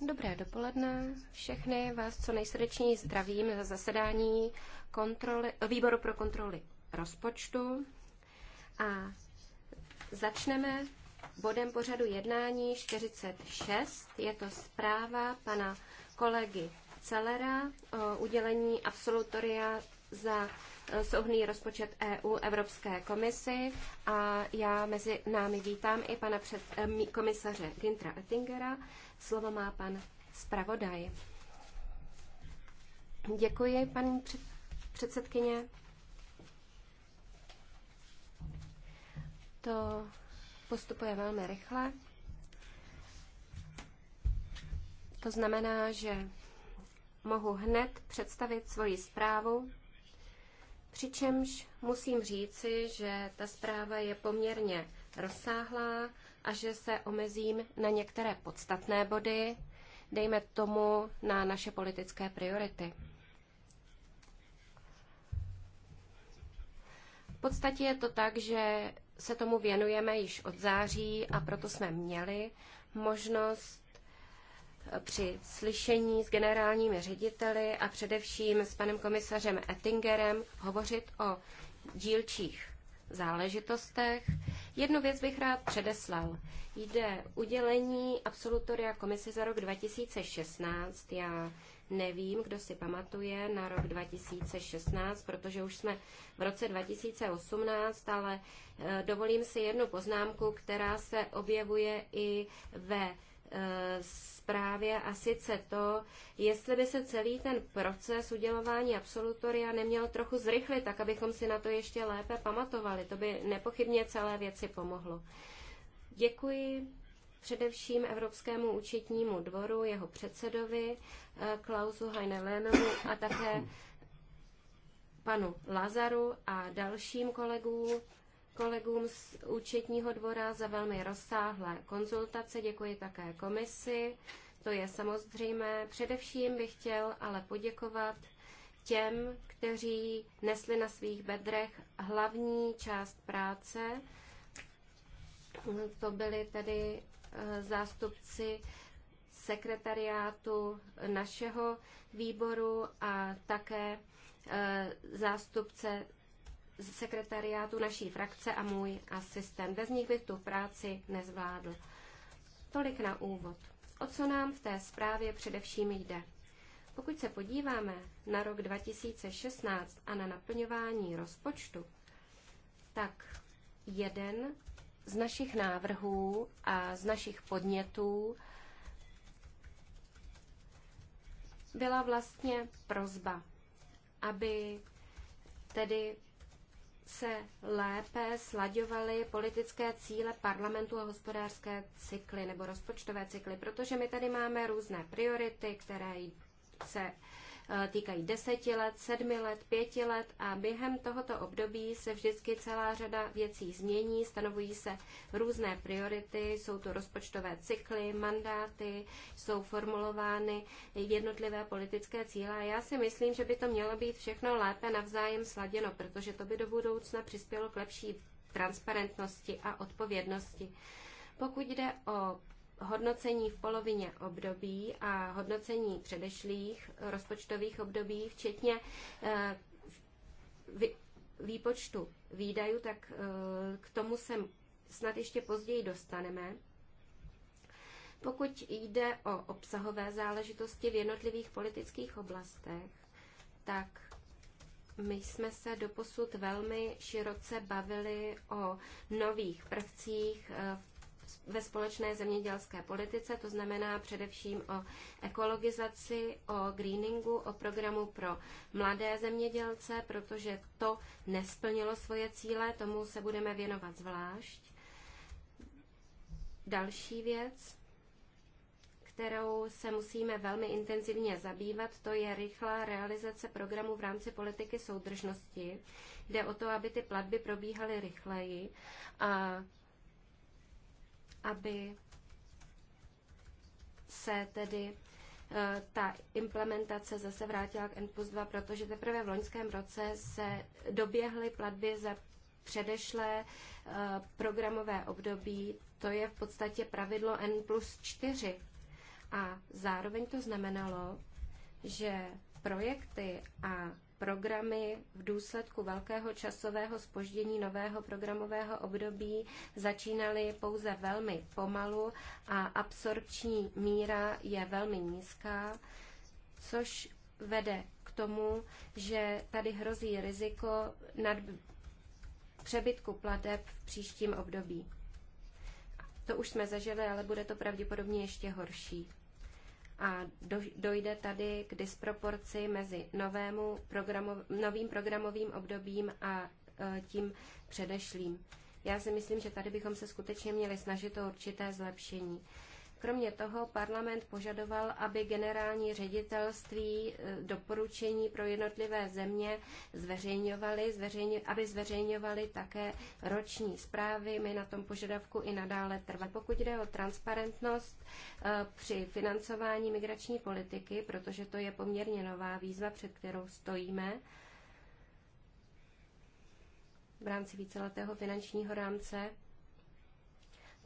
Dobré dopoledne. Všechny vás co nejsrdečněji zdravím za zasedání kontroly, výboru pro kontroly rozpočtu. A začneme bodem pořadu jednání 46. Je to zpráva pana kolegy Celera o udělení absolutoria za souhný rozpočet EU Evropské komisi a já mezi námi vítám i pana před, eh, komisaře Gintra Oettingera. Slovo má pan zpravodaj. Děkuji, paní před, předsedkyně. To postupuje velmi rychle. To znamená, že mohu hned představit svoji zprávu Přičemž musím říci, že ta zpráva je poměrně rozsáhlá a že se omezím na některé podstatné body, dejme tomu na naše politické priority. V podstatě je to tak, že se tomu věnujeme již od září a proto jsme měli možnost při slyšení s generálními řediteli a především s panem komisařem Ettingerem hovořit o dílčích záležitostech. Jednu věc bych rád předeslal. Jde udělení absolutoria komise za rok 2016. Já nevím, kdo si pamatuje na rok 2016, protože už jsme v roce 2018, ale eh, dovolím si jednu poznámku, která se objevuje i ve zprávě a sice to, jestli by se celý ten proces udělování absolutoria neměl trochu zrychlit, tak abychom si na to ještě lépe pamatovali. To by nepochybně celé věci pomohlo. Děkuji především Evropskému účetnímu dvoru, jeho předsedovi eh, Klausu Heinelénovi a také panu Lazaru a dalším kolegům kolegům z účetního dvora za velmi rozsáhlé konzultace, děkuji také komisi, to je samozřejmé. Především bych chtěl ale poděkovat těm, kteří nesli na svých bedrech hlavní část práce. To byli tedy eh, zástupci sekretariátu našeho výboru a také eh, zástupce sekretariátu naší frakce a můj asistent. Bez nich bych tu práci nezvládl. Tolik na úvod. O co nám v té zprávě především jde? Pokud se podíváme na rok 2016 a na naplňování rozpočtu, tak jeden z našich návrhů a z našich podnětů byla vlastně prozba, aby tedy se lépe slaďovaly politické cíle parlamentu a hospodářské cykly nebo rozpočtové cykly, protože my tady máme různé priority, které se Eh, týkají deseti let, sedmi let, pěti let a během tohoto období se vždycky celá řada věcí změní, stanovují se různé priority, jsou to rozpočtové cykly, mandáty, jsou formulovány jednotlivé politické cíle a já si myslím, že by to mělo být všechno lépe navzájem sladěno, protože to by do budoucna přispělo k lepší transparentnosti a odpovědnosti. Pokud jde o hodnocení v polovině období a hodnocení předešlých rozpočtových období, včetně eh, výpočtu výdajů, tak eh, k tomu se snad ještě později dostaneme. Pokud jde o obsahové záležitosti v jednotlivých politických oblastech, tak my jsme se doposud velmi široce bavili o nových prvcích eh, v ve společné zemědělské politice, to znamená především o ekologizaci, o greeningu, o programu pro mladé zemědělce, protože to nesplnilo svoje cíle, tomu se budeme věnovat zvlášť. Další věc, kterou se musíme velmi intenzivně zabývat, to je rychlá realizace programu v rámci politiky soudržnosti. Jde o to, aby ty platby probíhaly rychleji a aby se tedy eh, ta implementace zase vrátila k N plus 2, protože teprve v loňském roce se doběhly platby za předešlé eh, programové období. To je v podstatě pravidlo N plus 4. A zároveň to znamenalo, že projekty a programy v důsledku velkého časového spoždění nového programového období začínaly pouze velmi pomalu a absorpční míra je velmi nízká, což vede k tomu, že tady hrozí riziko nad přebytku plateb v příštím období. To už jsme zažili, ale bude to pravděpodobně ještě horší a dojde tady k disproporci mezi novému programov novým programovým obdobím a e, tím předešlým. Já si myslím, že tady bychom se skutečně měli snažit o určité zlepšení. Kromě toho parlament požadoval, aby generální ředitelství e, doporučení pro jednotlivé země zveřejňovali, zveřejň, aby zveřejňovali také roční zprávy. My na tom požadavku i nadále trvá. Pokud jde o transparentnost e, při financování migrační politiky, protože to je poměrně nová výzva, před kterou stojíme, v rámci víceletého finančního rámce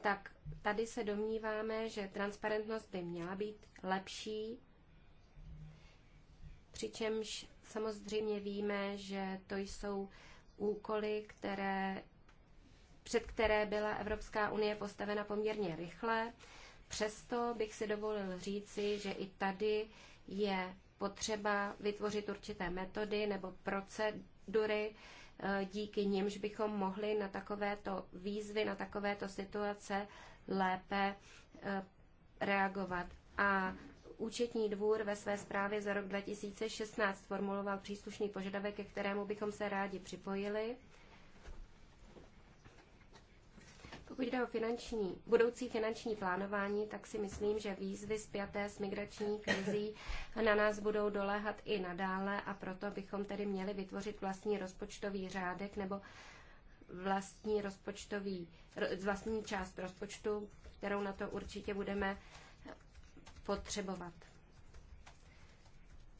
tak tady se domníváme, že transparentnost by měla být lepší, přičemž samozřejmě víme, že to jsou úkoly, které, před které byla Evropská unie postavena poměrně rychle. Přesto bych si dovolil říci, že i tady je potřeba vytvořit určité metody nebo procedury, E, díky nimž bychom mohli na takovéto výzvy, na takovéto situace lépe e, reagovat. A Účetní dvůr ve své zprávě za rok 2016 formuloval příslušný požadavek, ke kterému bychom se rádi připojili. Pokud jde o finanční, budoucí finanční plánování, tak si myslím, že výzvy zpěté s migrační krizí na nás budou doléhat i nadále a proto bychom tedy měli vytvořit vlastní rozpočtový řádek nebo vlastní rozpočtový, vlastní část rozpočtu, kterou na to určitě budeme potřebovat.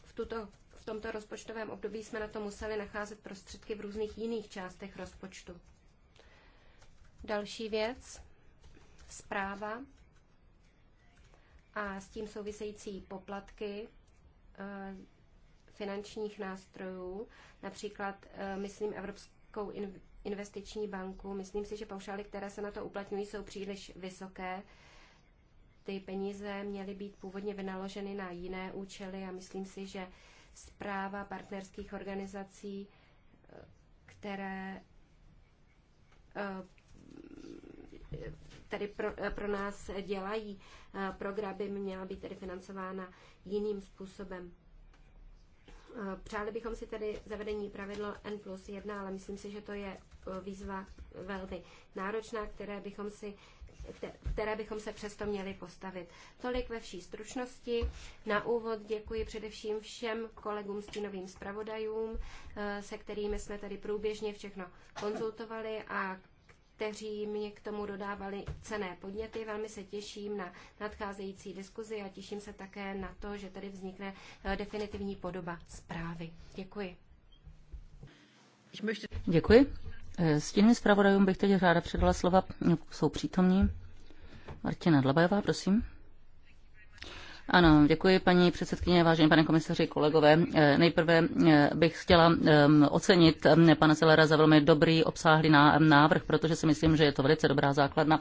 V, tuto, v tomto rozpočtovém období jsme na to museli nacházet prostředky v různých jiných částech rozpočtu. Další věc, zpráva a s tím související poplatky eh, finančních nástrojů, například, eh, myslím, Evropskou investiční banku. Myslím si, že paušály, které se na to uplatňují, jsou příliš vysoké. Ty peníze měly být původně vynaloženy na jiné účely a myslím si, že zpráva partnerských organizací, eh, které tady pro, eh, pro nás dělají. Eh, program by měla být tedy financována jiným způsobem. Eh, přáli bychom si tedy zavedení pravidlo N plus 1, ale myslím si, že to je výzva velmi náročná, které bychom si které bychom se přesto měli postavit. Tolik ve vší stručnosti. Na úvod děkuji především všem kolegům stínovým zpravodajům, se kterými jsme tady průběžně všechno konzultovali a kteří mě k tomu dodávali cené podněty. Velmi se těším na nadcházející diskuzi a těším se také na to, že tady vznikne eh, definitivní podoba zprávy. Děkuji. Děkuji. Eh, S těmi zpravodajům bych teď ráda předala slova, jsou přítomní. Martina Dlabajová, prosím. Ano, děkuji paní předsedkyně, vážení pane komisaři, kolegové. Eh, nejprve eh, bych chtěla eh, ocenit pana Celera za velmi dobrý obsáhlý návrh, protože si myslím, že je to velice dobrá základna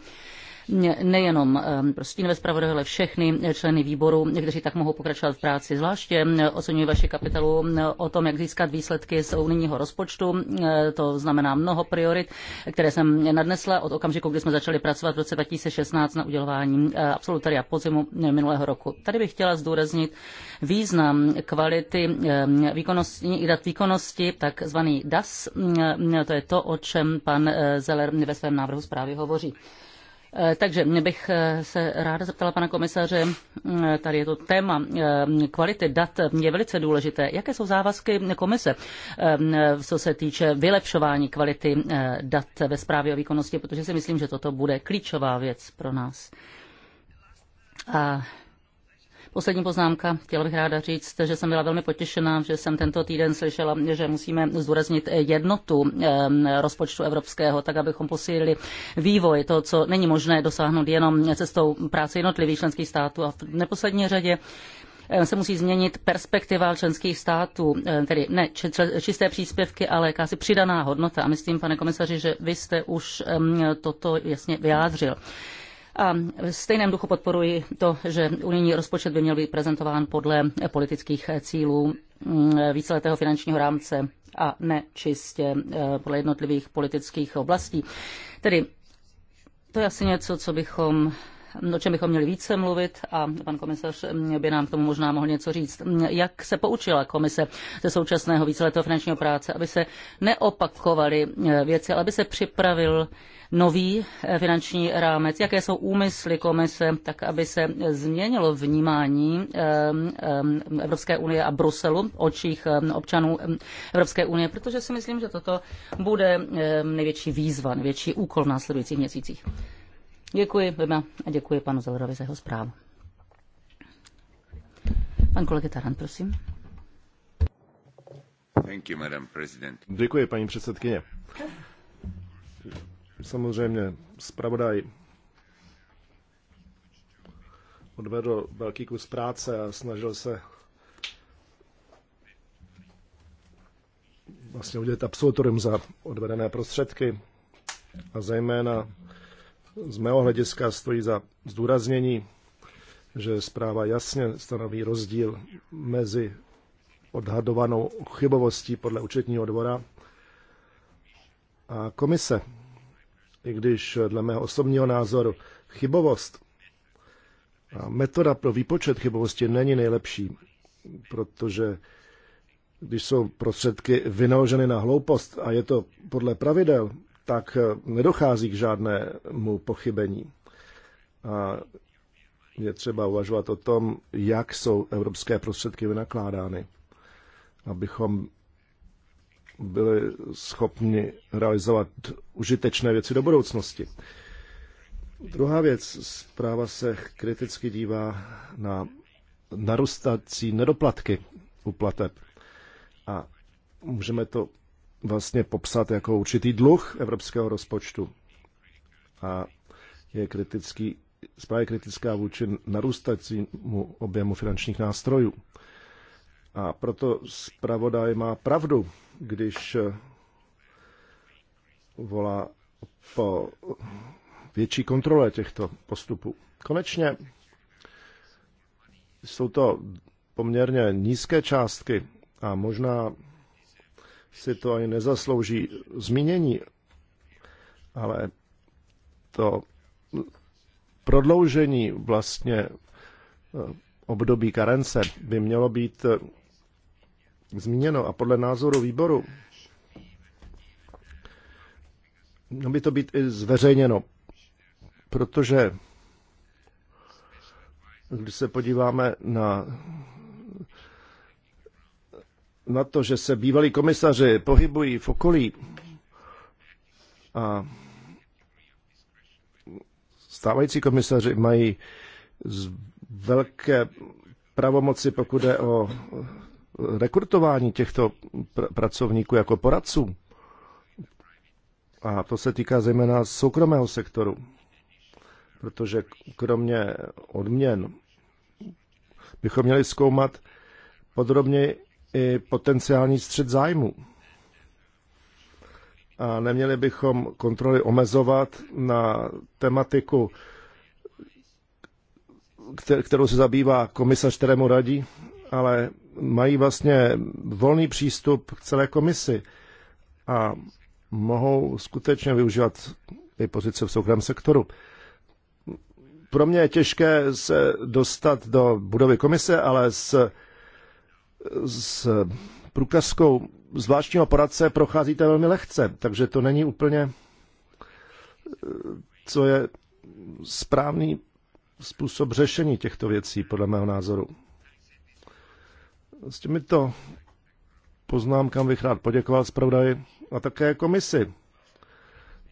nejenom ehm, stínové zpravodaje, ale všechny členy výboru, kteří tak mohou pokračovat v práci. Zvláště ehm, oceňuji vaši kapitolu ehm, o tom, jak získat výsledky z unijního rozpočtu. To znamená mnoho priorit, které jsem nadnesla od okamžiku, kdy jsme začali pracovat v roce 2016 na udělování absolutoria podzimu minulého roku. Tady bych chtěla zdůraznit význam kvality výkonnosti, i dat výkonnosti, takzvaný DAS. To je to, o čem pan eh, Zeller ve svém návrhu zprávy hovoří. Eh, takže mě bych eh, se ráda zeptala pana komisaře, eh, tady je to téma kvality dat, je velice důležité. Jaké jsou závazky komise, co se týče vylepšování kvality dat ve zprávě o výkonnosti, protože si myslím, že toto bude klíčová věc pro nás. A Poslední poznámka. Chtěla bych ráda říct, že jsem byla velmi potěšená, že jsem tento týden slyšela, že musíme zdůraznit jednotu rozpočtu evropského, tak abychom posílili vývoj, to, co není možné dosáhnout jenom cestou práce jednotlivých členských států. A v neposlední řadě se musí změnit perspektiva členských států, tedy ne čisté příspěvky, ale jakási přidaná hodnota. A myslím, pane komisaři, že vy jste už toto jasně vyjádřil. A v stejném duchu podporuji to, že unijní rozpočet by měl být prezentován podle politických cílů mm, víceletého finančního rámce a ne čistě eh, podle jednotlivých politických oblastí. Tedy to je asi něco, co bychom o čem bychom měli více mluvit a pan komisař mm, by nám k tomu možná mohl něco říct. Mm, jak se poučila komise ze současného víceletého finančního práce, aby se neopakovaly eh, věci, ale aby se připravil nový eh, finanční rámec, jaké jsou úmysly komise, tak aby se změnilo vnímání ehm, ehm, Evropské unie a Bruselu očích ehm, občanů Evropské unie, protože si myslím, že toto bude největší výzva, největší úkol v následujících měsících. Děkuji, Bema, a děkuji panu Zellerovi za jeho zprávu. Pan kolega Taran, prosím. Děkuji, paní předsedkyně. Samozřejmě, zpravodaj odvedl velký kus práce a snažil se vlastně udělat absolutorium za odvedené prostředky a zejména z mého hlediska stojí za zdůraznění, že zpráva jasně stanoví rozdíl mezi odhadovanou chybovostí podle účetního dvora a komise i když dle mého osobního názoru chybovost a metoda pro výpočet chybovosti není nejlepší, protože když jsou prostředky vynaloženy na hloupost a je to podle pravidel, tak eh, nedochází k žádnému pochybení. A je třeba uvažovat o tom, jak jsou evropské prostředky vynakládány, abychom byli schopni realizovat užitečné věci do budoucnosti. Druhá věc, zpráva se kriticky dívá na narůstací nedoplatky u plateb. A můžeme to vlastně popsat jako určitý dluh evropského rozpočtu. A je kritický, zpráva je kritická vůči narůstacímu objemu finančních nástrojů. A proto zpravodaj má pravdu, když eh, volá po větší kontrole těchto postupů. Konečně jsou to poměrně nízké částky a možná si to ani nezaslouží zmínění, ale to prodloužení vlastně eh, období karence by mělo být eh, zmíněno a podle názoru výboru by to být i zveřejněno, protože když se podíváme na na to, že se bývalí komisaři pohybují v okolí a stávající komisaři mají velké pravomoci, pokud jde o rekrutování těchto pr- pracovníků jako poradců. A to se týká zejména soukromého sektoru, protože kromě odměn bychom měli zkoumat podrobně i potenciální střed zájmu. A neměli bychom kontroly omezovat na tematiku, kterou se zabývá komisař, kterému radí, ale mají vlastně volný přístup k celé komisi a mohou skutečně využívat i pozice v soukromém sektoru. Pro mě je těžké se dostat do budovy komise, ale s, s průkazkou zvláštního poradce procházíte velmi lehce, takže to není úplně, co je správný způsob řešení těchto věcí, podle mého názoru. S těmito poznámkám bych rád poděkoval zpravodaji a také komisi,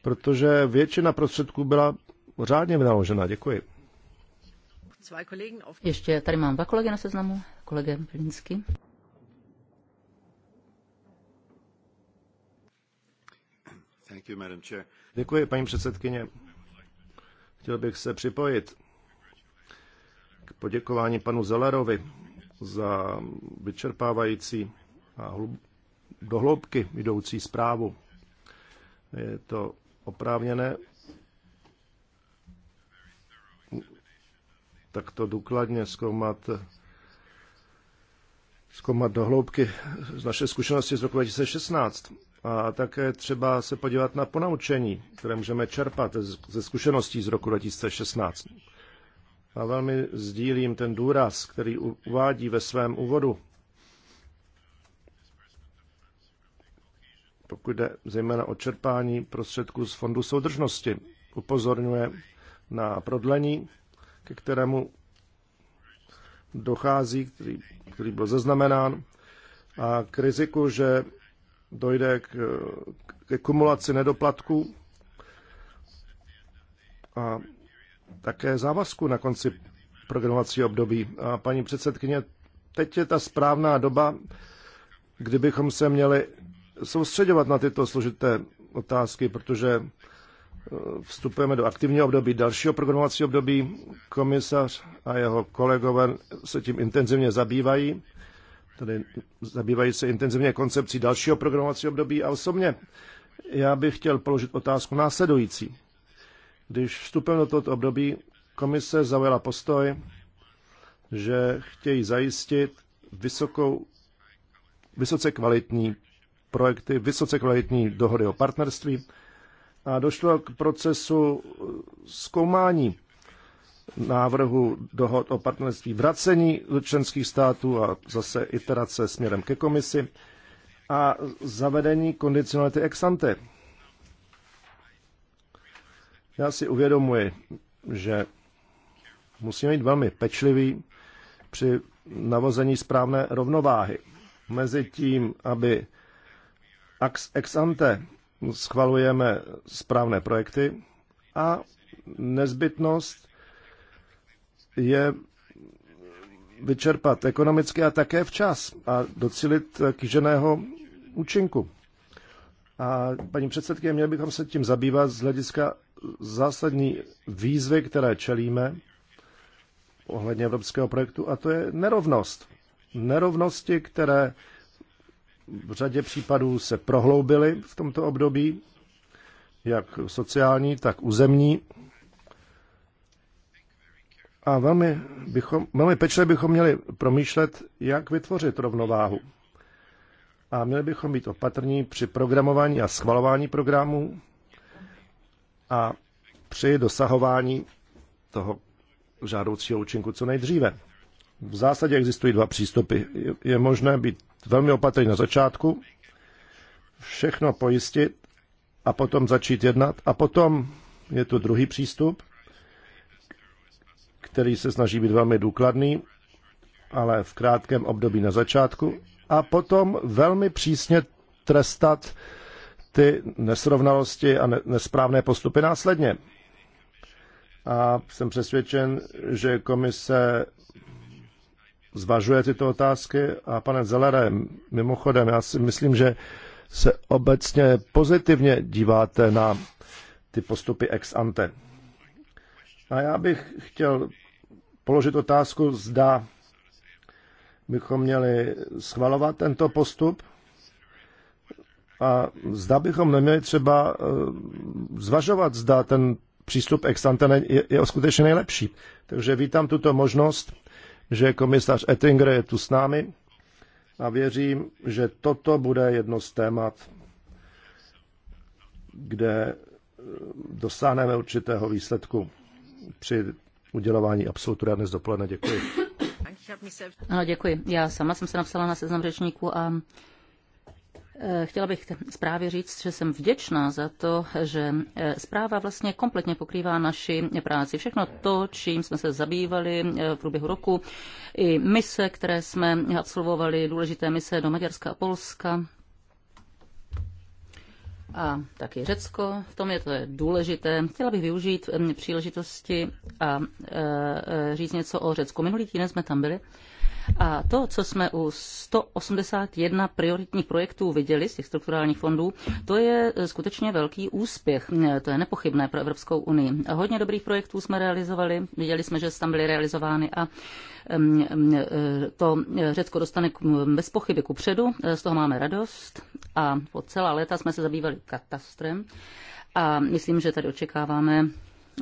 protože většina prostředků byla řádně vynaložena. Děkuji. Ještě tady mám dva kolegy na seznamu. Kolega Brlinsky. Děkuji, paní předsedkyně. Chtěl bych se připojit k poděkování panu Zellerovi za vyčerpávající a dohloubky jdoucí zprávu. Je to oprávněné takto důkladně zkoumat zkoumat dohloubky z naše zkušenosti z roku 2016. A také třeba se podívat na ponaučení, které můžeme čerpat ze zkušeností z roku 2016 a velmi sdílím ten důraz, který uvádí ve svém úvodu. Pokud jde zejména o čerpání prostředků z Fondu soudržnosti, upozorňuje na prodlení, ke kterému dochází, který, který byl zaznamenán, a k riziku, že dojde k, k kumulaci nedoplatků a také závazku na konci programovacího období. A paní předsedkyně, teď je ta správná doba, kdybychom se měli soustředovat na tyto složité otázky, protože eh, vstupujeme do aktivního období, dalšího programovacího období. Komisař a jeho kolegové se tím intenzivně zabývají, tedy zabývají se intenzivně koncepcí dalšího programovacího období a osobně já bych chtěl položit otázku následující. Když vstupem do tohoto období, komise zaujala postoj, že chtějí zajistit vysokou, vysoce kvalitní projekty, vysoce kvalitní dohody o partnerství a došlo k procesu eh, zkoumání návrhu dohod o partnerství, vracení do členských států a zase iterace směrem ke komisi a zavedení kondicionality ex ante. Já si uvědomuji, že musíme být velmi pečliví při navození správné rovnováhy mezi tím, aby ex ante schvalujeme správné projekty a nezbytnost je vyčerpat ekonomicky a také včas a docílit kýženého účinku. A paní předsedkyně, měli bychom se tím zabývat z hlediska zásadní výzvy, které čelíme ohledně evropského projektu, a to je nerovnost. Nerovnosti, které v řadě případů se prohloubily v tomto období, jak sociální, tak územní. A velmi, bychom, velmi pečlivě bychom měli promýšlet, jak vytvořit rovnováhu. A měli bychom být opatrní při programování a schvalování programů, a při dosahování toho žádoucího účinku co nejdříve. V zásadě existují dva přístupy. Je možné být velmi opatrný na začátku, všechno pojistit a potom začít jednat. A potom je tu druhý přístup, který se snaží být velmi důkladný, ale v krátkém období na začátku a potom velmi přísně trestat ty nesrovnalosti a nesprávné postupy následně. A jsem přesvědčen, že komise zvažuje tyto otázky. A pane Zelere, mimochodem, já si myslím, že se obecně pozitivně díváte na ty postupy ex ante. A já bych chtěl položit otázku, zda bychom měli schvalovat tento postup, a zda bychom neměli třeba eh, zvažovat, zda ten přístup ex ante je, je skutečně nejlepší. Takže vítám tuto možnost, že komisař Ettinger je tu s námi a věřím, že toto bude jedno z témat, kde eh, dosáhneme určitého výsledku při udělování absolutoria dnes dopoledne. Děkuji. Ano, děkuji. Já sama jsem se napsala na seznam řečníků a Eh, chtěla bych zprávě říct, že jsem vděčná za to, že eh, zpráva vlastně kompletně pokrývá naši práci. Všechno to, čím jsme se zabývali eh, v průběhu roku, i mise, které jsme absolvovali, důležité mise do Maďarska a Polska, a taky Řecko. V tom je to důležité. Chtěla bych využít mm, příležitosti a říct něco o Řecku. Minulý týden jsme tam byli a to, co jsme u 181 prioritních projektů viděli z těch strukturálních fondů, to je eh, skutečně velký úspěch. Eh, to je nepochybné pro Evropskou unii. Hodně dobrých projektů jsme realizovali, viděli jsme, že tam byly realizovány a eh, to Řecko dostane mm, bez pochyby ku předu, z toho máme radost a po celá léta jsme se zabývali katastrem a myslím, že tady očekáváme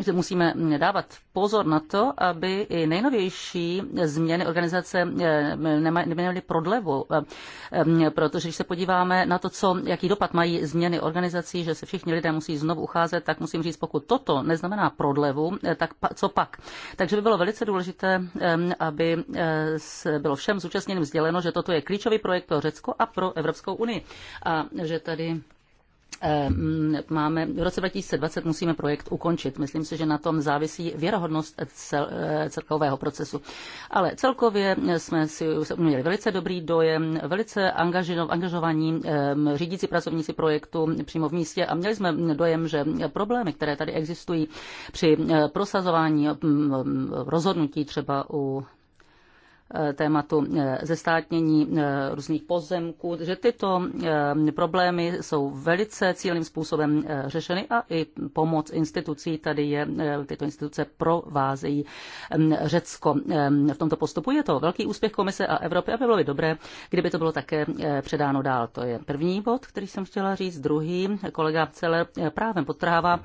že musíme dávat pozor na to, aby i nejnovější změny organizace eh, neměly prodlevu, eh, eh, protože když se podíváme na to, co, jaký dopad mají změny organizací, že se všichni lidé musí znovu ucházet, tak musím říct, pokud toto neznamená prodlevu, tak co pak? Takže by bylo velice důležité, aby bylo všem zúčastněným sděleno, že toto je klíčový projekt pro Řecko a pro Evropskou unii a že tady Eh, mm, máme, v roce 2020 musíme projekt ukončit. Myslím si, že na tom závisí věrohodnost cel, eh, celkového procesu. Ale celkově jsme si měli velice dobrý dojem, velice angažovaní ehm, řídící pracovníci projektu přímo v místě a měli jsme dojem, že problémy, které tady existují při eh, prosazování mm, mm, rozhodnutí třeba u Eh, tématu eh, zestátnění eh, různých pozemků, že tyto problémy jsou velice cílným způsobem řešeny a i pomoc institucí tady je, tyto instituce provázejí ehm, Řecko. Ehm, v tomto postupu je to velký úspěch Komise a Evropy a by bylo by dobré, kdyby to bylo také předáno dál. To je první bod, který jsem chtěla říct. Druhý kolega Celer právě potrhává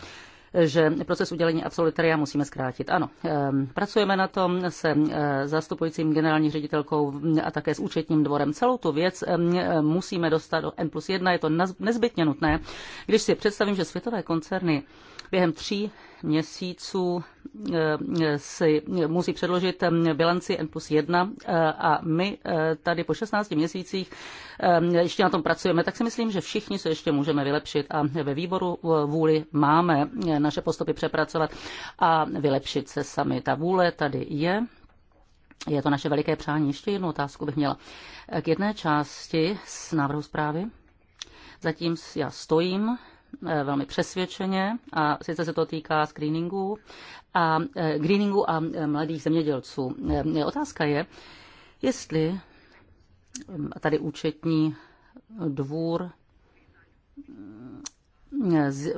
že proces udělení absolutoria musíme zkrátit. Ano, ehm, pracujeme na tom se eh, zastupujícím generální ředitelkou a také s účetním dvorem. Celou tu věc ehm, eh, musíme dostat do N plus 1, je to nezbytně nutné. Když si představím, že světové koncerny během tří měsíců Eh, si musí předložit eh, bilanci N plus 1 eh, a my tady po 16 měsících ještě na tom pracujeme, tak si myslím, že všichni se ještě můžeme vylepšit a ve výboru vůli máme naše postupy přepracovat a vylepšit se sami. Ta vůle tady je. Je to naše veliké přání. Ještě jednu otázku bych měla. K jedné části z návrhu zprávy. Zatím já stojím Eh, velmi přesvědčeně a sice se to týká screeningu a, eh, greeningu a eh, mladých zemědělců. Otázka je, jestli mm, tady účetní dvůr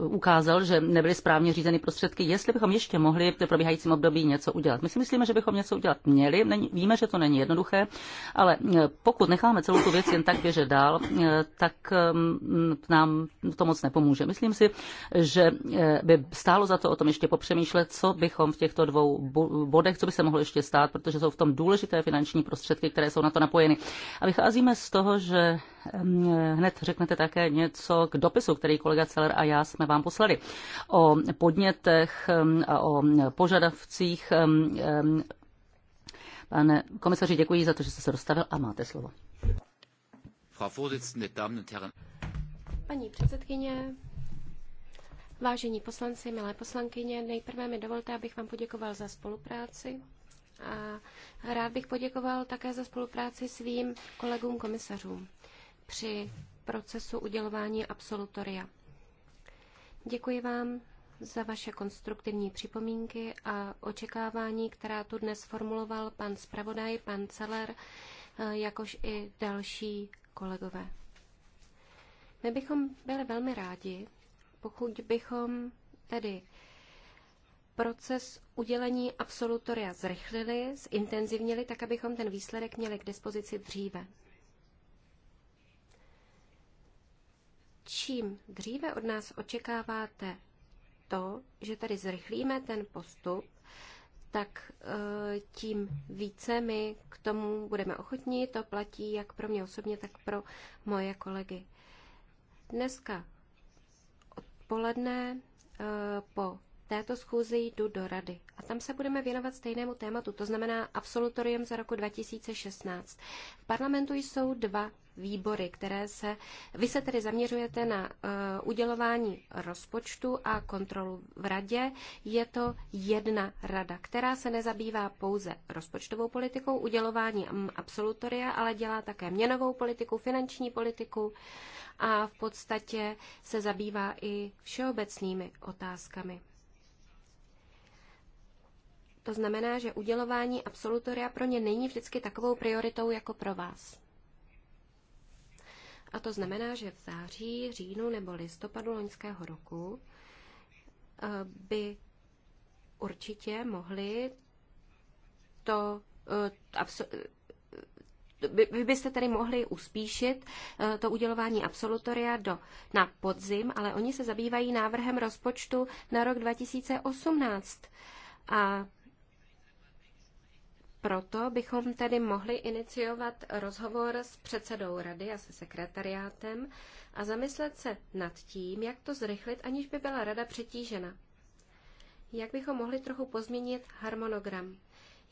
ukázal, že nebyly správně řízeny prostředky, jestli bychom ještě mohli v probíhajícím období něco udělat. My si myslíme, že bychom něco udělat měli, není, víme, že to není jednoduché, ale eh, pokud necháme celou tu věc jen tak běžet dál, eh, tak mm, nám to moc nepomůže. Myslím si, že eh, by stálo za to o tom ještě popřemýšlet, co bychom v těchto dvou bodech, co by se mohlo ještě stát, protože jsou v tom důležité finanční prostředky, které jsou na to napojeny. A vycházíme z toho, že Ehm, hned řeknete také něco k dopisu, který kolega Celer a já jsme vám poslali o podnětech ehm, a o požadavcích. Ehm, Pane komisaři, děkuji za to, že jste se dostavil a máte slovo. Paní předsedkyně, vážení poslanci, milé poslankyně, nejprve mi dovolte, abych vám poděkoval za spolupráci a rád bych poděkoval také za spolupráci svým kolegům komisařům při procesu udělování absolutoria. Děkuji vám za vaše konstruktivní připomínky a očekávání, která tu dnes formuloval pan zpravodaj, pan Celer, eh, jakož i další kolegové. My bychom byli velmi rádi, pokud bychom tedy proces udělení absolutoria zrychlili, zintenzivnili, tak abychom ten výsledek měli k dispozici dříve. čím dříve od nás očekáváte to, že tady zrychlíme ten postup, tak e, tím více my k tomu budeme ochotní. To platí jak pro mě osobně, tak pro moje kolegy. Dneska odpoledne e, po této schůzi jdu do rady. A tam se budeme věnovat stejnému tématu, to znamená absolutorium za roku 2016. V parlamentu jsou dva výbory, které se... Vy se tedy zaměřujete na uh, udělování rozpočtu a kontrolu v radě. Je to jedna rada, která se nezabývá pouze rozpočtovou politikou, udělování absolutoria, ale dělá také měnovou politiku, finanční politiku a v podstatě se zabývá i všeobecnými otázkami. To znamená, že udělování absolutoria pro ně není vždycky takovou prioritou jako pro vás. A to znamená, že v září, říjnu nebo listopadu loňského roku eh, by určitě mohli to eh, eh, vy byste tedy mohli uspíšit to udělování absolutoria do, na podzim, ale oni se zabývají návrhem rozpočtu na rok 2018. A proto bychom tedy mohli iniciovat rozhovor s předsedou rady a se sekretariátem a zamyslet se nad tím, jak to zrychlit, aniž by byla rada přetížena. Jak bychom mohli trochu pozměnit harmonogram?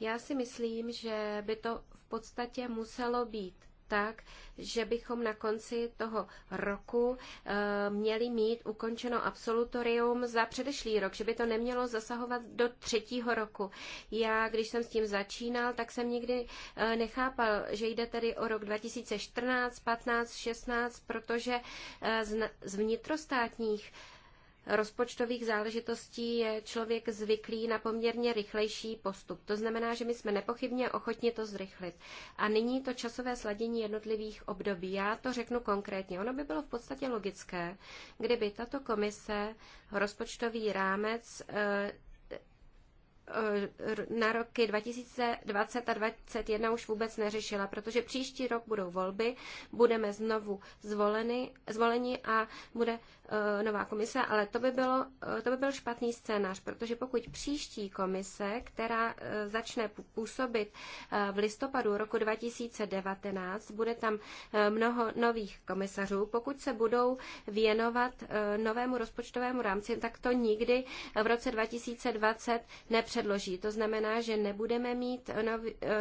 Já si myslím, že by to v podstatě muselo být tak, že bychom na konci toho roku eh, měli mít ukončeno absolutorium za předešlý rok, že by to nemělo zasahovat do třetího roku. Já, když jsem s tím začínal, tak jsem nikdy eh, nechápal, že jde tedy o rok 2014, 15, 16, protože eh, z vnitrostátních rozpočtových záležitostí je člověk zvyklý na poměrně rychlejší postup. To znamená, že my jsme nepochybně ochotni to zrychlit. A nyní to časové sladění jednotlivých období. Já to řeknu konkrétně. Ono by bylo v podstatě logické, kdyby tato komise rozpočtový rámec eh, eh, na roky 2020 a 2021 už vůbec neřešila, protože příští rok budou volby, budeme znovu zvoleni, zvoleni a bude Eh, nová komise, ale to by, bylo, eh, to by byl špatný scénář, protože pokud příští komise, která eh, začne působit v listopadu roku 2019, bude tam mnoho nových komisařů, pokud se budou věnovat novému rozpočtovému rámci, tak to nikdy v roce 2020 nepředloží. To znamená, že nebudeme mít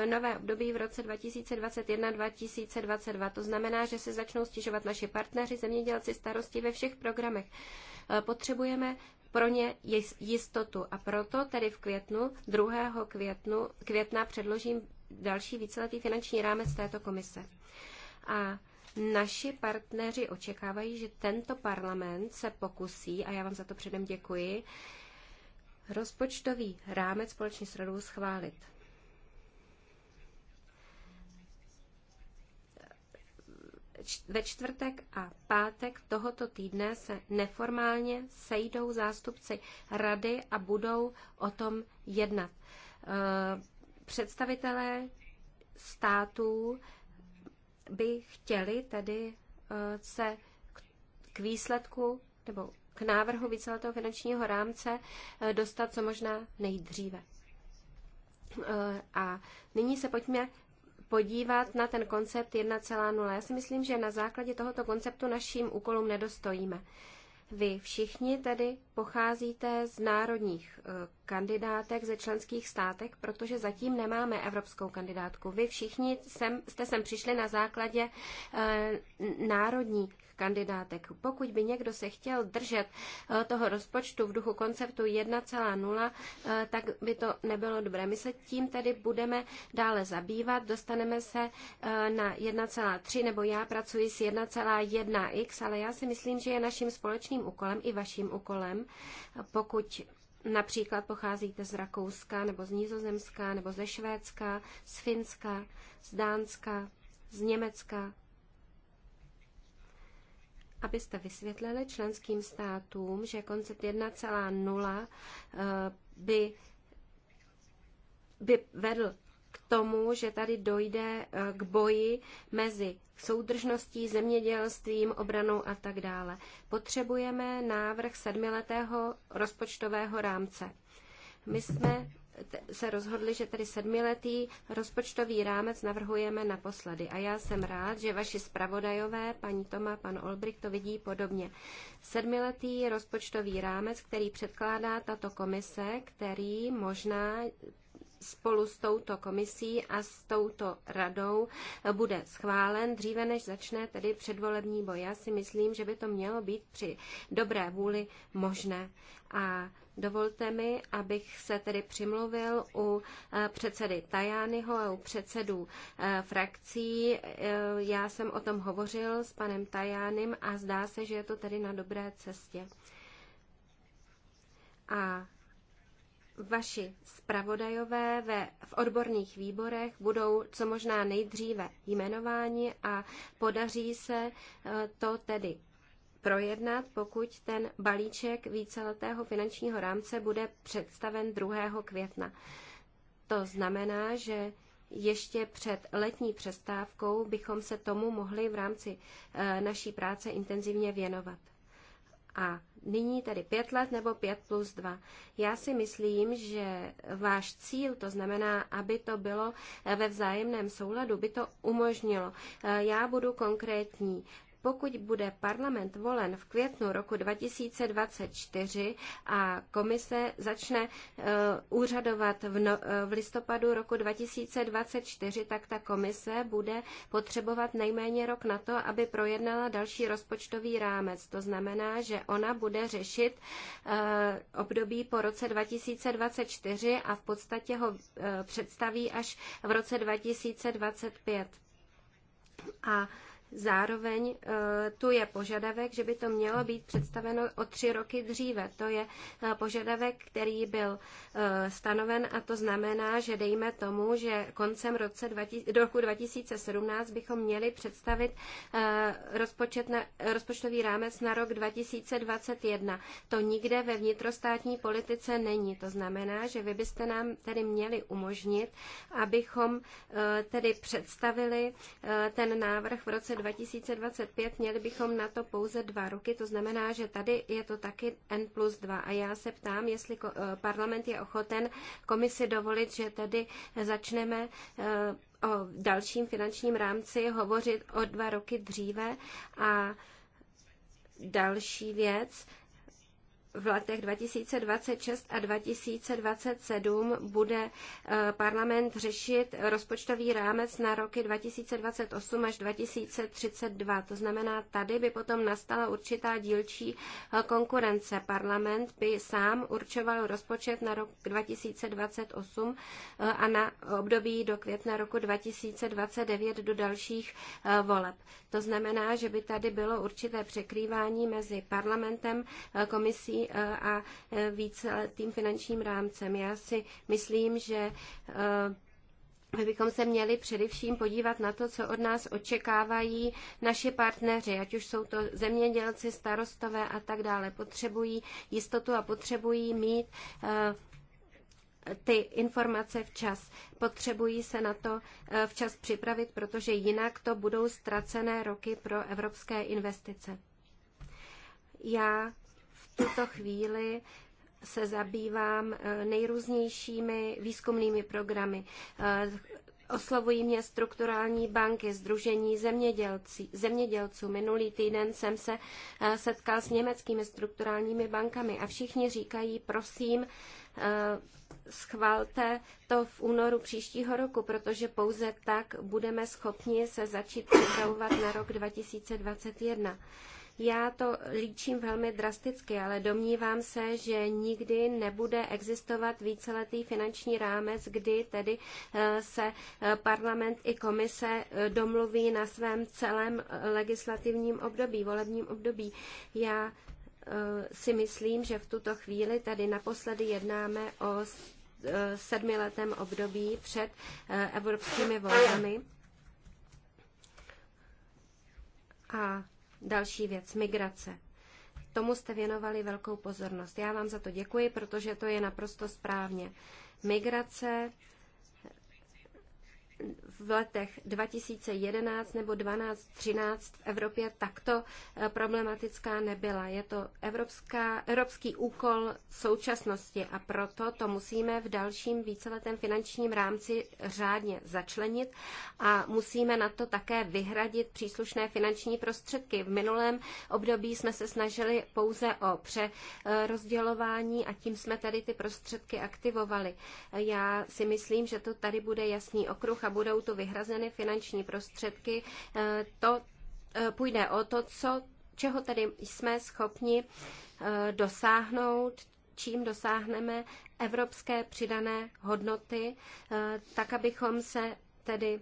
nové období v roce 2021-2022. To znamená, že se začnou stěžovat naši partneři, zemědělci, starosti ve všech programech programech. Eh, potřebujeme pro ně jistotu a proto tedy v květnu, 2. květnu, května předložím další víceletý finanční rámec této komise. A naši partneři očekávají, že tento parlament se pokusí, a já vám za to předem děkuji, rozpočtový rámec společně s radou schválit. ve čtvrtek a pátek tohoto týdne se neformálně sejdou zástupci rady a budou o tom jednat. Eh, představitelé států by chtěli tedy eh, se k výsledku nebo k návrhu víceletého finančního rámce eh, dostat co možná nejdříve. A nyní se pojďme podívat na ten koncept 1.0. Já si myslím, že na základě tohoto konceptu naším úkolům nedostojíme. Vy všichni tedy pocházíte z národních eh, kandidátek ze členských státek, protože zatím nemáme evropskou kandidátku. Vy všichni sem, jste sem přišli na základě eh, národních kandidátek. Pokud by někdo se chtěl držet eh, toho rozpočtu v duchu konceptu 1,0, eh, tak by to nebylo dobré. My se tím tedy budeme dále zabývat. Dostaneme se eh, na 1,3, nebo já pracuji s 1,1x, ale já si myslím, že je naším společným úkolem i vaším úkolem, pokud například pocházíte z Rakouska, nebo z Nizozemska, nebo ze Švédska, z Finska, z Dánska, z Německa, abyste vysvětlili členským státům, že koncept 1,0 eh, by, by vedl k tomu, že tady dojde eh, k boji mezi soudržností, zemědělstvím, obranou a tak dále. Potřebujeme návrh sedmiletého rozpočtového rámce. My jsme se rozhodli, že tedy sedmiletý rozpočtový rámec navrhujeme naposledy. A já jsem rád, že vaši zpravodajové, paní Toma, pan Olbrich, to vidí podobně. Sedmiletý rozpočtový rámec, který předkládá tato komise, který možná spolu s touto komisí a s touto radou bude schválen dříve, než začne tedy předvolební boj. Já si myslím, že by to mělo být při dobré vůli možné. A Dovolte mi, abych se tedy přimluvil u eh, předsedy Tajányho a u předsedů eh, frakcí. Eh, já jsem o tom hovořil s panem Tajánem a zdá se, že je to tedy na dobré cestě. A vaši zpravodajové ve, v odborných výborech budou co možná nejdříve jmenováni a podaří se to tedy projednat, pokud ten balíček víceletého finančního rámce bude představen 2. května. To znamená, že ještě před letní přestávkou bychom se tomu mohli v rámci eh, naší práce intenzivně věnovat. A nyní tedy pět let nebo pět plus dva. Já si myslím, že váš cíl, to znamená, aby to bylo eh, ve vzájemném souladu, by to umožnilo. Eh, já budu konkrétní pokud bude parlament volen v květnu roku 2024 a komise začne e, úřadovat v, no, e, v listopadu roku 2024, tak ta komise bude potřebovat nejméně rok na to, aby projednala další rozpočtový rámec. To znamená, že ona bude řešit e, období po roce 2024 a v podstatě ho představí až v roce 2025. A Zároveň eh, tu je požadavek, že by to mělo být představeno o tři roky dříve. To je eh, požadavek, který byl eh, stanoven a to znamená, že dejme tomu, že koncem roce 20, roku 2017 bychom měli představit rozpočet na, rozpočtový rámec na rok 2021. To nikde ve vnitrostátní politice není. To znamená, že vy byste nám tedy měli umožnit, abychom tedy představili ten návrh v roce 2021 2025, měli bychom na to pouze dva roky, to znamená, že tady je to taky N plus 2. A já se ptám, jestli eh, parlament je ochoten komisi dovolit, že tedy začneme eh, o dalším finančním rámci hovořit o dva roky dříve. A další věc, v letech 2026 a 2027 bude eh, parlament řešit rozpočtový rámec na roky 2028 až 2032. To znamená, tady by potom nastala určitá dílčí eh, konkurence. Parlament by sám určoval rozpočet na rok 2028 eh, a na období do května roku 2029 do dalších voleb. To znamená, že by tady bylo určité překrývání mezi parlamentem, komisí a více tím finančním rámcem. Já si myslím, že e, my bychom se měli především podívat na to, co od nás očekávají naši partneři, ať už jsou to zemědělci, starostové a tak dále. Potřebují jistotu a potřebují mít e, ty informace včas. Potřebují se na to e, včas připravit, protože jinak to budou ztracené roky pro evropské investice. Já tuto chvíli se zabývám eh, nejrůznějšími výzkumnými programy. Eh, oslovují mě strukturální banky, Združení zemědělců. Minulý týden jsem se eh, setkal s německými strukturálními bankami a všichni říkají, prosím, schvalte to v únoru příštího roku, protože pouze tak budeme schopni se začít připravovat na rok 2021. Já to líčím velmi drasticky, ale domnívám se, že nikdy nebude existovat víceletý finanční rámec, kdy tedy eh, se eh, parlament i komise eh, domluví na svém celém legislativním období, volebním období. Já si myslím, že v tuto chvíli tady naposledy jednáme o sedmiletém období před evropskými volbami. A Další věc, migrace. Tomu jste věnovali velkou pozornost. Já vám za to děkuji, protože to je naprosto správně. Migrace v letech 2011 nebo 12, 13 v Evropě takto eh, problematická nebyla. Je to evropská, evropský úkol současnosti a proto to musíme v dalším víceletém finančním rámci řádně začlenit a musíme na to také vyhradit příslušné finanční prostředky. V minulém období jsme se snažili pouze o přerozdělování a tím jsme tady ty prostředky aktivovali. Eh, já si myslím, že to tady bude jasný okruh a budou to vyhrazeny finanční prostředky, eh, to eh, půjde o to, co, čeho tedy jsme schopni eh, dosáhnout, čím dosáhneme evropské přidané hodnoty, tak abychom se tedy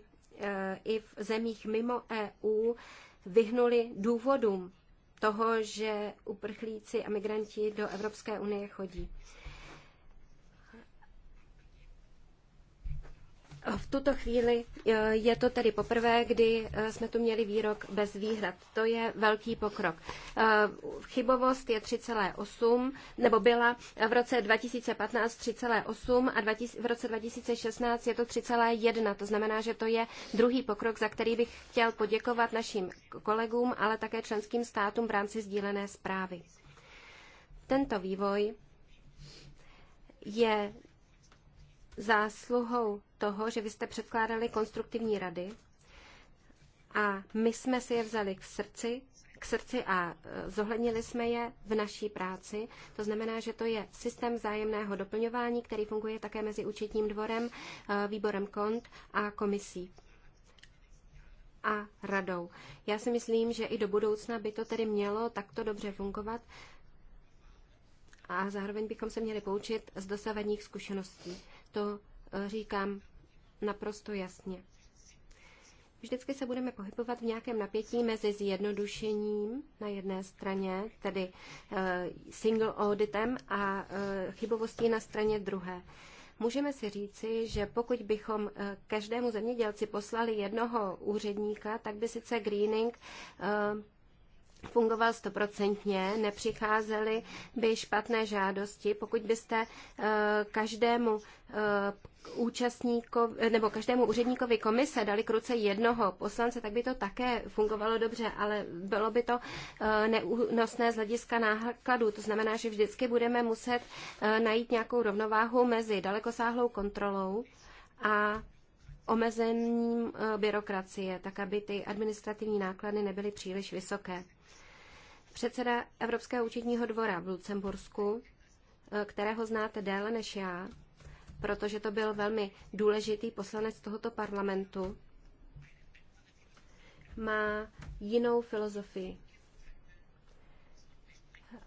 i v zemích mimo EU vyhnuli důvodům toho, že uprchlíci a migranti do Evropské unie chodí. V tuto chvíli eh, je to tedy poprvé, kdy eh, jsme tu měli výrok bez výhrad. To je velký pokrok. Eh, chybovost je 3,8, nebo byla v roce 2015 3,8 a v roce 2016 je to 3,1. To znamená, že to je druhý pokrok, za který bych chtěl poděkovat našim kolegům, ale také členským státům v rámci sdílené zprávy. Tento vývoj je zásluhou toho, že vy jste předkládali konstruktivní rady a my jsme si je vzali k srdci, k srdci a e, zohlednili jsme je v naší práci. To znamená, že to je systém zájemného doplňování, který funguje také mezi účetním dvorem, e, výborem kont a komisí a radou. Já si myslím, že i do budoucna by to tedy mělo takto dobře fungovat a zároveň bychom se měli poučit z dosavadních zkušeností. To e, říkám naprosto jasně. Vždycky se budeme pohybovat v nějakém napětí mezi zjednodušením na jedné straně, tedy eh, single auditem, a eh, chybovostí na straně druhé. Můžeme si říci, že pokud bychom eh, každému zemědělci poslali jednoho úředníka, tak by sice greening fungoval stoprocentně, nepřicházely by špatné žádosti. Pokud byste eh, každému eh, účastníkovi, nebo každému úředníkovi komise dali k ruce jednoho poslance, tak by to také fungovalo dobře, ale bylo by to eh, neúnosné z hlediska nákladů. To znamená, že vždycky budeme muset najít nějakou rovnováhu mezi dalekosáhlou kontrolou a omezením byrokracie, tak aby ty administrativní náklady nebyly příliš vysoké předseda Evropského účetního dvora v Lucembursku, eh, kterého znáte déle než já, protože to byl velmi důležitý poslanec tohoto parlamentu, má jinou filozofii.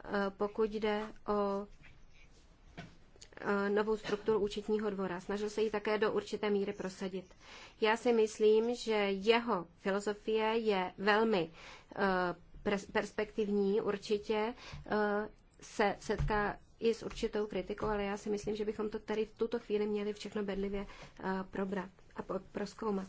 Eh, pokud jde o eh, novou strukturu účetního dvora. Snažil se ji také do určité míry prosadit. Já si myslím, že jeho filozofie je velmi perspektivní, určitě eh, se setká i s určitou kritikou, ale já si myslím, že bychom to tady v tuto chvíli měli všechno bedlivě eh, probrat a proskoumat.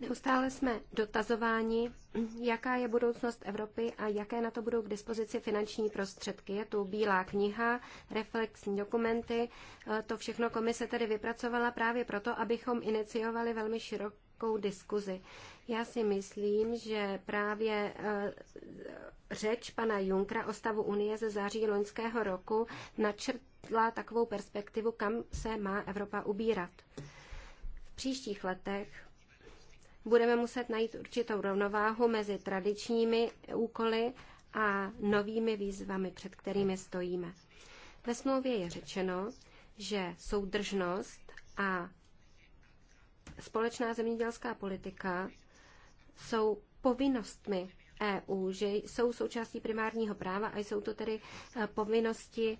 Neustále jsme dotazováni, jaká je budoucnost Evropy a jaké na to budou k dispozici finanční prostředky. Je tu bílá kniha, reflexní dokumenty. Eh, to všechno komise tedy vypracovala právě proto, abychom iniciovali velmi široký velkou diskuzi. Já si myslím, že právě eh, řeč pana Junkra o stavu Unie ze září loňského roku načrtla takovou perspektivu, kam se má Evropa ubírat. V příštích letech budeme muset najít určitou rovnováhu mezi tradičními úkoly a novými výzvami, před kterými stojíme. Ve smlouvě je řečeno, že soudržnost a společná zemědělská politika jsou povinnostmi EU, že jsou součástí primárního práva a jsou to tedy eh, povinnosti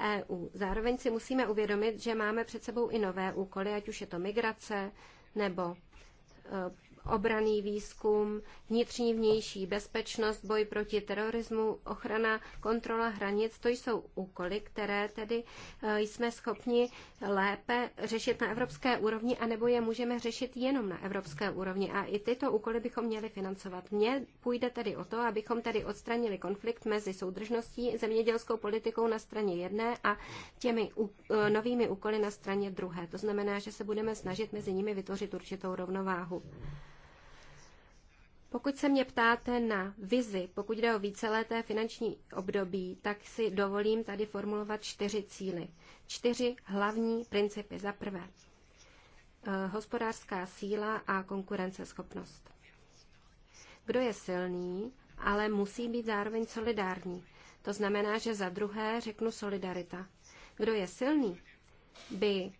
EU. Zároveň si musíme uvědomit, že máme před sebou i nové úkoly, ať už je to migrace nebo eh, obraný výzkum, vnitřní vnější bezpečnost, boj proti terorismu, ochrana, kontrola hranic, to jsou úkoly, které tedy eh, jsme schopni lépe řešit na evropské úrovni, anebo je můžeme řešit jenom na evropské úrovni. A i tyto úkoly bychom měli financovat. Mně půjde tedy o to, abychom tedy odstranili konflikt mezi soudržností, zemědělskou politikou na straně jedné a těmi eh, novými úkoly na straně druhé. To znamená, že se budeme snažit mezi nimi vytvořit určitou rovnováhu. Pokud se mě ptáte na vizi, pokud jde o víceleté finanční období, tak si dovolím tady formulovat čtyři cíly. Čtyři hlavní principy. Za prvé, eh, hospodářská síla a konkurenceschopnost. Kdo je silný, ale musí být zároveň solidární. To znamená, že za druhé řeknu solidarita. Kdo je silný, by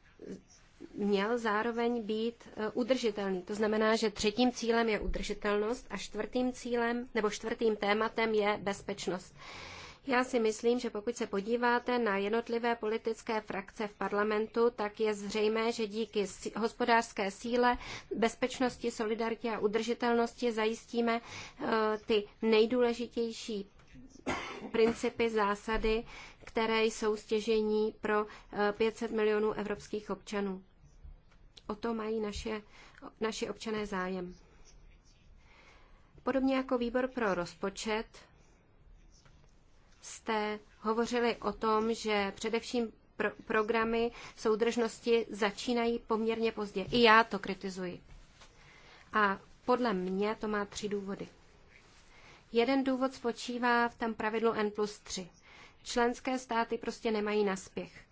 měl zároveň být e, udržitelný. To znamená, že třetím cílem je udržitelnost a čtvrtým cílem nebo čtvrtým tématem je bezpečnost. Já si myslím, že pokud se podíváte na jednotlivé politické frakce v parlamentu, tak je zřejmé, že díky hospodářské síle, bezpečnosti, solidaritě a udržitelnosti zajistíme e, ty nejdůležitější principy, zásady, které jsou stěžení pro 500 e, milionů evropských občanů o to mají naše, naši občané zájem. Podobně jako výbor pro rozpočet jste hovořili o tom, že především pro, programy soudržnosti začínají poměrně pozdě. I já to kritizuji. A podle mě to má tři důvody. Jeden důvod spočívá v tom pravidlu N plus 3. Členské státy prostě nemají naspěch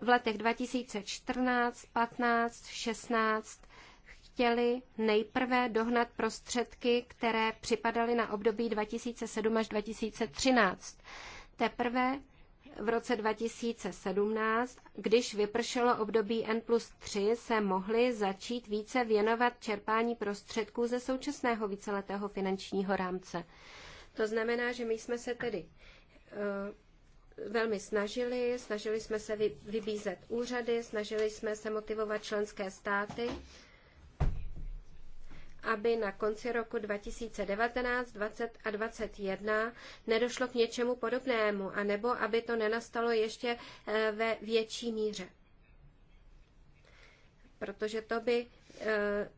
v letech 2014, 15, 16 chtěli nejprve dohnat prostředky, které připadaly na období 2007 až 2013. Teprve v roce 2017, když vypršelo období N plus 3, se mohli začít více věnovat čerpání prostředků ze současného víceletého finančního rámce. To znamená, že my jsme se tedy uh, velmi snažili. Snažili jsme se vybízet úřady, snažili jsme se motivovat členské státy, aby na konci roku 2019, 20 a 21 nedošlo k něčemu podobnému, anebo aby to nenastalo ještě eh, ve větší míře. Protože to by eh,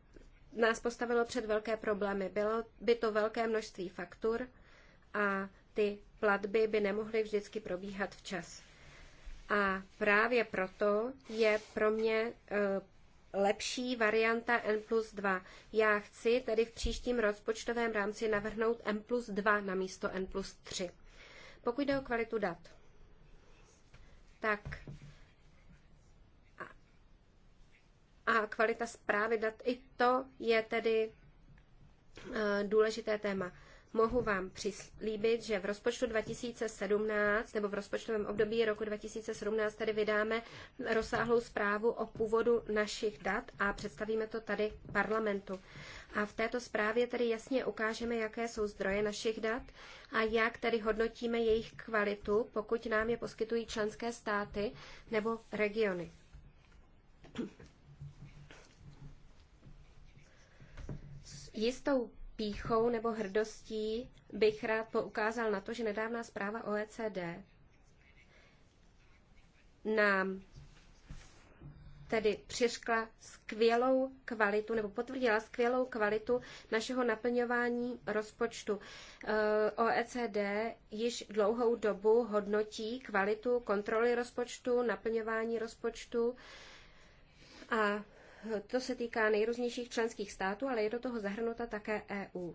nás postavilo před velké problémy. Bylo by to velké množství faktur a ty platby by nemohly vždycky probíhat včas. A právě proto je pro mě e, lepší varianta N plus 2. Já chci tedy v příštím rozpočtovém rámci navrhnout N plus 2 na místo N plus 3. Pokud jde o kvalitu dat, tak a kvalita zprávy dat, i to je tedy e, důležité téma mohu vám přislíbit, že v rozpočtu 2017 nebo v rozpočtovém období roku 2017 tady vydáme rozsáhlou zprávu o původu našich dat a představíme to tady parlamentu. A v této zprávě tedy jasně ukážeme, jaké jsou zdroje našich dat a jak tedy hodnotíme jejich kvalitu, pokud nám je poskytují členské státy nebo regiony. jistou píchou nebo hrdostí bych rád poukázal na to, že nedávná zpráva OECD nám tedy přiškla skvělou kvalitu nebo potvrdila skvělou kvalitu našeho naplňování rozpočtu. Eh, OECD již dlouhou dobu hodnotí kvalitu kontroly rozpočtu, naplňování rozpočtu a to se týká nejrůznějších členských států, ale je do toho zahrnuta také EU.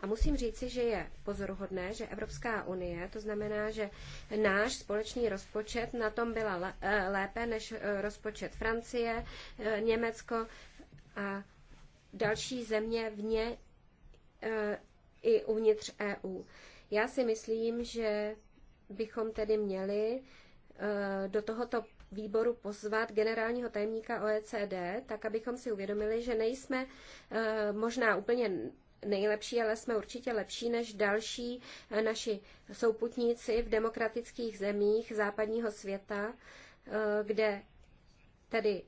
A musím říci, že je pozoruhodné, že Evropská unie, to znamená, že náš společný rozpočet na tom byla eh, lépe než eh, rozpočet Francie, eh, Německo a další země vně i uvnitř EU. Já si myslím, že bychom tedy měli do tohoto výboru pozvat generálního tajemníka OECD, tak abychom si uvědomili, že nejsme eh, možná úplně nejlepší, ale jsme určitě lepší než další eh, naši souputníci v demokratických zemích západního světa, eh, kde tedy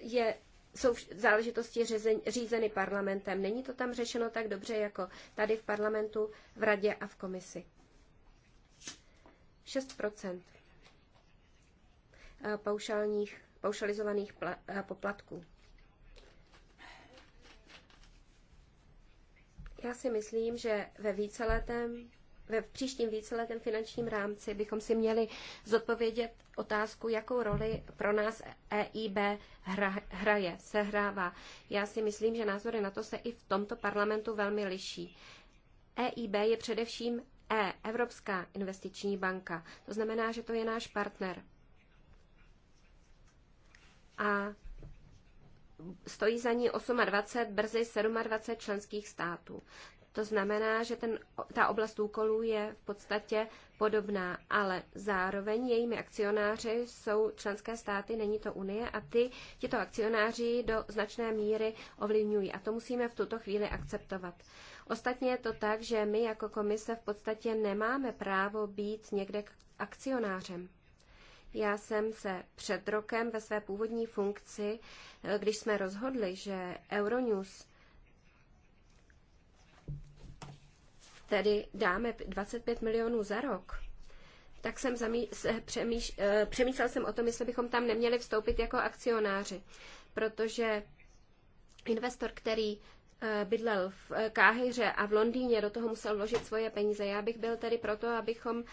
je, jsou záležitosti řízen, řízeny parlamentem. Není to tam řešeno tak dobře, jako tady v parlamentu, v radě a v komisi. 6 Eh, paušálních, paušalizovaných eh, poplatků. Já si myslím, že ve víceletém ve příštím víceletém finančním rámci bychom si měli zodpovědět otázku, jakou roli pro nás EIB hra, hraje, sehrává. Já si myslím, že názory na to se i v tomto parlamentu velmi liší. EIB je především E, Evropská investiční banka. To znamená, že to je náš partner a stojí za ní 28, brzy 27 členských států. To znamená, že ten, ta oblast úkolů je v podstatě podobná, ale zároveň jejími akcionáři jsou členské státy, není to Unie a ty, tyto akcionáři do značné míry ovlivňují a to musíme v tuto chvíli akceptovat. Ostatně je to tak, že my jako komise v podstatě nemáme právo být někde akcionářem. Já jsem se před rokem ve své původní funkci, eh, když jsme rozhodli, že Euronews tedy dáme 25 milionů za rok, tak jsem eh, přemýšlel jsem o tom, jestli bychom tam neměli vstoupit jako akcionáři, protože investor, který eh, bydlel v Káhyře a v Londýně, do toho musel vložit svoje peníze. Já bych byl tedy proto, abychom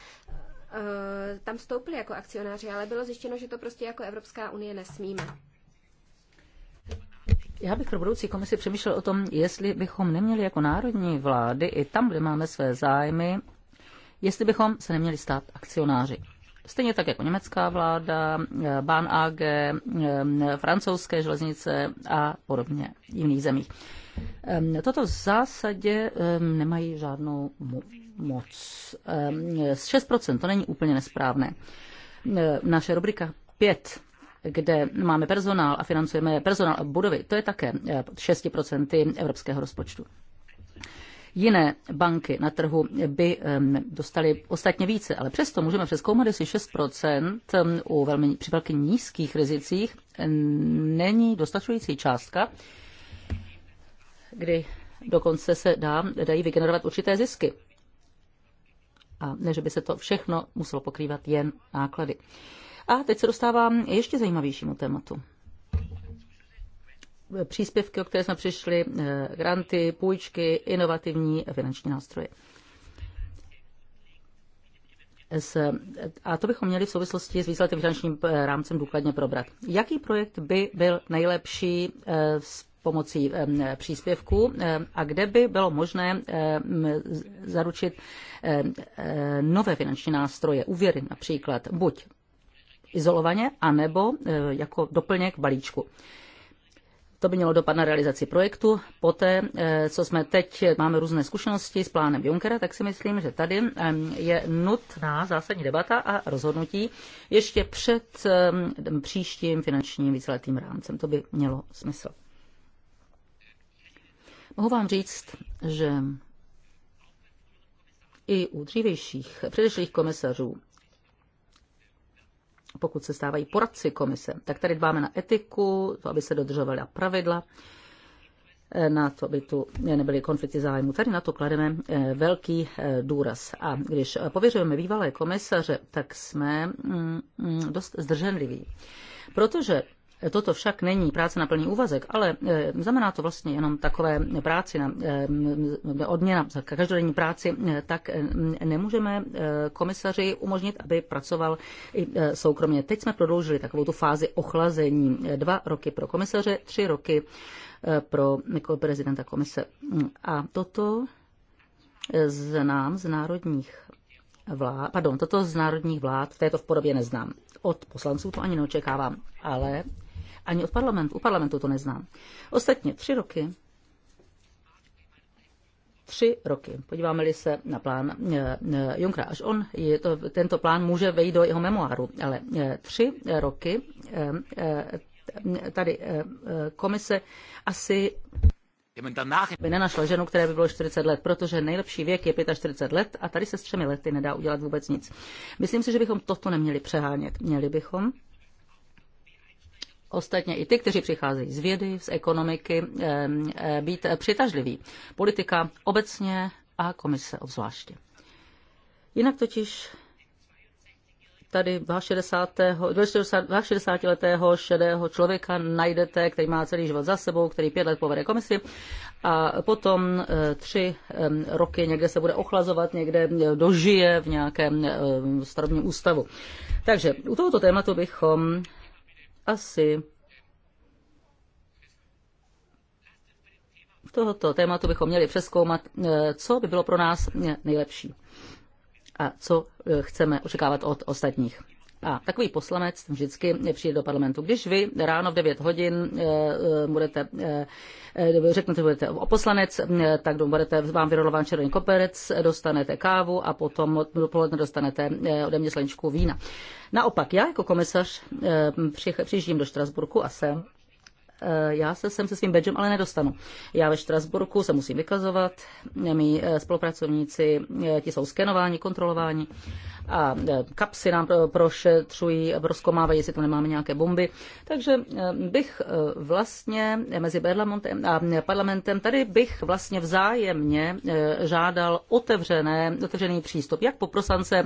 Eh, tam vstoupili jako akcionáři, ale bylo zjištěno, že to prostě jako Evropská unie nesmíme. Já bych pro budoucí komisi přemýšlel o tom, jestli bychom neměli jako národní vlády i tam, kde máme své zájmy, jestli bychom se neměli stát akcionáři. Stejně tak jako německá vláda, eh, Bahn AG, eh, francouzské železnice a podobně v jiných zemích. Ehm, toto v zásadě ehm, nemají žádnou moc. 6% ehm, to není úplně nesprávné. Naše rubrika 5 kde máme personál a financujeme personál a budovy, to je také 6% eh, evropského rozpočtu. Jiné banky na trhu by dostaly ostatně více, ale přesto můžeme přeskoumat, jestli 6% u velmi, při velmi nízkých rizicích není dostačující částka, kdy dokonce se dá, dají vygenerovat určité zisky. A ne, že by se to všechno muselo pokrývat jen náklady. A teď se dostávám ještě zajímavějšímu tématu příspěvky, o které jsme přišli, eh, granty, půjčky, inovativní finanční nástroje. A to bychom měli v souvislosti s výsledkem finančním eh, rámcem důkladně probrat. Jaký projekt by byl nejlepší eh, s pomocí příspěvků a kde by bylo možné zaručit nové finanční nástroje, úvěry například, buď izolovaně, anebo jako doplněk balíčku. To by mělo dopad na realizaci projektu. Poté, eh, co jsme teď, máme různé zkušenosti s plánem Junckera, tak si myslím, že tady je nutná zásadní debata a rozhodnutí ještě před příštím finančním víceletým rámcem. To by mělo smysl. Mohu vám říct, že i u dřívějších předešlých komisařů pokud se stávají poradci komise, tak tady dbáme na etiku, to, aby se dodržovala pravidla, eh, na to, aby tu nebyly konflikty zájmu. Tady na to klademe eh, velký eh, důraz. A když pověřujeme bývalé komisaře, tak jsme mm, mm, dost zdrženliví. Protože Toto však není práce na plný úvazek, ale eh, znamená to vlastně jenom takové práci na eh, odměna za každodenní práci, eh, tak nemůžeme komisaři umožnit, aby pracoval i soukromě. Teď jsme prodloužili takovou tu fázi ochlazení. Dva roky pro komisaře, tři roky pro prezidenta komise. A toto znám z národních vlád, pardon, toto z národních vlád, této v podobě neznám. Od poslanců to ani neočekávám, ale ani od parlamentu. U parlamentu to neznám. Ostatně tři roky tři roky. Podíváme-li se na plán eh, eh, Junkra, až on, je to, tento plán může vejít do jeho memoáru, ale eh, tři roky tady komise asi by nenašla ženu, které by bylo 40 let, protože nejlepší věk je 45 let a tady se s třemi lety nedá udělat vůbec nic. Myslím si, že bychom toto neměli přehánět. Měli bychom ostatně i ty, kteří přicházejí z vědy, z ekonomiky, být přitažliví. Politika obecně a komise obzvláště. Jinak totiž tady 60. letého šedého člověka najdete, který má celý život za sebou, který pět let povede komisi a potom e, tři roky někde se bude ochlazovat, někde e, dožije v nějakém e, starobním ústavu. Takže u tohoto tématu bychom asi v tohoto tématu bychom měli přeskoumat, eh, co by bylo pro nás nejlepší a co eh, chceme očekávat od ostatních. A takový poslanec vždycky přijde do parlamentu. Když vy ráno v 9 hodin eh, eh, budete, eh, řeknete, že budete poslanec, tak budete vám vyrolován červený koperec, dostanete kávu a potom dopoledne dostanete ode mě sleničku vína. Naopak, já jako komisař přijíždím do Štrasburku a jsem já se sem se svým badgem ale nedostanu. Já ve Štrasburku se musím vykazovat, mý spolupracovníci, ti jsou skenováni, kontrolováni a e, kapsy nám prošetřují, proskomávají, jestli tam nemáme nějaké bomby. Takže e, bych e, vlastně mezi Berlamontem a parlamentem, tady bych vlastně vzájemně žádal otevřené, otevřený přístup, jak po prosance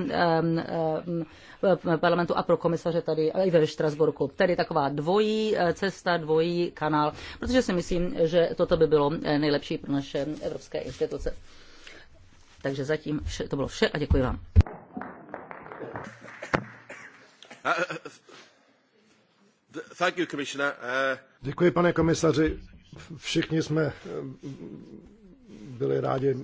parlamentu a pro komisaře tady i ve Štrasburku. Tedy taková dvojí cesta, dvojí kanál, protože si myslím, že toto by bylo nejlepší pro naše evropské instituce. Takže zatím vše, to bylo vše a děkuji vám. Děkuji, pane komisaři. Všichni jsme eh, byli rádi,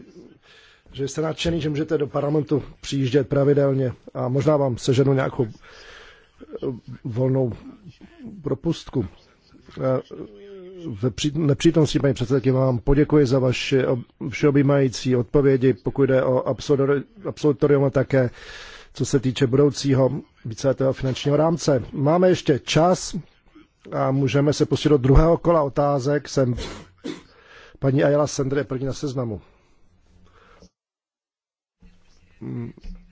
že jste nadšený, že můžete do parlamentu přijíždět pravidelně a možná vám seženu nějakou eh, volnou propustku. Eh, v nepřítomnosti paní předsedky vám poděkuji za vaše všeobjímající odpovědi, pokud jde o absolutorium a také co se týče budoucího víceletého finančního rámce. Máme ještě čas a můžeme se pustit do druhého kola otázek. Jsem paní Ayala Sender je první na seznamu.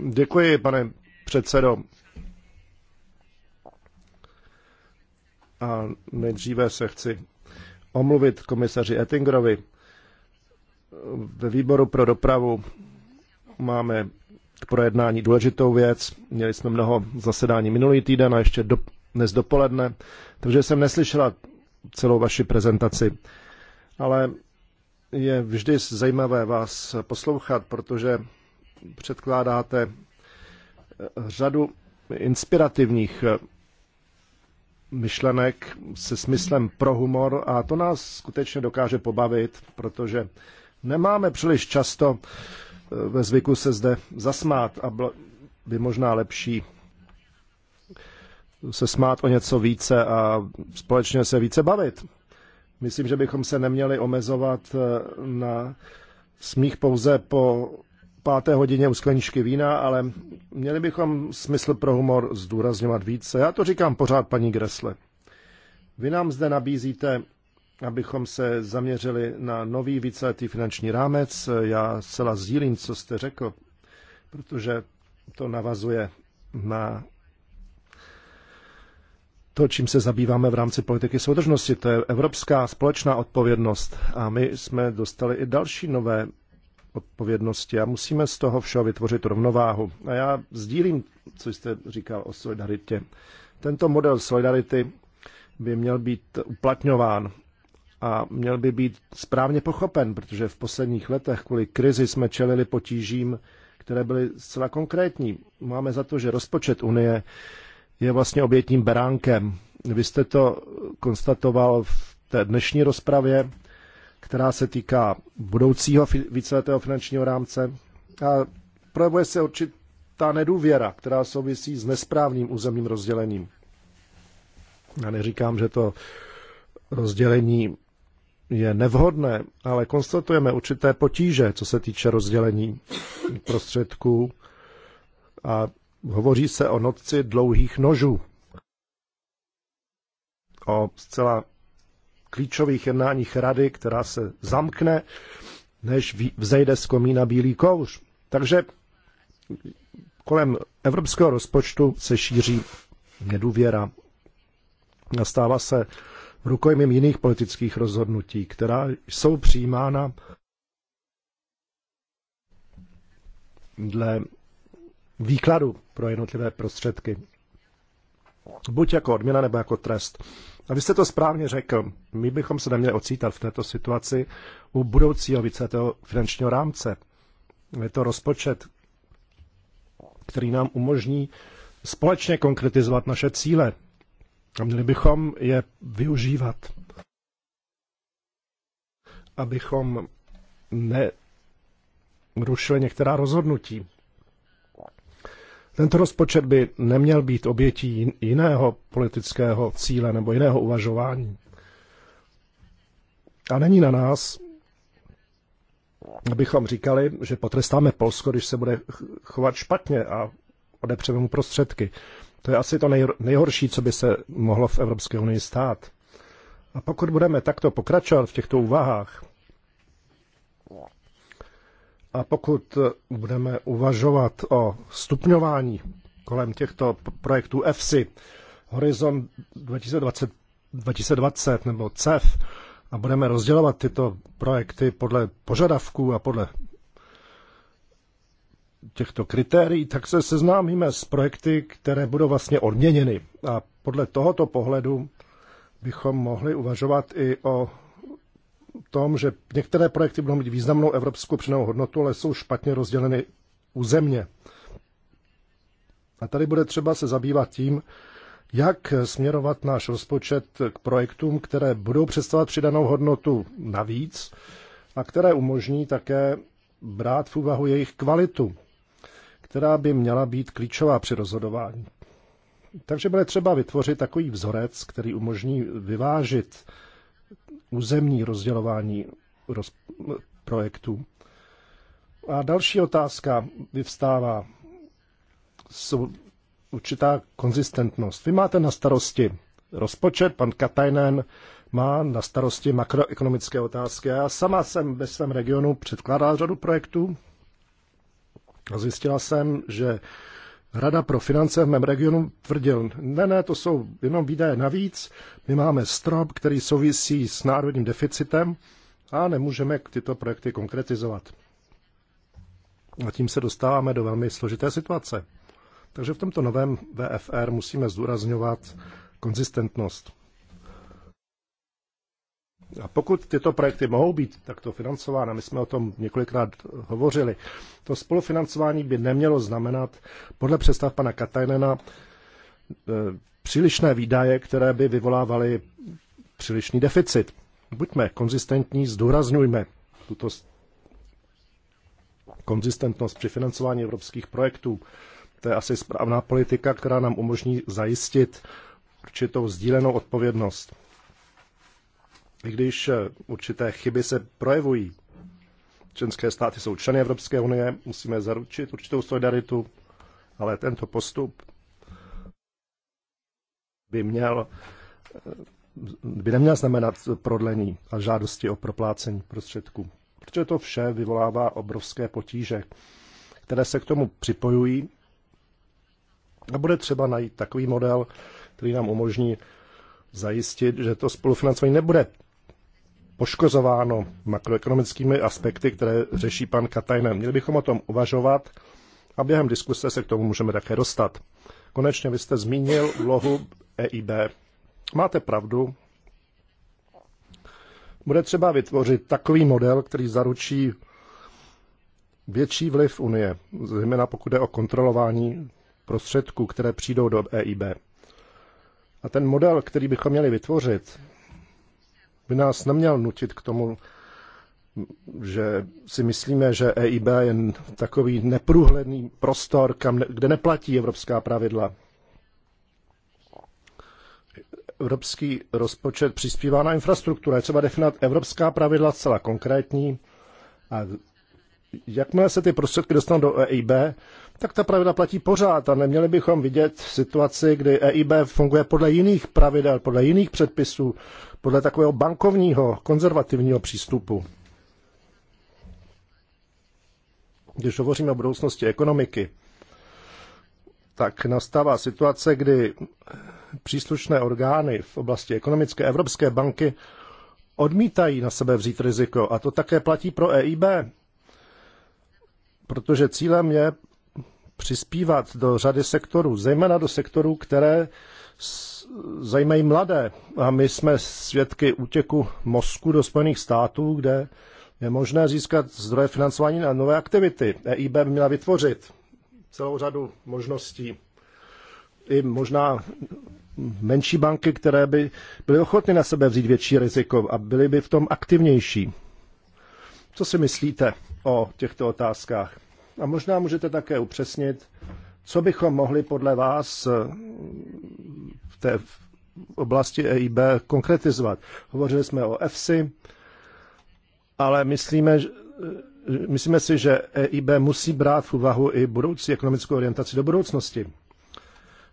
Děkuji, pane předsedo. A nejdříve se chci omluvit komisaři Ettingerovi. Ve výboru pro dopravu máme projednání důležitou věc. Měli jsme mnoho zasedání minulý týden a ještě do, dnes dopoledne, takže jsem neslyšela celou vaši prezentaci. Ale je vždy zajímavé vás poslouchat, protože předkládáte eh, řadu inspirativních eh, myšlenek se smyslem pro humor a to nás skutečně dokáže pobavit, protože nemáme příliš často uh, ve zvyku se zde zasmát a bylo by možná lepší se smát o něco více a společně se více bavit. Myslím, že bychom se neměli omezovat eh, na smích pouze po páté hodině u skleničky vína, ale měli bychom smysl pro humor zdůrazňovat více. Já to říkám pořád paní Gresle. Vy nám zde nabízíte abychom se zaměřili na nový víceletý finanční rámec. Já zcela sdílím, co jste řekl, protože to navazuje na to, čím se zabýváme v rámci politiky soudržnosti. To je evropská společná odpovědnost a my jsme dostali i další nové odpovědnosti a musíme z toho všeho vytvořit rovnováhu. A já sdílím, co jste říkal o solidaritě. Tento model solidarity by měl být uplatňován a měl by být správně pochopen, protože v posledních letech kvůli krizi jsme čelili potížím, které byly zcela konkrétní. Máme za to, že rozpočet Unie je vlastně obětním beránkem. Vy jste to konstatoval v té dnešní rozpravě, která se týká budoucího víceletého finančního rámce. A projevuje se určitá nedůvěra, která souvisí s nesprávným územním rozdělením. Já neříkám, že to rozdělení je nevhodné, ale konstatujeme určité potíže, co se týče rozdělení prostředků a hovoří se o noci dlouhých nožů, o zcela klíčových jednáních rady, která se zamkne, než vzejde z komína bílý kouř. Takže kolem evropského rozpočtu se šíří nedůvěra. Nastává se rukojmím jiných politických rozhodnutí, která jsou přijímána dle výkladu pro jednotlivé prostředky. Buď jako odměna, nebo jako trest. A vy jste to správně řekl. My bychom se neměli ocítat v této situaci u budoucího víceletého finančního rámce. Je to rozpočet, který nám umožní společně konkretizovat naše cíle, a měli bychom je využívat, abychom nerušili některá rozhodnutí. Tento rozpočet by neměl být obětí jiného politického cíle nebo jiného uvažování. A není na nás, abychom říkali, že potrestáme Polsko, když se bude chovat špatně a odepřeme mu prostředky. To je asi to nejhorší, co by se mohlo v Evropské unii stát. A pokud budeme takto pokračovat v těchto úvahách, a pokud budeme uvažovat o stupňování kolem těchto projektů EFSI, Horizon 2020, 2020 nebo CEF, a budeme rozdělovat tyto projekty podle požadavků a podle těchto kritérií, tak se seznámíme s projekty, které budou vlastně odměněny. A podle tohoto pohledu bychom mohli uvažovat i o tom, že některé projekty budou mít významnou evropskou přidanou hodnotu, ale jsou špatně rozděleny územně. A tady bude třeba se zabývat tím, jak směrovat náš rozpočet k projektům, které budou představovat přidanou hodnotu navíc a které umožní také brát v úvahu jejich kvalitu která by měla být klíčová při rozhodování. Takže bude třeba vytvořit takový vzorec, který umožní vyvážit územní rozdělování roz, projektů. A další otázka vyvstává. Jsou určitá konzistentnost. Vy máte na starosti rozpočet, pan Katajnen má na starosti makroekonomické otázky. Já sama jsem ve svém regionu předkládal řadu projektů, Zjistila jsem, že Rada pro finance v mém regionu tvrdil, ne, ne, to jsou jenom výdaje navíc, my máme strop, který souvisí s národním deficitem a nemůžeme tyto projekty konkretizovat. A tím se dostáváme do velmi složité situace. Takže v tomto novém VFR musíme zdůrazňovat konzistentnost. A pokud tyto projekty mohou být takto financovány, my jsme o tom několikrát hovořili, to spolufinancování by nemělo znamenat, podle představ pana Katajnena, e, přílišné výdaje, které by vyvolávaly přílišný deficit. Buďme konzistentní, zdůrazňujme tuto konzistentnost při financování evropských projektů. To je asi správná politika, která nám umožní zajistit určitou sdílenou odpovědnost i když eh, určité chyby se projevují. Členské státy jsou členy Evropské unie, musíme zaručit určitou solidaritu, ale tento postup by měl eh, by neměl znamenat prodlení a žádosti o proplácení prostředků. Protože to vše vyvolává obrovské potíže, které se k tomu připojují a bude třeba najít takový model, který nám umožní zajistit, že to spolufinancování nebude poškozováno makroekonomickými aspekty, které řeší pan Katajnen. Měli bychom o tom uvažovat a během diskuse se k tomu můžeme také dostat. Konečně vy jste zmínil úlohu EIB. Máte pravdu. Bude třeba vytvořit takový model, který zaručí větší vliv Unie, zejména pokud je o kontrolování prostředků, které přijdou do EIB. A ten model, který bychom měli vytvořit, by nás neměl nutit k tomu, že si myslíme, že EIB je takový neprůhledný prostor, kam, ne, kde neplatí evropská pravidla. Evropský rozpočet přispívá na infrastrukturu. Je třeba definovat evropská pravidla zcela konkrétní a jakmile se ty prostředky dostanou do EIB, tak ta pravidla platí pořád a neměli bychom vidět situaci, kdy EIB funguje podle jiných pravidel, podle jiných předpisů, podle takového bankovního, konzervativního přístupu. Když hovoříme o budoucnosti ekonomiky, tak nastává situace, kdy příslušné orgány v oblasti ekonomické Evropské banky odmítají na sebe vzít riziko. A to také platí pro EIB protože cílem je přispívat do řady sektorů, zejména do sektorů, které zajímají mladé. A my jsme svědky útěku mozku do Spojených států, kde je možné získat zdroje financování na nové aktivity. EIB by měla vytvořit celou řadu možností. I možná menší banky, které by byly ochotny na sebe vzít větší riziko a byly by v tom aktivnější. Co si myslíte o těchto otázkách? A možná můžete také upřesnit, co bychom mohli podle vás eh, v té oblasti EIB konkretizovat. Hovořili jsme o EFSI, ale myslíme, eh, myslíme si, že EIB musí brát v úvahu i budoucí ekonomickou orientaci do budoucnosti.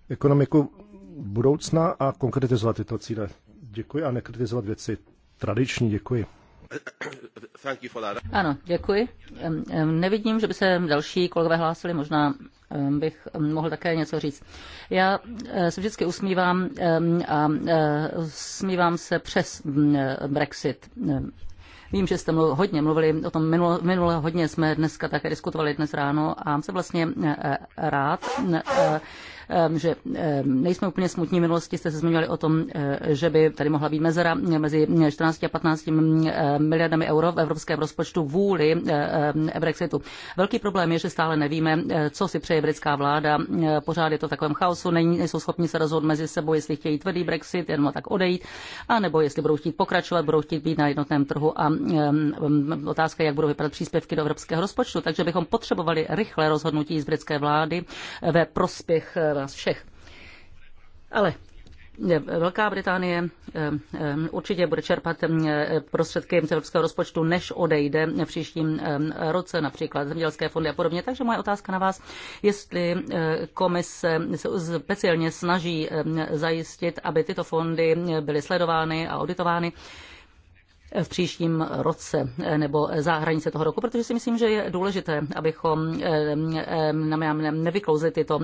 Ekonomiku budoucna a konkretizovat tyto cíle. Děkuji a nekritizovat věci tradiční. Děkuji. Ano, děkuji. Nevidím, že by se další kolegové hlásili, možná bych mohl také něco říct. Já e, se vždycky usmívám a e, usmívám se přes e, Brexit. Vím, že jste mluv, hodně mluvili o tom minulo, minule, hodně jsme dneska také diskutovali dnes ráno a jsem vlastně rád, Ehm, že ehm, nejsme úplně smutní. V minulosti jste se zmiňovali o tom, eh, že by tady mohla být mezera mezi 14 a 15 mm, ehm, miliardami euro v evropském rozpočtu vůli eh, Brexitu. Velký problém je, že stále nevíme, eh, co si přeje britská vláda. Pořád je to v takovém chaosu, nejsou schopni se rozhodnout mezi sebou, jestli chtějí tvrdý Brexit, jenom tak odejít, anebo jestli budou chtít pokračovat, budou chtít být na jednotném trhu a otázka, jak budou vypadat příspěvky do evropského rozpočtu. Takže bychom potřebovali rychlé rozhodnutí z britské vlády ve prospěch vás všech. Ale Velká Británie eh, eh, určitě bude čerpat eh, prostředky z evropského rozpočtu, než odejde v příštím roce, například zemědělské fondy a podobně. Takže moje otázka na vás, jestli komise se speciálně snaží zajistit, aby tyto fondy byly sledovány a auditovány v příštím roce eh, nebo za hranice toho roku, protože si myslím, že je důležité, abychom eh, eh, nevyklouzli tyto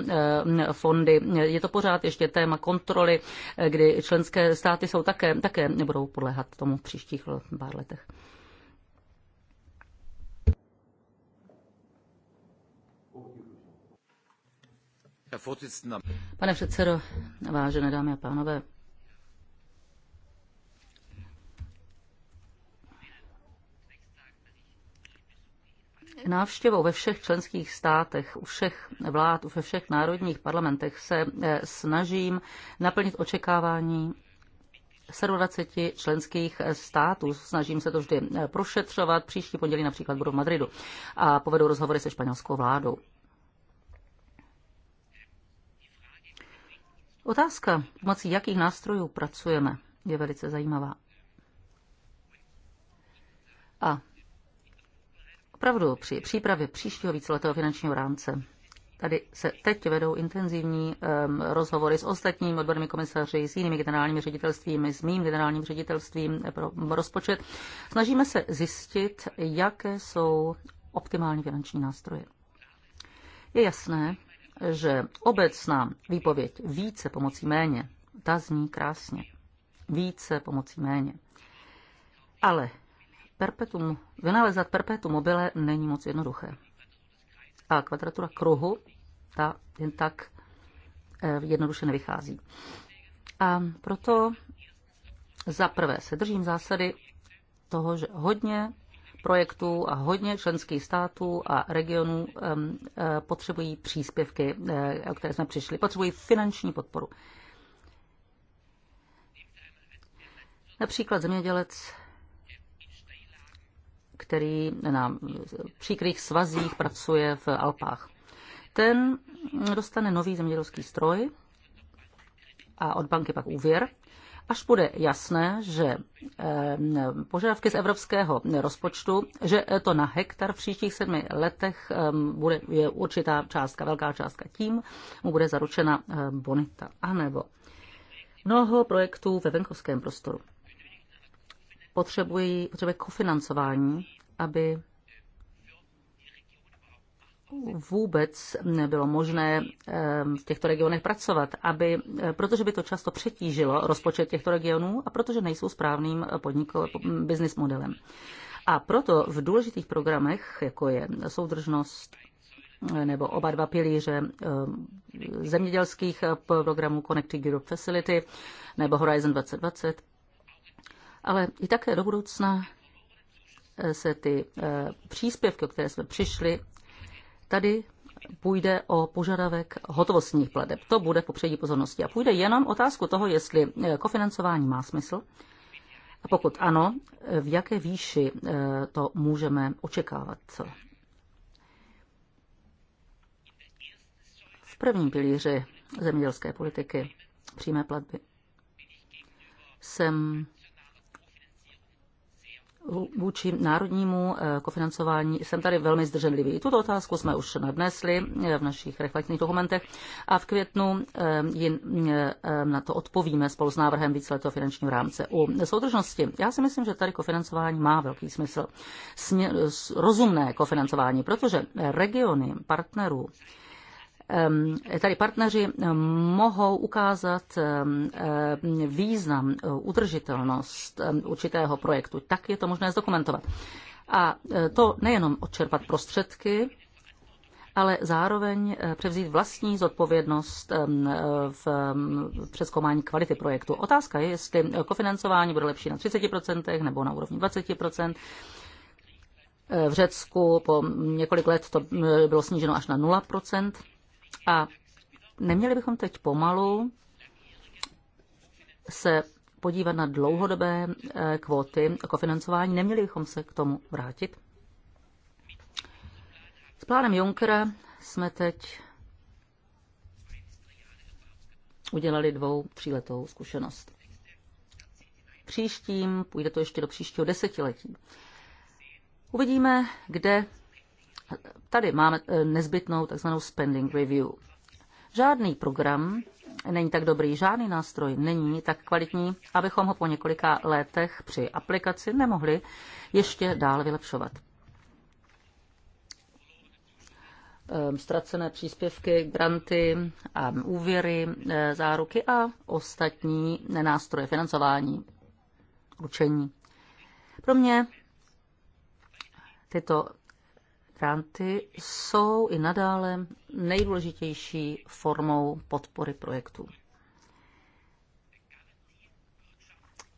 fondy. Je to pořád ještě téma kontroly, kdy členské státy jsou také, také nebudou podléhat tomu v příštích pár letech. Pane předsedo, vážené dámy a pánové, návštěvou ve všech členských státech, u všech vlád, ve všech národních parlamentech se eh, snažím naplnit očekávání 27 členských eh, států. Snažím se to vždy eh, prošetřovat. Příští pondělí například budu v Madridu a povedu rozhovory se španělskou vládou. Otázka, pomocí jakých nástrojů pracujeme, je velice zajímavá. A opravdu při přípravě příštího víceletého finančního rámce Tady se teď vedou intenzivní um, rozhovory s ostatními odbornými komisaři, s jinými generálními ředitelstvími, s mým generálním ředitelstvím pro rozpočet. Snažíme se zjistit, jaké jsou optimální finanční nástroje. Je jasné, že obecná výpověď více pomocí méně, ta zní krásně. Více pomocí méně. Ale perpetuum, vynalezat perpetuum mobile není moc jednoduché. A kvadratura kruhu, ta jen tak eh, jednoduše nevychází. A proto za prvé se držím zásady toho, že hodně projektů a hodně členských států a regionů eh, potřebují příspěvky, eh, o které jsme přišli, potřebují finanční podporu. Například zemědělec který na příkrých svazích pracuje v Alpách. Ten dostane nový zemědělský stroj a od banky pak úvěr, až bude jasné, že eh, požadavky z evropského rozpočtu, že to na hektar v příštích sedmi letech eh, bude je určitá částka, velká částka, tím mu bude zaručena eh, bonita, anebo mnoho projektů ve venkovském prostoru potřebují, potřebuje kofinancování, aby vůbec nebylo možné ehm, v těchto regionech pracovat, aby, eh, protože by to často přetížilo rozpočet těchto regionů a protože nejsou správným eh, podnikovým business modelem. A proto v důležitých programech, jako je soudržnost eh, nebo oba dva pilíře ehm, zemědělských programů Connecting Europe Facility nebo Horizon 2020, ale i také do budoucna eh, se ty eh, příspěvky, o které jsme přišli, tady půjde o požadavek hotovostních plateb. To bude v popředí pozornosti. A půjde jenom otázku toho, jestli eh, kofinancování má smysl. A pokud ano, v jaké výši to můžeme očekávat? V prvním pilíři zemědělské politiky přímé platby jsem vůči národnímu eh, kofinancování jsem tady velmi zdrženlivý. Tuto otázku jsme už nadnesli eh, v našich reflektních dokumentech a v květnu eh, jin, na to odpovíme spolu s návrhem víceletého finančního rámce. U soudržnosti, já si myslím, že tady kofinancování má velký smysl. Smě, rozumné kofinancování, protože regiony partnerů Tady partneři mohou ukázat význam, e, udržitelnost určitého projektu. Tak je to možné zdokumentovat. A e, to nejenom odčerpat prostředky, ale zároveň e, převzít vlastní zodpovědnost v přeskoumání kvality projektu. Otázka je, jestli kofinancování bude lepší na 30% nebo na úrovni 20%. V Řecku po několik let to bylo sníženo až na 0%. A neměli bychom teď pomalu se podívat na dlouhodobé eh, kvóty kofinancování, neměli bychom se k tomu vrátit. S plánem Junckera jsme teď udělali dvou tříletou zkušenost. Příštím, půjde to ještě do příštího desetiletí. Uvidíme, kde Tady máme e, nezbytnou takzvanou spending review. Žádný program není tak dobrý, žádný nástroj není tak kvalitní, abychom ho po několika letech při aplikaci nemohli ještě dál vylepšovat. Ehm, ztracené příspěvky, granty a úvěry, e, záruky a ostatní nástroje financování, ručení. Pro mě tyto granty jsou i nadále nejdůležitější formou podpory projektů.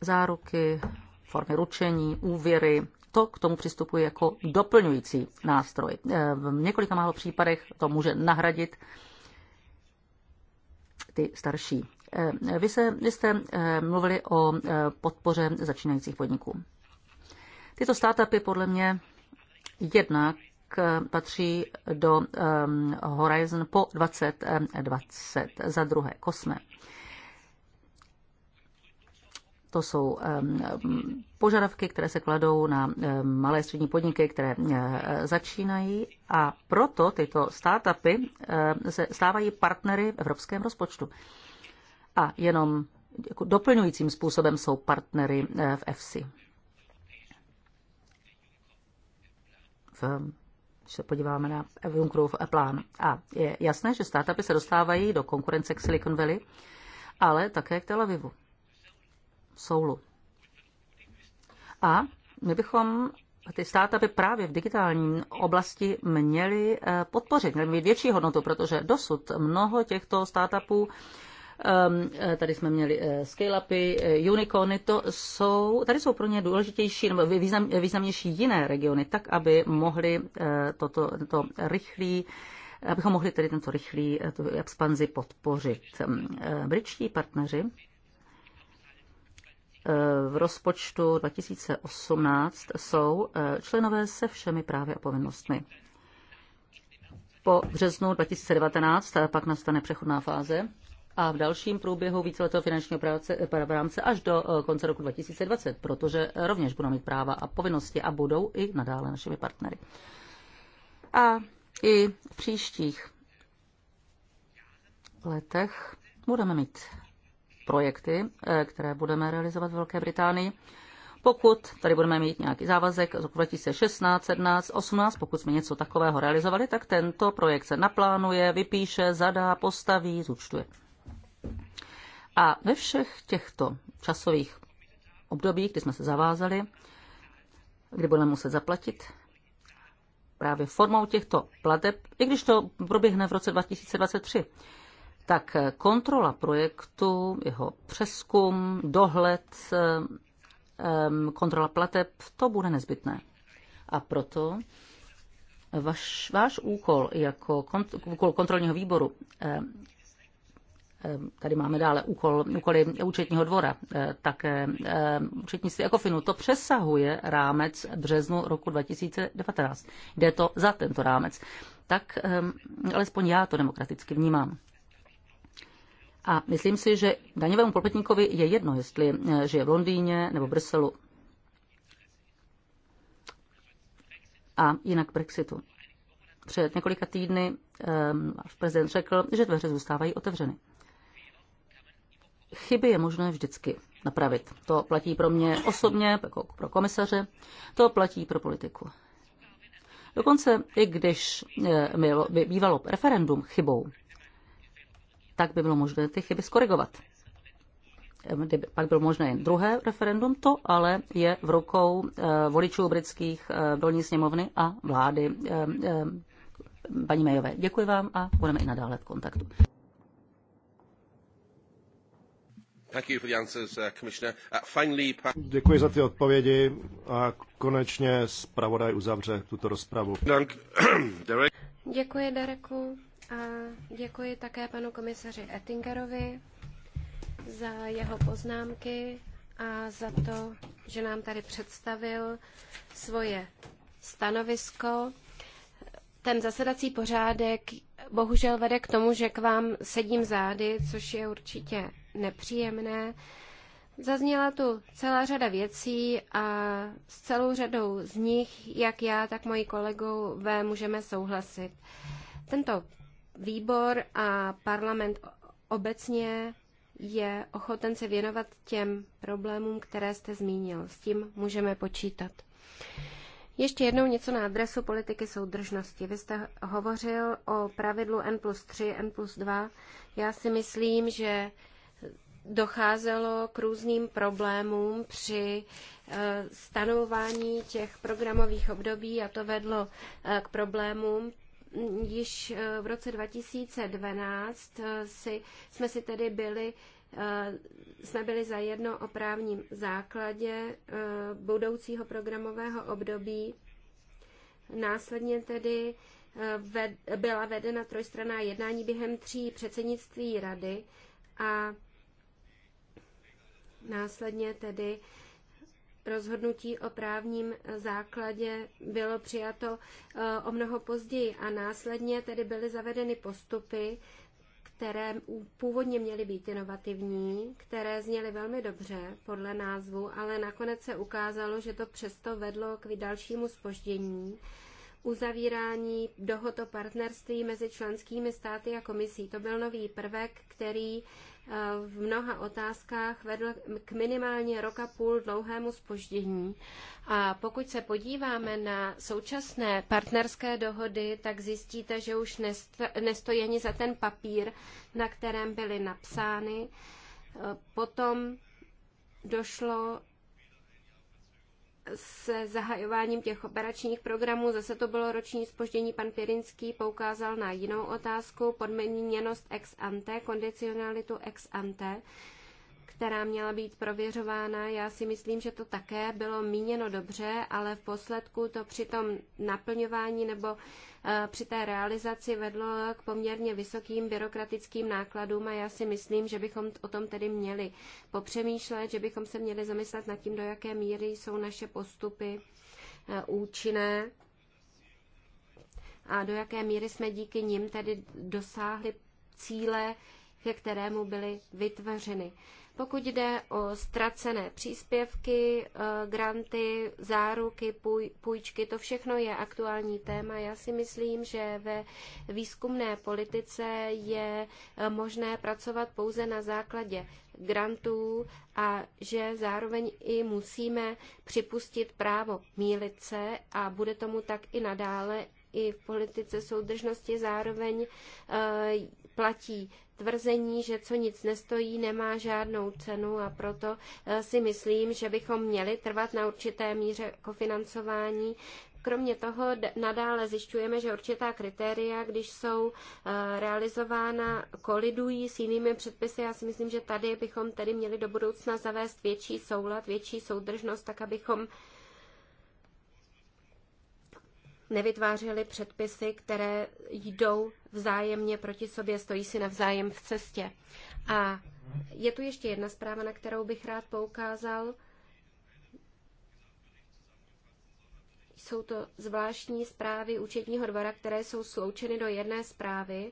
Záruky, formy ručení, úvěry, to k tomu přistupuje jako doplňující nástroj. E, v několika málo případech to může nahradit ty starší. E, vy, se, vy jste e, mluvili o podpoře začínajících podniků. Tyto startupy podle mě jednak patří do Horizon po 2020. Za druhé, kosme. To jsou požadavky, které se kladou na malé střední podniky, které eh, začínají a proto tyto startupy eh, se stávají partnery v evropském rozpočtu. A jenom jako doplňujícím způsobem jsou partnery eh, v EFSI. V když se podíváme na Junckerův plán. A je jasné, že startupy se dostávají do konkurence k Silicon Valley, ale také k Tel Avivu, Soulu. A my bychom ty startupy právě v digitální oblasti měli eh, podpořit, měli mít větší hodnotu, protože dosud mnoho těchto startupů Ehm, eh, tady jsme měli eh, scale-upy, eh, unicorny, to jsou, tady jsou pro ně důležitější nebo význam, významnější jiné regiony, tak aby mohli toto to rychlý abychom mohli tedy tento rychlý tu expanzi podpořit. Ehm, britští partneři v rozpočtu 2018 jsou členové se všemi právy a povinnostmi. Po březnu 2019 pak nastane přechodná fáze a v dalším průběhu víceletého finančního práce, eh, rámce až do eh, konce roku 2020, protože rovněž budou mít práva a povinnosti a budou i nadále našimi partnery. A i v příštích letech budeme mít projekty, eh, které budeme realizovat v Velké Británii. Pokud tady budeme mít nějaký závazek z roku 2016, 17, 18, pokud jsme něco takového realizovali, tak tento projekt se naplánuje, vypíše, zadá, postaví, zúčtuje. A ve všech těchto časových obdobích, kdy jsme se zavázali, kdy budeme muset zaplatit právě formou těchto plateb, i když to proběhne v roce 2023, tak kontrola projektu, jeho přeskum, dohled, kontrola plateb, to bude nezbytné. A proto vaš, váš úkol jako kont, úkol kontrolního výboru Eh, tady máme dále úkol, úkoly účetního dvora, eh, také eh, účetnictví Ekofinu. To přesahuje rámec březnu roku 2019. Jde to za tento rámec. Tak alespoň já to demokraticky vnímám. A myslím si, že daňovému poplatníkovi je jedno, jestli žije v Londýně nebo v Bruselu. A jinak Brexitu. Před několika týdny um, prezident řekl, že dveře zůstávají otevřeny chyby je možné vždycky napravit. To platí pro mě osobně, jako pro komisaře, to platí pro politiku. Dokonce i když e, by bývalo referendum chybou, tak by bylo možné ty chyby skorigovat. Kdyby pak bylo možné jen druhé referendum, to ale je v rukou e, voličů britských e, dolní sněmovny a vlády paní Mejové. Děkuji vám a budeme i nadále v kontaktu. Děkuji za ty odpovědi a konečně zpravodaj uzavře tuto rozpravu. Děkuji, Dereku, a děkuji také panu komisaři Ettingerovi za jeho poznámky a za to, že nám tady představil svoje stanovisko. Ten zasedací pořádek bohužel vede k tomu, že k vám sedím zády, což je určitě nepříjemné. Zazněla tu celá řada věcí a s celou řadou z nich, jak já, tak moji V, můžeme souhlasit. Tento výbor a parlament obecně je ochoten se věnovat těm problémům, které jste zmínil. S tím můžeme počítat. Ještě jednou něco na adresu politiky soudržnosti. Vy jste hovořil o pravidlu N plus 3, N plus 2. Já si myslím, že docházelo k různým problémům při eh, stanovování těch programových období a to vedlo eh, k problémům. Již eh, v roce 2012 si, jsme si tedy byli jsme byli jedno o právním základě budoucího programového období. Následně tedy byla vedena trojstraná jednání během tří předsednictví rady a Následně tedy rozhodnutí o právním základě bylo přijato eh, o mnoho později a následně tedy byly zavedeny postupy, které původně měly být inovativní, které zněly velmi dobře podle názvu, ale nakonec se ukázalo, že to přesto vedlo k dalšímu spoždění uzavírání dohod o partnerství mezi členskými státy a komisí. To byl nový prvek, který v mnoha otázkách vedl k minimálně roka půl dlouhému spoždění. A pokud se podíváme na současné partnerské dohody, tak zjistíte, že už nestojí ani za ten papír, na kterém byly napsány. Potom došlo se zahajováním těch operačních programů. Zase to bylo roční spoždění. Pan Pěrinský poukázal na jinou otázku, podmíněnost ex ante, kondicionalitu ex ante která měla být prověřována. Já si myslím, že to také bylo míněno dobře, ale v posledku to při tom naplňování nebo eh, při té realizaci vedlo k poměrně vysokým byrokratickým nákladům a já si myslím, že bychom o tom tedy měli popřemýšlet, že bychom se měli zamyslet nad tím, do jaké míry jsou naše postupy eh, účinné a do jaké míry jsme díky nim tedy dosáhli cíle, ke kterému byly vytvořeny. Pokud jde o ztracené příspěvky, eh, granty, záruky, půjčky, to všechno je aktuální téma. Já si myslím, že ve výzkumné politice je eh, možné pracovat pouze na základě grantů a že zároveň i musíme připustit právo mílit se a bude tomu tak i nadále i v politice soudržnosti zároveň eh, platí tvrzení, že co nic nestojí, nemá žádnou cenu a proto eh, si myslím, že bychom měli trvat na určité míře kofinancování. Kromě toho nadále zjišťujeme, že určitá kritéria, když jsou eh, realizována, kolidují s jinými předpisy. Já si myslím, že tady bychom tedy měli do budoucna zavést větší soulad, větší soudržnost, tak abychom nevytvářeli předpisy, které jdou vzájemně proti sobě, stojí si navzájem v cestě. A je tu ještě jedna zpráva, na kterou bych rád poukázal. Jsou to zvláštní zprávy účetního dvora, které jsou sloučeny do jedné zprávy.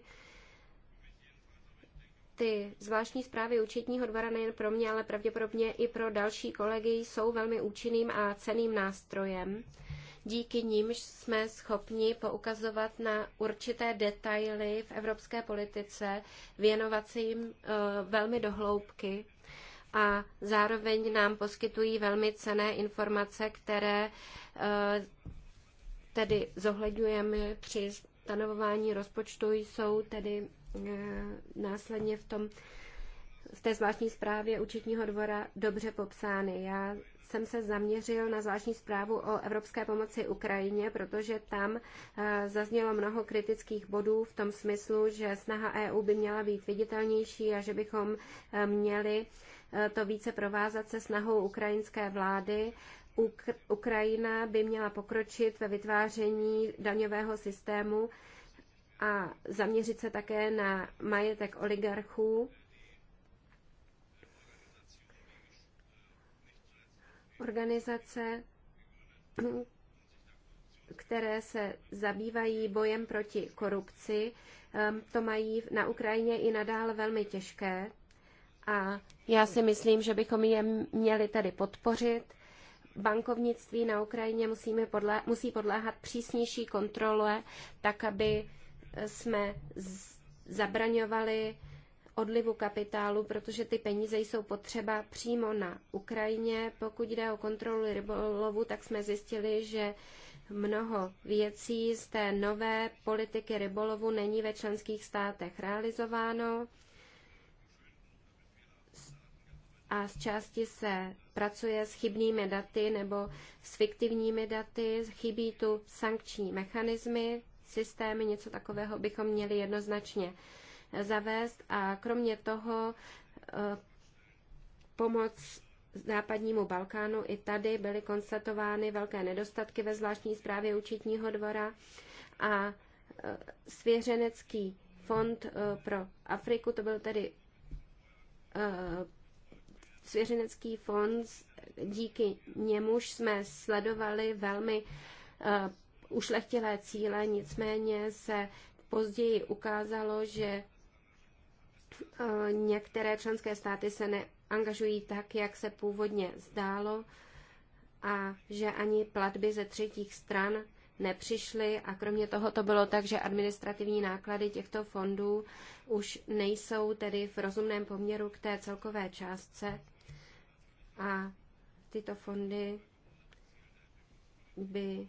Ty zvláštní zprávy účetního dvora nejen pro mě, ale pravděpodobně i pro další kolegy jsou velmi účinným a ceným nástrojem díky nímž jsme schopni poukazovat na určité detaily v evropské politice, věnovat se jim eh, velmi dohloubky a zároveň nám poskytují velmi cené informace, které eh, tedy zohledňujeme při stanovování rozpočtu, jsou tedy eh, následně v tom v té zvláštní zprávě účetního dvora dobře popsány. Já jsem se zaměřil na zvláštní zprávu o evropské pomoci Ukrajině, protože tam eh, zaznělo mnoho kritických bodů v tom smyslu, že snaha EU by měla být viditelnější a že bychom eh, měli eh, to více provázat se snahou ukrajinské vlády Ukrajina by měla pokročit ve vytváření daňového systému a zaměřit se také na majetek oligarchů. organizace, které se zabývají bojem proti korupci, to mají na Ukrajině i nadále velmi těžké. A já si myslím, že bychom je měli tady podpořit. Bankovnictví na Ukrajině musíme podlé, musí podléhat přísnější kontrole, tak aby eh, jsme zabraňovali odlivu kapitálu, protože ty peníze jsou potřeba přímo na Ukrajině. Pokud jde o kontrolu rybolovu, tak jsme zjistili, že mnoho věcí z té nové politiky rybolovu není ve členských státech realizováno a z části se pracuje s chybnými daty nebo s fiktivními daty. Chybí tu sankční mechanismy, systémy, něco takového bychom měli jednoznačně zavést a kromě toho eh, pomoc západnímu Balkánu. I tady byly konstatovány velké nedostatky ve zvláštní zprávě účetního dvora a eh, svěřenecký fond eh, pro Afriku, to byl tedy svěřenecký fond, díky němuž jsme sledovali velmi ušlechtilé cíle, nicméně se později ukázalo, že Eh, některé členské státy se neangažují tak, jak se původně zdálo a že ani platby ze třetích stran nepřišly a kromě toho to bylo tak, že administrativní náklady těchto fondů už nejsou tedy v rozumném poměru k té celkové částce a tyto fondy by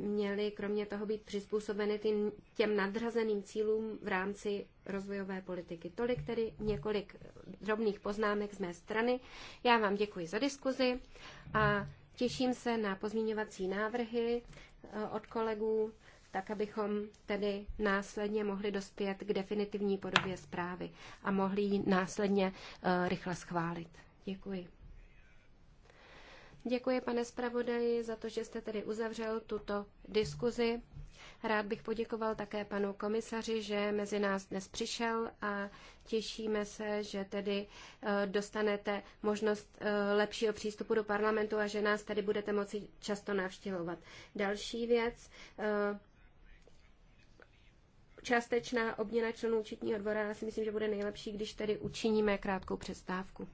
měly kromě toho být přizpůsobeny tým, těm nadřazeným cílům v rámci rozvojové politiky. Tolik tedy několik drobných poznámek z mé strany. Já vám děkuji za diskuzi a těším se na pozměňovací návrhy eh, od kolegů, tak abychom tedy následně mohli dospět k definitivní podobě zprávy a mohli ji následně eh, rychle schválit. Děkuji. Děkuji, pane zpravodaji, za to, že jste tedy uzavřel tuto diskuzi. Rád bych poděkoval také panu komisaři, že mezi nás dnes přišel a těšíme se, že tedy eh, dostanete možnost eh, lepšího přístupu do parlamentu a že nás tady budete moci často navštěvovat. Další věc, eh, částečná obměna členů účetního dvora, já si myslím, že bude nejlepší, když tedy učiníme krátkou přestávku.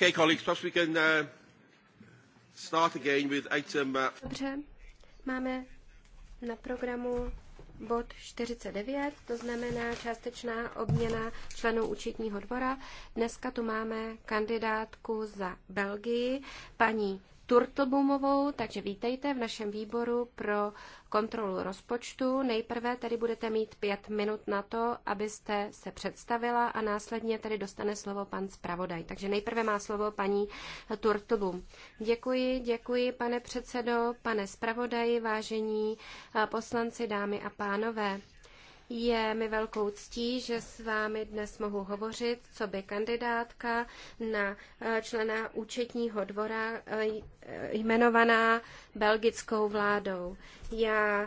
Okay, colleagues, perhaps we can uh, start again with item... Uh... Dobře, máme na programu bod 49, to znamená částečná obměna členů účetního dvora. Dneska tu máme kandidátku za Belgii, paní Turtlbumovou, takže vítejte v našem výboru pro kontrolu rozpočtu. Nejprve tady budete mít pět minut na to, abyste se představila a následně tady dostane slovo pan zpravodaj. Takže nejprve má slovo paní Turtlbum. Děkuji, děkuji pane předsedo, pane zpravodaji, vážení eh, poslanci, dámy a pánové. Je mi velkou ctí, že s vámi dnes mohu hovořit, co by kandidátka na eh, člena účetního dvora eh, eh, jmenovaná belgickou vládou. Já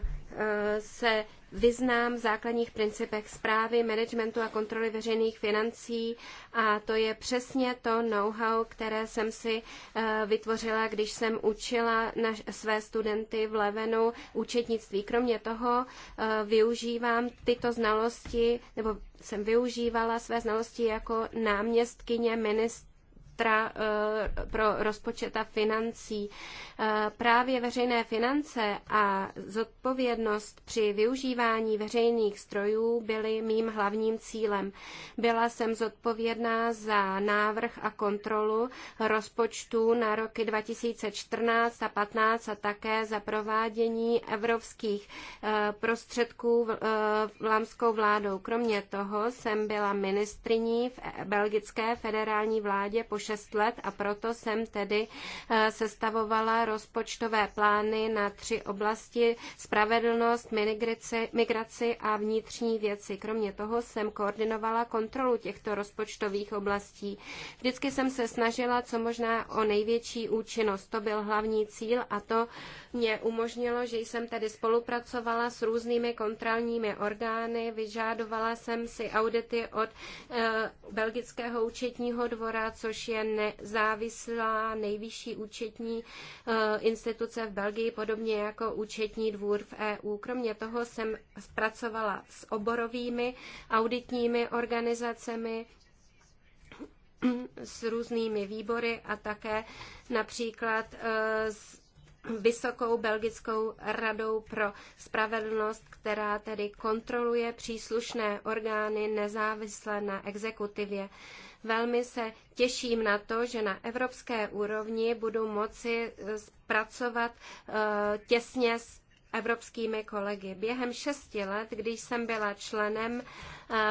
se vyznám v základních principech zprávy, managementu a kontroly veřejných financí a to je přesně to know-how, které jsem si eh, vytvořila, když jsem učila na své studenty v Levenu účetnictví. Kromě toho eh, využívám tyto znalosti, nebo jsem využívala své znalosti jako náměstkyně ministra ministra eh, pro rozpočet a financí. Eh, právě veřejné finance a zodpovědnost při využívání veřejných strojů byly mým hlavním cílem. Byla jsem zodpovědná za návrh a kontrolu rozpočtu na roky 2014 a 15 a také za provádění evropských eh, prostředků vlámskou vládou. Kromě toho jsem byla ministriní v belgické federální vládě po 6 let a proto jsem tedy eh, sestavovala rozpočtové plány na tři oblasti spravedlnost, migraci a vnitřní věci. Kromě toho jsem koordinovala kontrolu těchto rozpočtových oblastí. Vždycky jsem se snažila co možná o největší účinnost. To byl hlavní cíl a to mě umožnilo, že jsem tedy spolupracovala s různými kontrolními orgány, vyžádovala jsem si audity od eh, belgického účetního dvora, což je nezávislá nejvyšší účetní eh, instituce v Belgii, podobně jako účetní dvůr v EU. Kromě toho jsem zpracovala s oborovými auditními organizacemi, s různými výbory a také například eh, s Vysokou belgickou radou pro spravedlnost, která tedy kontroluje příslušné orgány nezávisle na exekutivě. Velmi se těším na to, že na evropské úrovni budu moci eh, pracovat eh, těsně s evropskými kolegy. Během šesti let, když jsem byla členem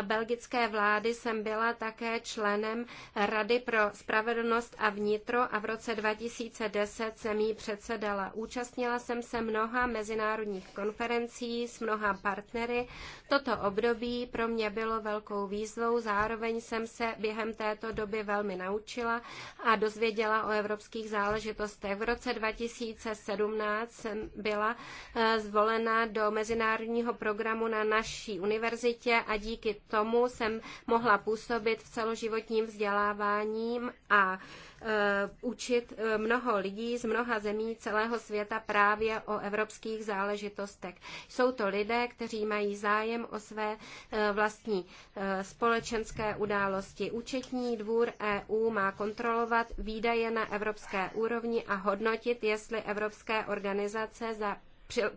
belgické vlády jsem byla také členem Rady pro spravedlnost a vnitro a v roce 2010 jsem jí předsedala. Účastnila jsem se mnoha mezinárodních konferencí s mnoha partnery. Toto období pro mě bylo velkou výzvou, zároveň jsem se během této doby velmi naučila a dozvěděla o evropských záležitostech. V roce 2017 jsem byla eh, zvolena do mezinárodního programu na naší univerzitě a díky díky tomu jsem mohla působit v celoživotním vzdělávání a e, učit e, mnoho lidí z mnoha zemí celého světa právě o evropských záležitostech. Jsou to lidé, kteří mají zájem o své e, vlastní společenské události. Účetní dvůr EU má kontrolovat výdaje na evropské úrovni a hodnotit, jestli evropské organizace za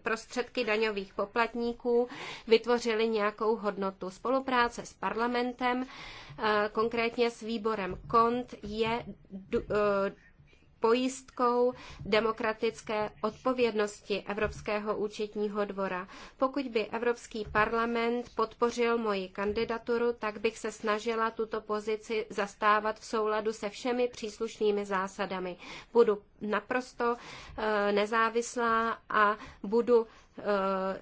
prostředky daňových poplatníků vytvořili nějakou hodnotu. Spolupráce s parlamentem, eh, konkrétně s výborem KONT, je eh, pojistkou demokratické odpovědnosti Evropského účetního dvora. Pokud by Evropský parlament podpořil moji kandidaturu, tak bych se snažila tuto pozici zastávat v souladu se všemi příslušnými zásadami. Budu naprosto eh, nezávislá a budu eh,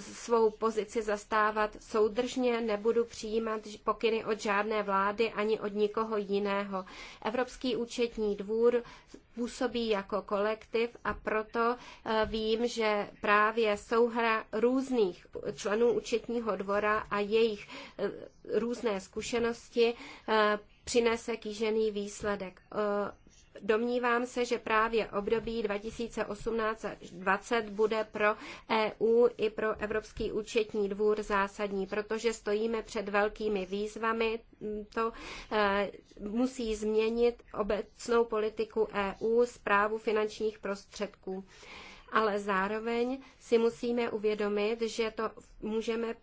svou pozici zastávat soudržně, nebudu přijímat pokyny od žádné vlády ani od nikoho jiného. Evropský účetní dvůr působí jako kolektiv a proto eh, vím, že právě souhra různých členů účetního dvora a jejich eh, různé zkušenosti eh, přinese kýžený výsledek. Domnívám se, že právě období 2018 20 bude pro EU i pro Evropský účetní dvůr zásadní, protože stojíme před velkými výzvami. To e, musí změnit obecnou politiku EU, zprávu finančních prostředků ale zároveň si musíme uvědomit, že to můžeme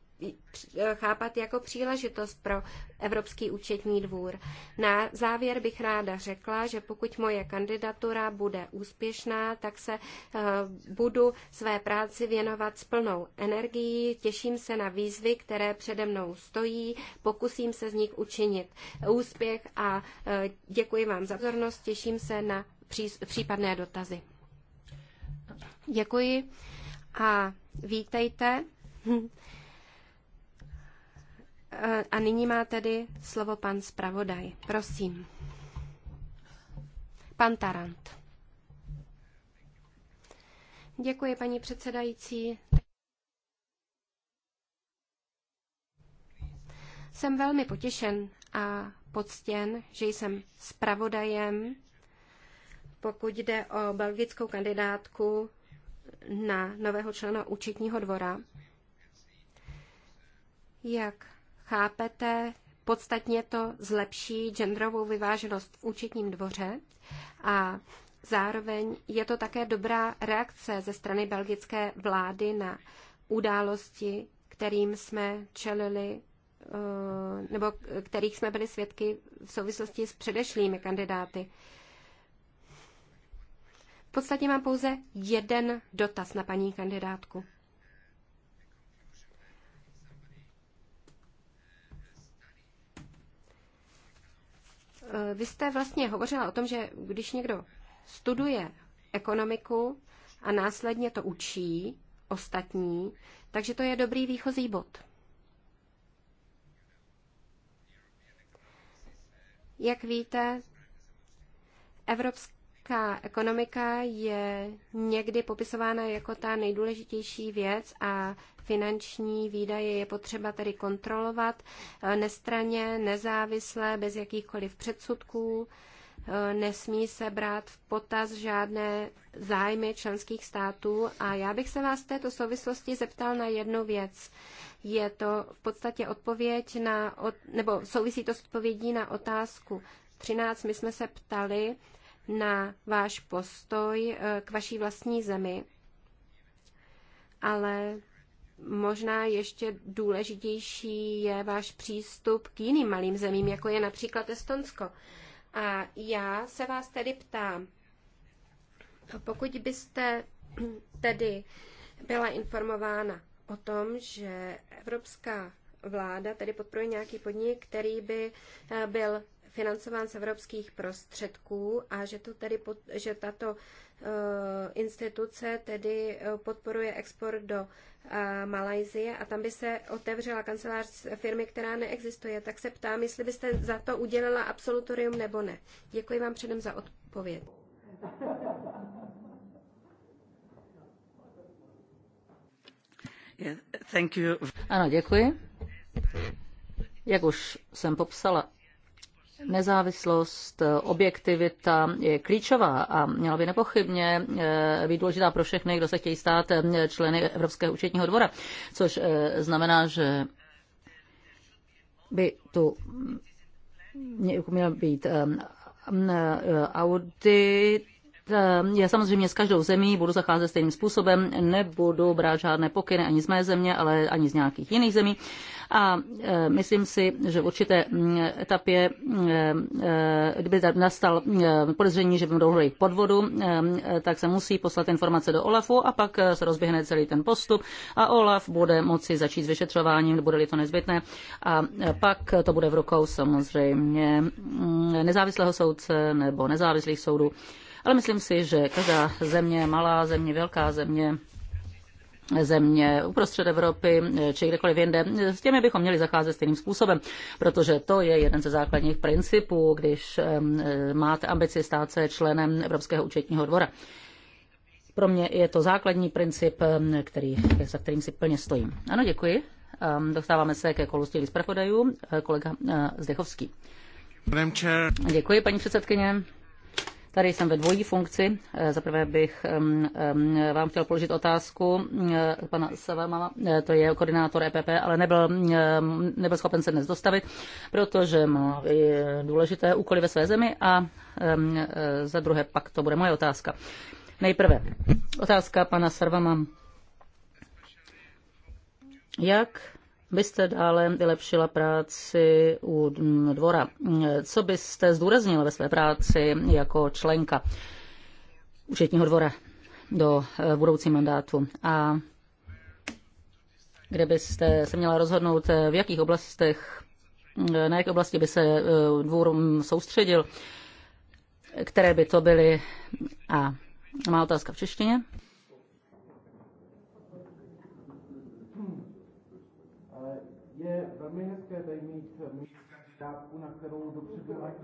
chápat jako příležitost pro Evropský účetní dvůr. Na závěr bych ráda řekla, že pokud moje kandidatura bude úspěšná, tak se eh, budu své práci věnovat s plnou energií. Těším se na výzvy, které přede mnou stojí. Pokusím se z nich učinit úspěch a eh, děkuji vám za pozornost. Těším se na případné dotazy. Děkuji a vítejte. Eh, a nyní má tedy slovo pan zpravodaj. Prosím. Pan Tarant. Děkuji, paní předsedající. Jsem velmi potěšen a poctěn, že jsem zpravodajem, pokud jde o belgickou kandidátku na nového člena účetního dvora. Jak chápete, podstatně to zlepší genderovou vyváženost v účetním dvoře a zároveň je to také dobrá reakce ze strany belgické vlády na události, kterým jsme čelili eh, nebo kterých jsme byli svědky v souvislosti s předešlými kandidáty. V podstatě mám pouze jeden dotaz na paní kandidátku. Eh, vy jste vlastně hovořila o tom, že když někdo studuje ekonomiku a následně to učí ostatní, takže to je dobrý výchozí bod. Jak víte, evropský Evropská ekonomika je někdy popisována jako ta nejdůležitější věc a finanční výdaje je potřeba tedy kontrolovat eh, nestraně, nezávisle, bez jakýchkoliv předsudků. Eh, nesmí se brát v potaz žádné zájmy členských států. A já bych se vás v této souvislosti zeptal na jednu věc. Je to v podstatě odpověď na, nebo souvisí to s odpovědí na otázku 13. My jsme se ptali, na váš postoj eh, k vaší vlastní zemi, ale možná ještě důležitější je váš přístup k jiným malým zemím, jako je například Estonsko. A já se vás tedy ptám, pokud byste tedy byla informována o tom, že Evropská vláda tedy podporuje nějaký podnik, který by eh, byl financován z evropských prostředků a že, to tedy že tato eh, instituce tedy eh, podporuje export do eh, Malajzie a tam by se otevřela kancelář firmy, která neexistuje. Tak se ptám, jestli byste za to udělala absolutorium nebo ne. Děkuji vám předem za odpověď. Yeah, ano, děkuji. Jak už jsem popsala Nezávislost, objektivita je klíčová a měla by nepochybně eh, být důležitá pro všechny, kdo se chtějí stát eh, členy Evropského účetního dvora, což eh, znamená, že by tu měl být audit Eh, já samozřejmě s každou zemí budu zacházet stejným způsobem, nebudu brát žádné pokyny ani z mé země, ale ani z nějakých jiných zemí. A eh, myslím si, že v určité mm, etapě, eh, kdyby nastal podezření, že by dohodli k podvodu, tak se musí poslat informace do OLAFu a pak se rozběhne celý ten postup a OLAF bude moci začít s vyšetřováním, bude-li to nezbytné. A pak to bude v rukou samozřejmě mm, nezávislého soudce nebo nezávislých soudů. Ale myslím si, že každá země, malá země, velká země, země uprostřed Evropy či kdekoliv jinde. S těmi bychom měli zacházet stejným způsobem, protože to je jeden ze základních principů, když máte ambici stát se členem Evropského účetního dvora. Pro mě je to základní princip, který, za kterým si plně stojím. Ano, děkuji. Dostáváme se ke kolu z zpravodajů, kolega eh, Zdechovský. Děkuji, paní předsedkyně. Tady jsem ve dvojí funkci. Eh, Zaprvé bych vám chtěl položit otázku eh, pana Savama, eh, to je koordinátor EPP, ale nebyl, nebyl schopen se dnes dostavit, protože má důležité úkoly ve své zemi a za druhé pak to bude moje otázka. Nejprve otázka pana Savama. Jak byste dále vylepšila práci u dvora? Co byste zdůraznila ve své práci jako členka účetního dvora do eh, budoucí mandátu? A kde byste se měla rozhodnout, eh, v jakých oblastech, eh, na jaké oblasti by se dvůr mm, soustředil, které by to byly a má otázka v češtině. je velmi hezké tady mít kandidátku, na kterou dopředu mají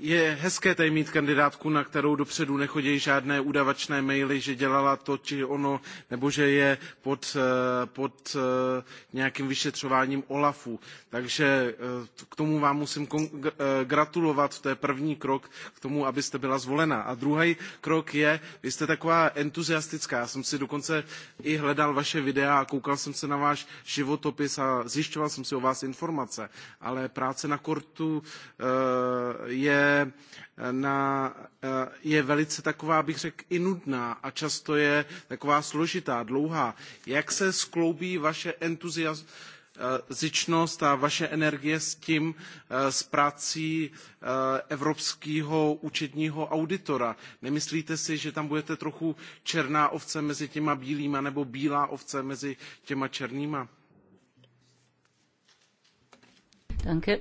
je hezké tady mít kandidátku, na kterou dopředu nechodí žádné udavačné maily, že dělala to či ono, nebo že je pod, eh, pod eh, nějakým vyšetřováním OLAFu. Takže eh, k tomu vám musím gratulovat, to je první krok k tomu, abyste byla zvolena. A druhý krok je, vy jste taková entuziastická, já jsem si dokonce i hledal vaše videa a koukal jsem se na váš životopis a zjišťoval jsem si o vás informace, ale práce na kortu je je, na, eh, je velice taková, bych řekl, i nudná a často je taková složitá, dlouhá. Jak se skloubí vaše entuziasmus eh, a vaše energie s tím, eh, s prací evropského účetního auditora. Nemyslíte si, že tam budete trochu černá ovce mezi těma bílýma nebo bílá ovce mezi těma černýma? Danke.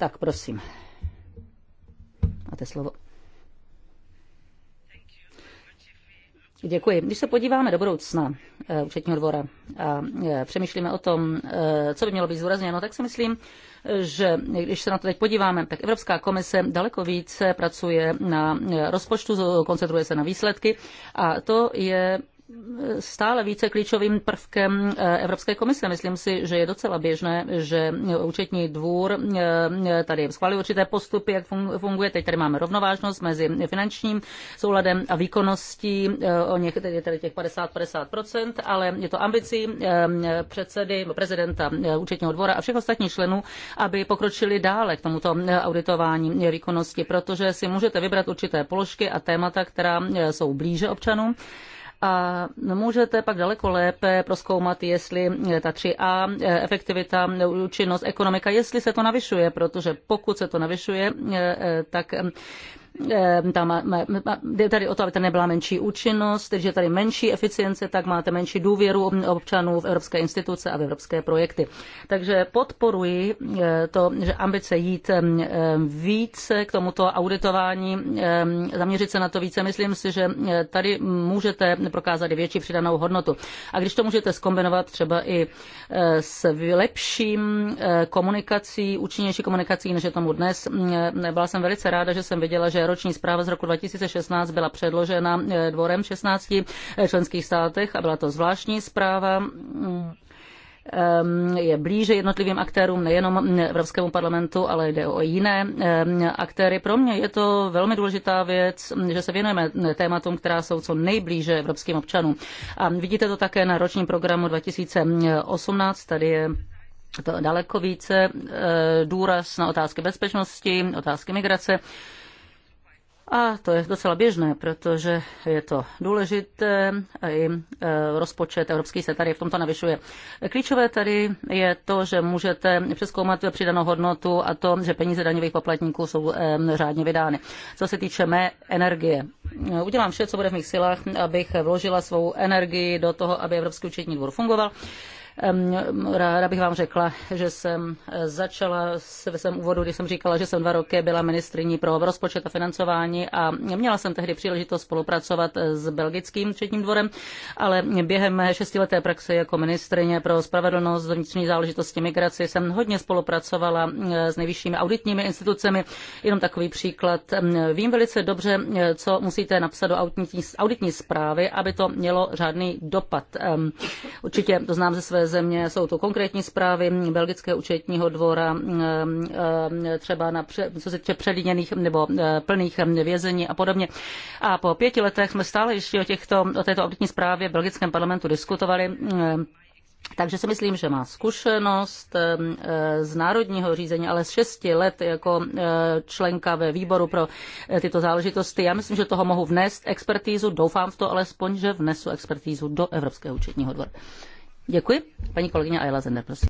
Tak prosím, máte slovo. Děkuji. Když se podíváme do budoucna eh, účetního dvora a eh, přemýšlíme o tom, eh, co by mělo být zdůrazněno, tak si myslím, že když se na to teď podíváme, tak Evropská komise daleko více pracuje na rozpočtu, koncentruje se na výsledky a to je stále více klíčovým prvkem eh, Evropské komise. Myslím si, že je docela běžné, že účetní dvůr eh, tady schválí určité postupy, jak funguje. Teď tady máme rovnovážnost mezi finančním souladem a výkonností, eh, o něch je tady těch 50-50%, ale je to ambicí předsedy, prezidenta účetního dvora a všech ostatních členů, aby pokročili dále k tomuto auditování výkonnosti, protože si můžete vybrat určité položky a témata, která jsou blíže občanům a můžete pak daleko lépe proskoumat, jestli ta 3A, e, efektivita, účinnost, ekonomika, jestli se to navyšuje, protože pokud se to navyšuje, e, e, tak Ehm, tam jde tady o to, aby tady nebyla menší účinnost, když je tady menší eficience, tak máte menší důvěru občanů v evropské instituce a v evropské projekty. Takže podporuji eh, to, že ambice jít ehm, ehm, více k tomuto auditování, zaměřit se na to více, myslím si, že eh, tady můžete prokázat i větší přidanou hodnotu. A když to můžete skombinovat třeba i eh, s lepším komunikací, účinnější komunikací, než je tomu dnes, mm, byla jsem velice ráda, že jsem viděla, že že roční zpráva z roku 2016 byla předložena eh, dvorem 16 eh, členských státech a byla to zvláštní zpráva mm, eh, je blíže jednotlivým aktérům, nejenom mm, Evropskému parlamentu, ale jde o jiné aktéry. Pro mě je to velmi důležitá věc, mm, že se věnujeme tématům, která jsou co nejblíže evropským občanům. A vidíte to také na ročním programu 2018, tady je to daleko více důraz na otázky bezpečnosti, otázky migrace. A to je docela běžné, protože je to důležité. I e, rozpočet evropský se tady v tomto navyšuje. Klíčové tady je to, že můžete přeskoumat přidanou hodnotu a to, že peníze daňových poplatníků jsou e, řádně vydány. Co se týče mé energie, udělám vše, co bude v mých silách, abych vložila svou energii do toho, aby Evropský účetní dvůr fungoval Ráda bych vám řekla, že jsem eh, začala ve svém úvodu, když jsem říkala, že jsem dva roky byla ministriní pro rozpočet a financování a měla jsem tehdy příležitost spolupracovat eh, s belgickým třetím dvorem, ale během mé šestileté praxe jako ministrině pro spravedlnost, vnitřní záležitosti, migraci jsem hodně spolupracovala eh, s nejvyššími auditními institucemi. Jenom takový příklad. Vím velice dobře, co musíte napsat do auditní, auditní zprávy, aby to mělo řádný dopad. Určitě to znám ze své země. Jsou to konkrétní zprávy Belgického účetního dvora, eh, eh, třeba na, co se týče předlíněných nebo eh, plných vězení a podobně. A po pěti letech jsme stále ještě o, těchto, o této auditní zprávě v belgickém parlamentu diskutovali. Takže si myslím, že má zkušenost z národního řízení, ale z šesti let jako členka ve výboru pro tyto záležitosti. Já myslím, že toho mohu vnést expertízu, doufám v to alespoň, že vnesu expertízu do Evropského účetního dvora. Děkuji. Paní kolegyně Ayla Zender, prosím.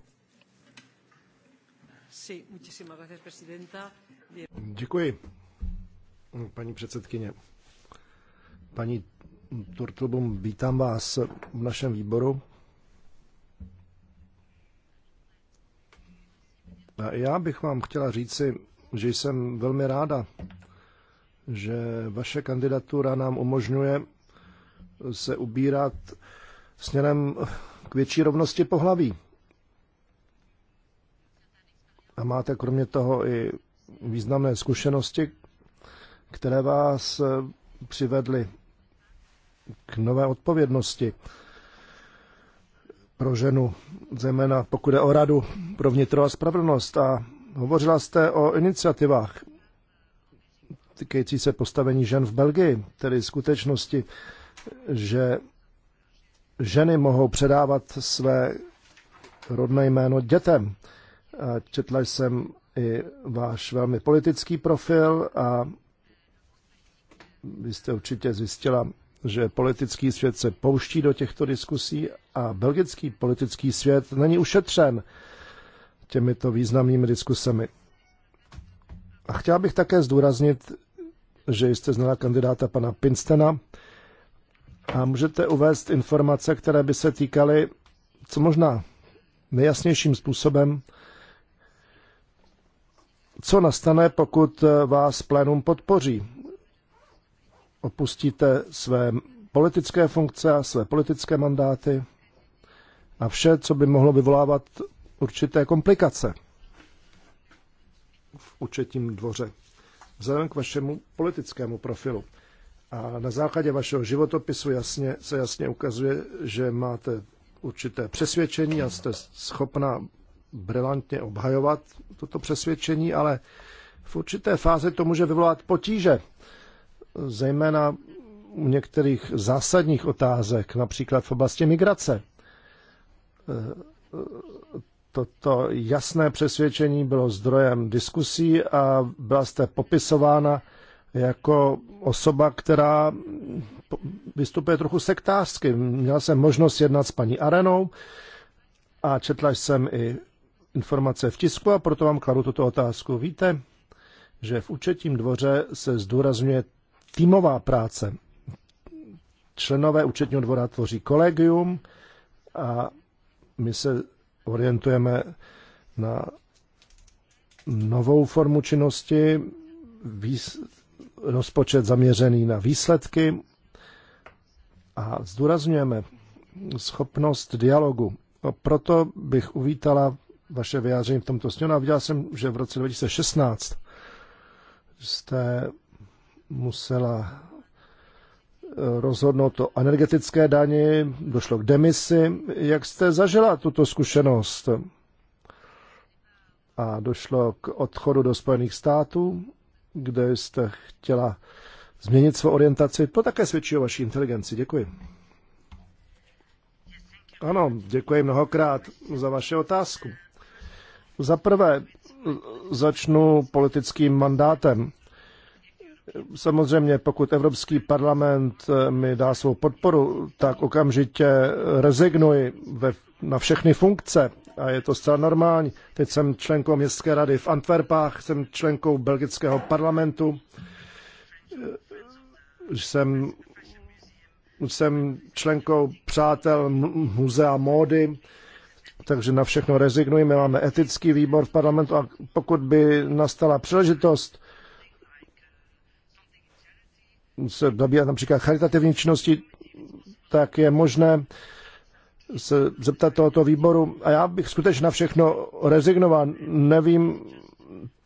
Děkuji, paní předsedkyně. Paní Turtlbum, vítám vás v našem výboru. Já bych vám chtěla říci, že jsem velmi ráda, že vaše kandidatura nám umožňuje se ubírat směrem k větší rovnosti pohlaví. A máte kromě toho i významné zkušenosti, které vás eh, přivedly k nové odpovědnosti pro ženu, zejména pokud je o radu pro vnitro a spravedlnost. A hovořila jste o iniciativách týkající se postavení žen v Belgii, tedy skutečnosti, že ženy mohou předávat své rodné jméno dětem. Četla jsem i váš velmi politický profil a vy jste určitě zjistila, že politický svět se pouští do těchto diskusí a belgický politický svět není ušetřen těmito významnými diskusemi. A chtěla bych také zdůraznit, že jste znala kandidáta pana Pinstena, a můžete uvést informace, které by se týkaly, co možná nejjasnějším způsobem, co nastane, pokud vás plénum podpoří. Opustíte své politické funkce a své politické mandáty a vše, co by mohlo vyvolávat určité komplikace v určitém dvoře, vzhledem k vašemu politickému profilu. A na základě vašeho životopisu jasně, se jasně ukazuje, že máte určité přesvědčení a jste schopna brilantně obhajovat toto přesvědčení, ale v určité fázi to může vyvolat potíže, zejména u některých zásadních otázek, například v oblasti migrace. Toto jasné přesvědčení bylo zdrojem diskusí a byla jste popisována jako osoba, která vystupuje trochu sektářsky. Měla jsem možnost jednat s paní Arenou a četla jsem i informace v tisku a proto vám kladu tuto otázku. Víte, že v účetním dvoře se zdůrazňuje týmová práce. Členové účetního dvora tvoří kolegium a my se orientujeme na novou formu činnosti, rozpočet zaměřený na výsledky a zdůrazňujeme schopnost dialogu. A proto bych uvítala vaše vyjádření v tomto směru a viděla jsem, že v roce 2016 jste musela eh, rozhodnout o energetické dani, došlo k demisi. Jak jste zažila tuto zkušenost? A došlo k odchodu do Spojených států kde jste chtěla změnit svou orientaci. To také svědčí o vaší inteligenci. Děkuji. Ano, děkuji mnohokrát za vaše otázku. Za prvé začnu politickým mandátem. Samozřejmě, pokud Evropský parlament mi dá svou podporu, tak okamžitě rezignuji ve, na všechny funkce a je to zcela normální. Teď jsem členkou městské rady v Antwerpách, jsem členkou belgického parlamentu, jsem, jsem členkou přátel muzea módy, takže na všechno rezignujeme. Máme etický výbor v parlamentu a pokud by nastala příležitost se dobíhat například charitativní činnosti, tak je možné se zeptat tohoto výboru a já bych skutečně na všechno rezignoval. Nevím,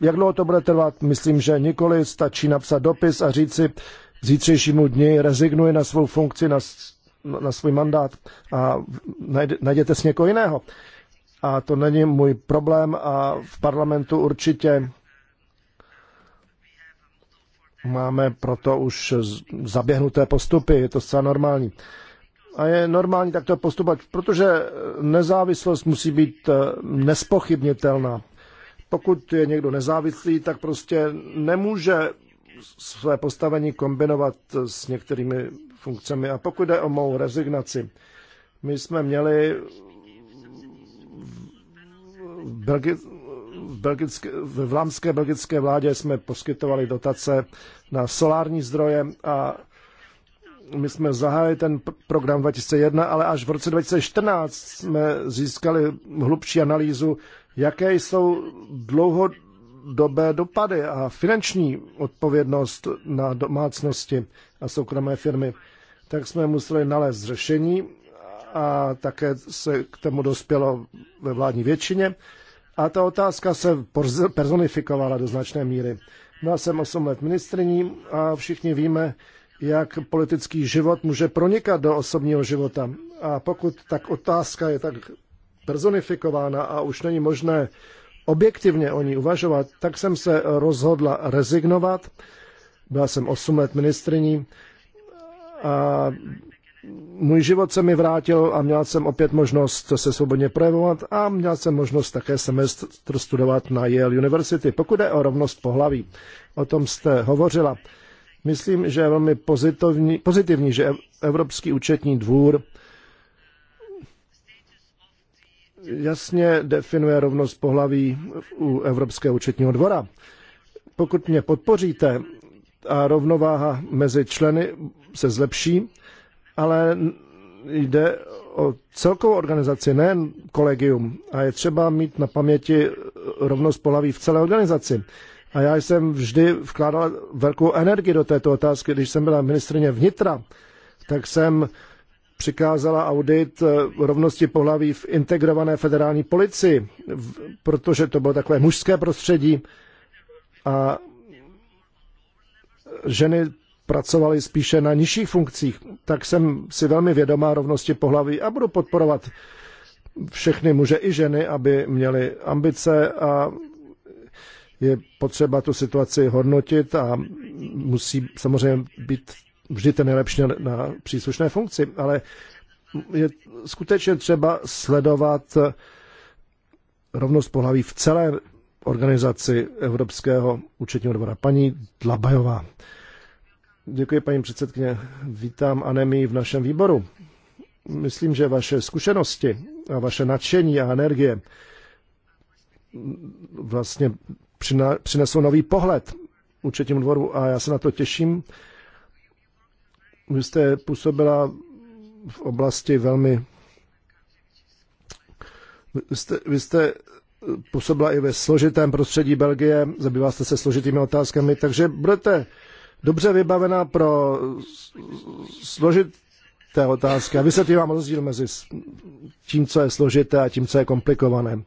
jak dlouho to bude trvat. Myslím, že nikoli stačí napsat dopis a říci zítřejšímu dni rezignuji na svou funkci, na, na svůj mandát a najděte si někoho jiného. A to není můj problém a v parlamentu určitě máme proto už zaběhnuté postupy, je to zcela normální a je normální takto postupovat, protože nezávislost musí být eh, nespochybnitelná. Pokud je někdo nezávislý, tak prostě nemůže své postavení kombinovat s některými funkcemi. A pokud jde o mou rezignaci, my jsme měli v, Belgi- v, belgické, v vlámské belgické vládě jsme poskytovali dotace na solární zdroje a my jsme zahájili ten program 2001, ale až v roce 2014 jsme získali hlubší analýzu, jaké jsou dlouhodobé dopady a finanční odpovědnost na domácnosti a soukromé firmy. Tak jsme museli nalézt řešení a také se k tomu dospělo ve vládní většině. A ta otázka se personifikovala do značné míry. Byla jsem 8 let ministrní a všichni víme, jak politický život může pronikat do osobního života. A pokud tak otázka je tak personifikována a už není možné objektivně o ní uvažovat, tak jsem se rozhodla rezignovat. Byla jsem 8 let ministriní a můj život se mi vrátil a měl jsem opět možnost se svobodně projevovat a měl jsem možnost také semestr studovat na Yale University. Pokud je o rovnost pohlaví, o tom jste hovořila. Myslím, že je velmi pozitivní, pozitivní že Evropský účetní dvůr jasně definuje rovnost pohlaví u Evropského účetního dvora. Pokud mě podpoříte a rovnováha mezi členy se zlepší, ale jde o celkovou organizaci, ne kolegium. A je třeba mít na paměti rovnost pohlaví v celé organizaci. A já jsem vždy vkládal velkou energii do této otázky. Když jsem byla ministrině vnitra, tak jsem přikázala audit eh, rovnosti pohlaví v integrované federální policii, protože to bylo takové mužské prostředí a ženy pracovaly spíše na nižších funkcích, tak jsem si velmi vědomá rovnosti pohlaví a budu podporovat všechny muže i ženy, aby měli ambice a je potřeba tu situaci hodnotit a musí samozřejmě být vždy ten nejlepší na, příslušné funkci, ale je skutečně třeba sledovat rovnost pohlaví v celé organizaci Evropského účetního dvora. Paní Dlabajová. Děkuji, paní předsedkyně. Vítám Anemii v našem výboru. Myslím, že vaše zkušenosti a vaše nadšení a energie vlastně přinesou nový pohled účetním dvoru a já se na to těším. Vy jste působila v oblasti velmi... Vy jste, vy jste působila i ve složitém prostředí Belgie, zabývá jste se složitými otázkami, takže budete dobře vybavená pro složité otázky. A vysvětlím vám rozdíl mezi tím, co je složité a tím, co je komplikované.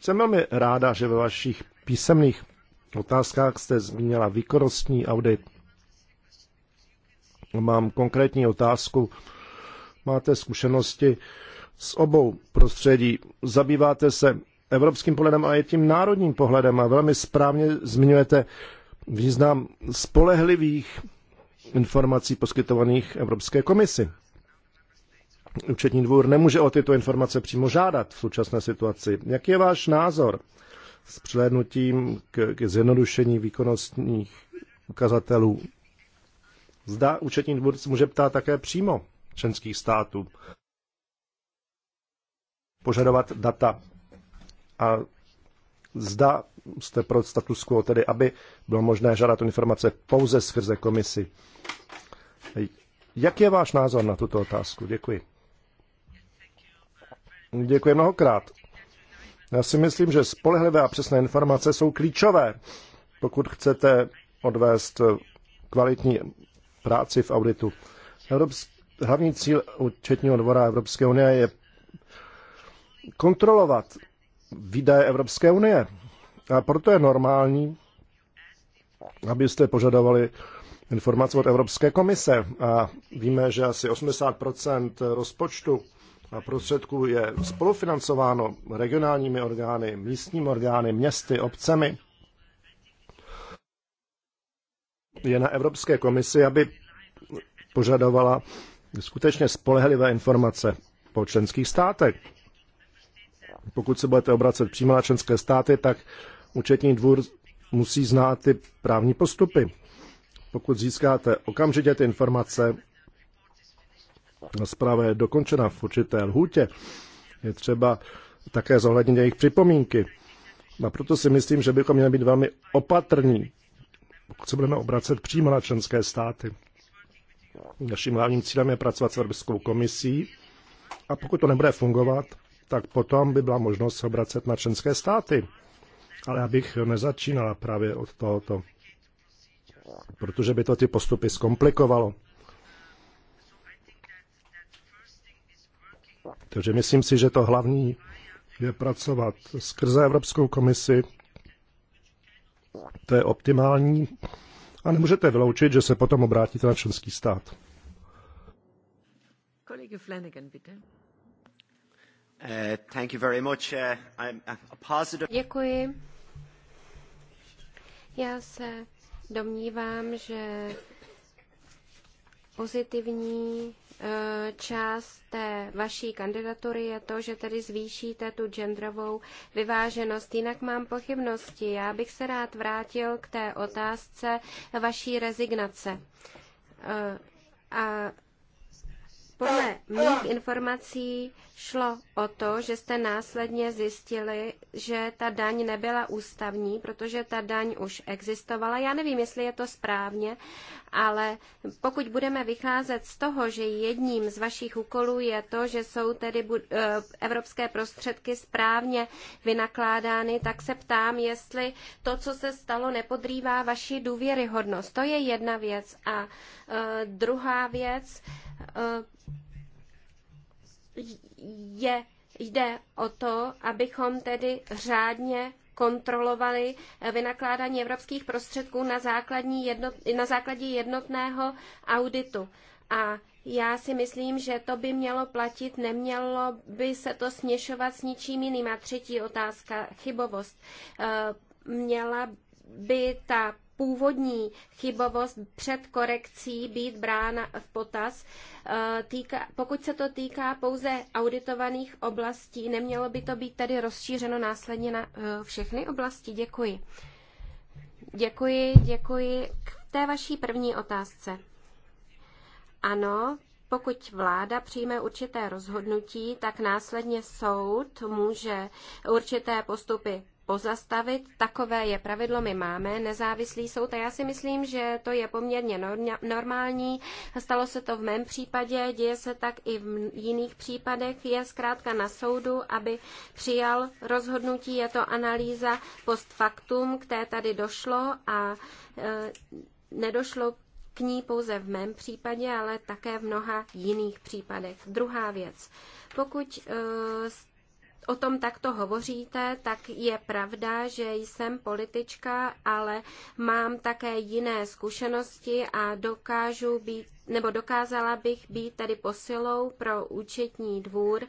Jsem velmi ráda, že ve vašich písemných otázkách jste zmínila výkorostní audit. Mám konkrétní otázku. Máte zkušenosti s obou prostředí. Zabýváte se evropským pohledem a je tím národním pohledem a velmi správně zmiňujete význam spolehlivých informací poskytovaných Evropské komisi. Účetní dvůr nemůže o tyto informace přímo žádat v současné situaci. Jaký je váš názor s přihlédnutím k, k zjednodušení výkonnostních ukazatelů? Zda účetní dvůr může ptát také přímo členských států, požadovat data a zda jste pro status quo, tedy aby bylo možné žádat informace pouze skrze komisi. Jak je váš názor na tuto otázku? Děkuji. Děkuji mnohokrát. Já si myslím, že spolehlivé a přesné informace jsou klíčové, pokud chcete odvést kvalitní práci v auditu. Evropský, hlavní cíl účetního dvora Evropské unie je kontrolovat výdaje Evropské unie. A proto je normální, abyste požadovali informace od Evropské komise. A víme, že asi 80 rozpočtu prostředků je spolufinancováno regionálními orgány, místními orgány, městy, obcemi. Je na Evropské komisi, aby požadovala skutečně spolehlivé informace po členských státech. Pokud se budete obracet přímo na členské státy, tak účetní dvůr musí znát ty právní postupy. Pokud získáte okamžitě ty informace, Zpráva je dokončena v určité lhůtě. Je třeba také zohlednit jejich připomínky. A proto si myslím, že bychom měli být velmi opatrní, pokud se budeme obracet přímo na členské státy. Naším hlavním cílem je pracovat s Evropskou komisí a pokud to nebude fungovat, tak potom by byla možnost se obracet na členské státy. Ale abych nezačínala právě od tohoto, protože by to ty postupy zkomplikovalo. Takže myslím si, že to hlavní je pracovat skrze Evropskou komisi. To je optimální. A nemůžete vyloučit, že se potom obrátíte na členský stát. Kolega Flanagan, bitte. Uh, thank you very much. Uh, I'm a positive... Děkuji. Já se domnívám, že pozitivní Eh, část té vaší kandidatury je to, že tedy zvýšíte tu genderovou vyváženost. Jinak mám pochybnosti. Já bych se rád vrátil k té otázce vaší rezignace. Eh, a podle mých informací Šlo o to, že jste následně zjistili, že ta daň nebyla ústavní, protože ta daň už existovala. Já nevím, jestli je to správně, ale pokud budeme vycházet z toho, že jedním z vašich úkolů je to, že jsou tedy eh, evropské prostředky správně vynakládány, tak se ptám, jestli to, co se stalo, nepodrývá vaši důvěryhodnost. To je jedna věc. A eh, druhá věc. Uh, je, jde o to, abychom tedy řádně kontrolovali eh, vynakládání evropských prostředků na, základní jednot, na základě jednotného auditu. A já si myslím, že to by mělo platit, nemělo by se to směšovat s ničím jiným. A třetí otázka, chybovost. Eh, měla by ta původní chybovost před korekcí být brána v potaz. Eh, týka, pokud se to týká pouze auditovaných oblastí, nemělo by to být tedy rozšířeno následně na eh, všechny oblasti? Děkuji. Děkuji, děkuji. K té vaší první otázce. Ano, pokud vláda přijme určité rozhodnutí, tak následně soud může určité postupy pozastavit. Takové je pravidlo, my máme nezávislý soud a já si myslím, že to je poměrně normální. Stalo se to v mém případě, děje se tak i v jiných případech. Je zkrátka na soudu, aby přijal rozhodnutí, je to analýza post factum, které tady došlo a e, nedošlo k ní pouze v mém případě, ale také v mnoha jiných případech. Druhá věc. Pokud e, o tom takto hovoříte, tak je pravda, že jsem politička, ale mám také jiné zkušenosti a dokážu být nebo dokázala bych být tady posilou pro účetní dvůr.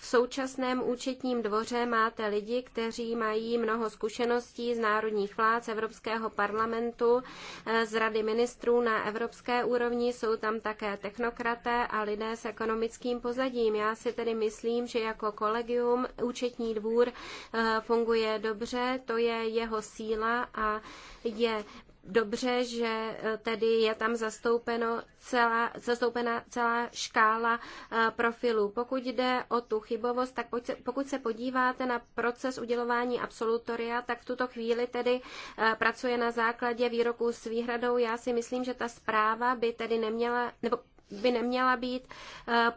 V současném účetním dvoře máte lidi, kteří mají mnoho zkušeností z národních vlád, z Evropského parlamentu, eh, z Rady ministrů na evropské úrovni. Jsou tam také technokraté a lidé s ekonomickým pozadím. Já si tedy myslím, že jako kolegium účetní dvůr eh, funguje dobře, to je jeho síla a je dobře, že eh, tedy je tam zastoupeno celá, zastoupena celá škála eh, profilů. Pokud jde o tu chybovost, tak pokud se podíváte na proces udělování absolutoria, tak v tuto chvíli tedy eh, pracuje na základě výroku s výhradou. Já si myslím, že ta zpráva by tedy neměla, nebo by neměla být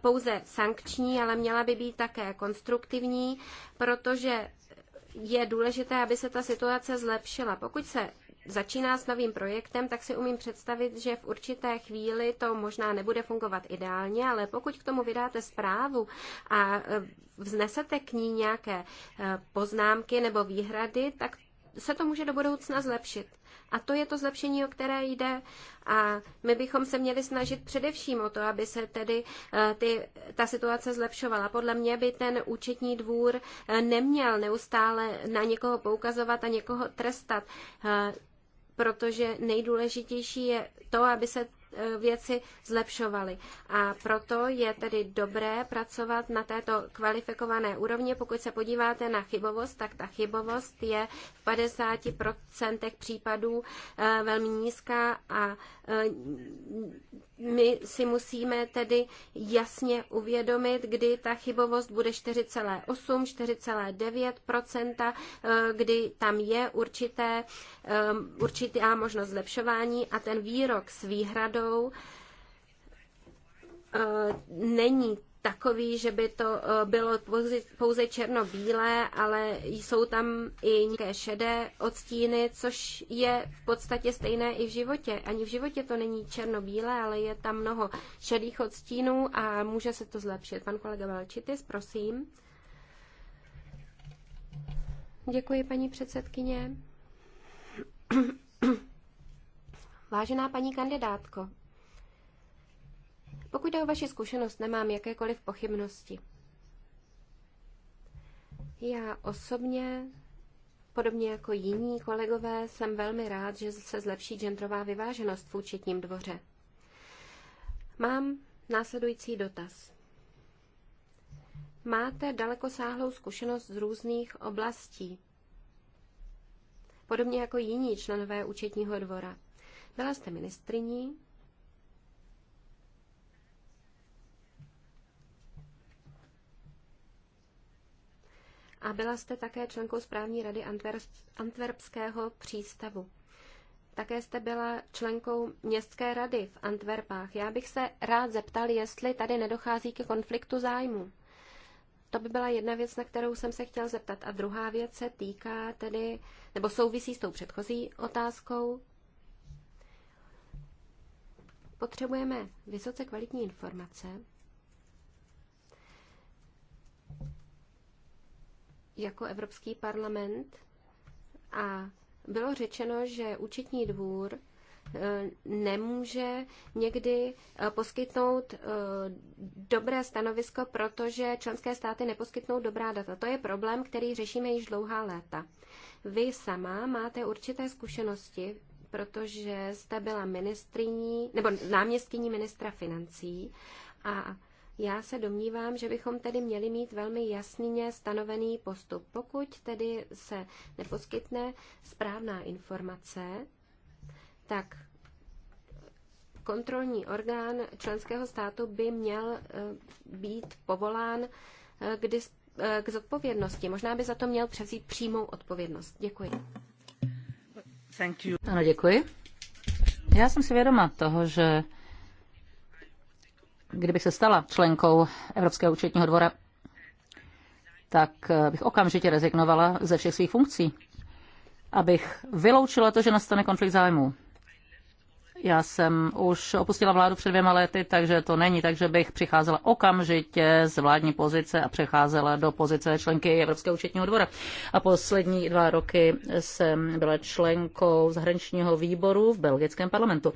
pouze sankční, ale měla by být také konstruktivní, protože je důležité, aby se ta situace zlepšila. Pokud se začíná s novým projektem, tak si umím představit, že v určité chvíli to možná nebude fungovat ideálně, ale pokud k tomu vydáte zprávu a e, vznesete k ní nějaké e, poznámky nebo výhrady, tak se to může do budoucna zlepšit. A to je to zlepšení, o které jde. A my bychom se měli snažit především o to, aby se tedy e, ty, ta situace zlepšovala. Podle mě by ten účetní dvůr neměl neustále na někoho poukazovat a někoho trestat protože nejdůležitější je to, aby se E, věci zlepšovaly. A proto je tedy dobré pracovat na této kvalifikované úrovni. Pokud se podíváte na chybovost, tak ta chybovost je v 50% případů e, velmi nízká a e, my si musíme tedy jasně uvědomit, kdy ta chybovost bude 4,8, 4,9%, kdy tam je určité, určitá možnost zlepšování a ten výrok s výhradou náhodou eh, není takový, že by to eh, bylo pouze černobílé, ale jsou tam i nějaké šedé odstíny, což je v podstatě stejné i v životě. Ani v životě to není černobílé, ale je tam mnoho šedých odstínů a může se to zlepšit. Pan kolega Velčitis, prosím. Děkuji, paní předsedkyně. Vážená paní kandidátko, pokud jde o vaši zkušenost, nemám jakékoliv pochybnosti. Já osobně, podobně jako jiní kolegové, jsem velmi rád, že se zlepší genderová vyváženost v účetním dvoře. Mám následující dotaz. Máte dalekosáhlou zkušenost z různých oblastí, podobně jako jiní členové účetního dvora. Byla jste ministriní. A byla jste také členkou správní rady Antwerpského přístavu. Také jste byla členkou městské rady v Antwerpách. Já bych se rád zeptal, jestli tady nedochází ke konfliktu zájmu. To by byla jedna věc, na kterou jsem se chtěl zeptat. A druhá věc se týká tedy, nebo souvisí s tou předchozí otázkou. Potřebujeme vysoce kvalitní informace, jako Evropský parlament a bylo řečeno, že účetní dvůr e, nemůže někdy e, poskytnout e, dobré stanovisko, protože členské státy neposkytnou dobrá data. To je problém, který řešíme již dlouhá léta. Vy sama máte určité zkušenosti protože jste byla ministriní, nebo náměstkyní ministra financí a já se domnívám, že bychom tedy měli mít velmi jasně stanovený postup. Pokud tedy se neposkytne správná informace, tak kontrolní orgán členského státu by měl eh, být povolán eh, k, eh, k zodpovědnosti. Možná by za to měl převzít přímou odpovědnost. Děkuji. Ano, děkuji. Já jsem si vědoma toho, že kdybych se stala členkou Evropského účetního dvora, tak eh, bych okamžitě rezignovala ze všech svých funkcí, abych vyloučila to, že nastane konflikt zájmů. Já jsem už opustila vládu před dvěma lety, takže to není tak, že bych přicházela okamžitě z vládní pozice a přecházela do pozice členky Evropského účetního dvora. A poslední dva roky jsem byla členkou zahraničního výboru v belgickém parlamentu.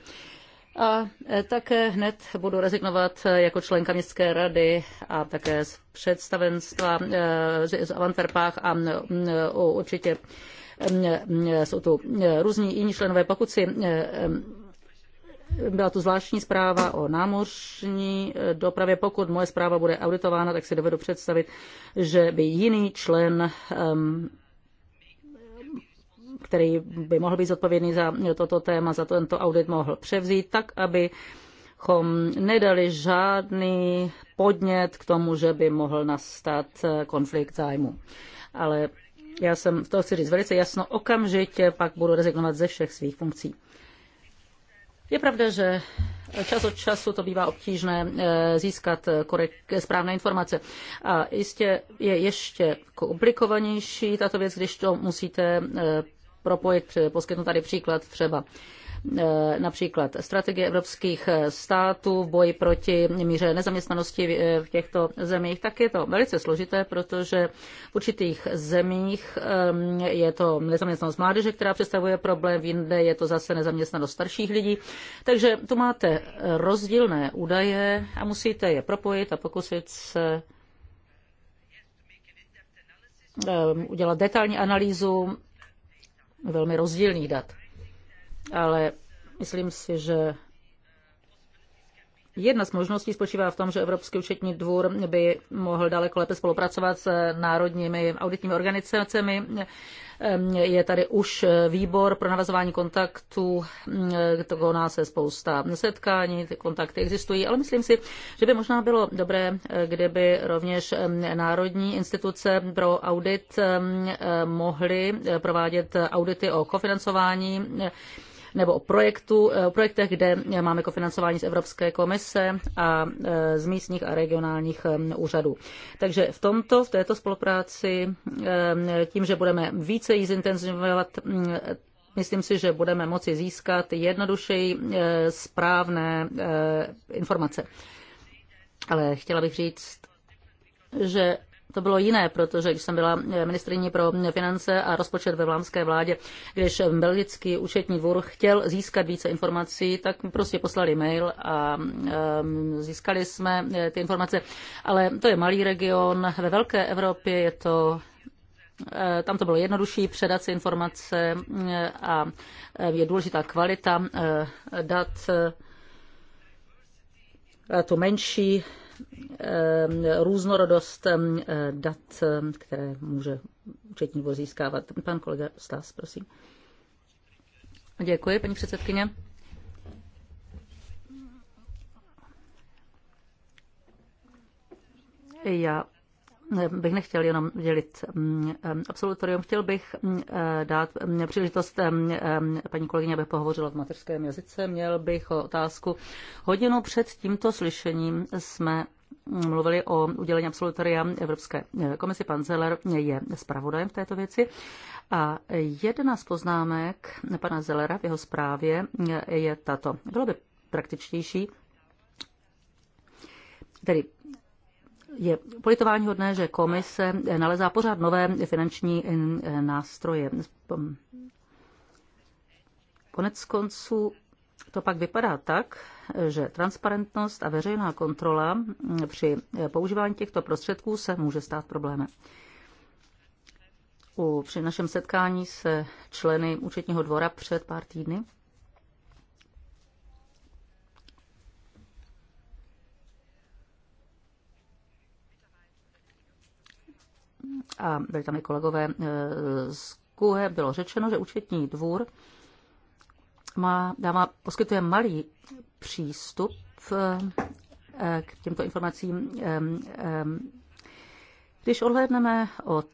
A také hned budu rezignovat jako členka městské rady a také z představenstva eh, z Antwerpách a eh, určitě eh, jsou tu různí jiní členové. Pokud si byla tu zvláštní zpráva o námořní eh, dopravě. Pokud moje zpráva bude auditována, tak si dovedu představit, že by jiný člen ehm, který by mohl být zodpovědný za toto téma, za tento audit mohl převzít, tak aby nedali žádný podnět k tomu, že by mohl nastat eh, konflikt zájmu. Ale já jsem to chci říct velice jasno, okamžitě pak budu rezignovat ze všech svých funkcí. Je pravda, že Čas od času to bývá obtížné eh, získat eh, korek, správné informace. A jistě je ještě komplikovanější tato věc, když to musíte eh, propojit. Poskytnu tady příklad třeba E, například strategie evropských států v boji proti míře nezaměstnanosti e, v těchto zemích, tak je to velice složité, protože v určitých zemích e, je to nezaměstnanost mládeže, která představuje problém, v jinde je to zase nezaměstnanost starších lidí. Takže tu máte rozdílné údaje a musíte je propojit a pokusit se udělat detailní analýzu velmi rozdílných dat ale myslím si, že Jedna z možností spočívá v tom, že Evropský účetní dvůr by mohl daleko lépe spolupracovat s národními auditními organizacemi. Je tady už výbor pro navazování kontaktů, to nás se spousta setkání, ty kontakty existují, ale myslím si, že by možná bylo dobré, kdyby rovněž národní instituce pro audit mohly provádět audity o kofinancování nebo o, projektu, eh, o projektech, kde máme kofinancování z Evropské komise a eh, z místních a regionálních eh, úřadů. Takže v tomto, v této spolupráci, tím, že budeme více jí zintenzivovat, mm, myslím si, že budeme moci získat jednodušeji správné informace. Ale chtěla bych říct, že to bylo jiné, protože když jsem byla eh, ministriní pro mm, finance a rozpočet ve vlámské vládě, když eh, belgický účetní dvůr chtěl získat více informací, tak mi prostě poslali mail a mm, eh, získali jsme ty informace. Ale to je malý region, ve velké Evropě je to tam to bylo jednodušší předat si informace mm, a je důležitá kvalita dat. To menší Eh, různorodost eh, dat, eh, které může účetní dvůr získávat. Pan kolega Stas, prosím. Děkuji, paní předsedkyně. Já bych nechtěl jenom dělit mm, absolutorium, chtěl bych mm, eh, dát mm, příležitost paní kolegyně, aby pohovořila v mateřském jazyce. Měl bych otázku. Hodinu před tímto slyšením jsme mluvili o udělení absolutoria Evropské eh, komisi. Pan Zeller je zpravodajem v této věci. A jedna z poznámek pana Zellera v jeho zprávě eh, je tato. Bylo by praktičtější, tedy je politování hodné, že komise nalezá pořád nové finanční eh, nástroje. Konec konců to pak vypadá tak, že transparentnost a veřejná kontrola hm, při eh, používání těchto prostředků se může stát problémem. U, při našem setkání se členy účetního dvora před pár týdny a byli tam i kolegové eh, z KUHE, bylo řečeno, že účetní dvůr má, dává, poskytuje malý přístup eh, eh, k těmto informacím. Když odhlédneme od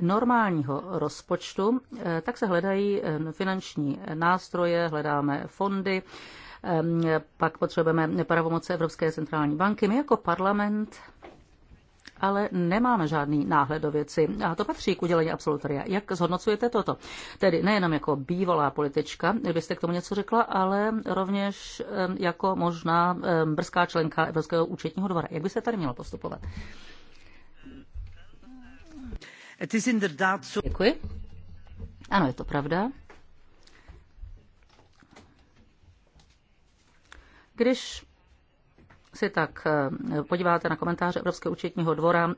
normálního rozpočtu, tak se hledají finanční nástroje, hledáme fondy, pak potřebujeme pravomoce Evropské centrální banky. My jako parlament ale nemáme žádný náhled do věci. A to patří k udělení absolutoria. Jak zhodnocujete toto? Tedy nejenom jako bývalá politička, kdybyste k tomu něco řekla, ale rovněž jako možná brzká členka Evropského účetního dvora. Jak byste tady měla postupovat? Děkuji. Ano, je to pravda. Když si tak eh, podíváte na komentáře Evropského účetního dvora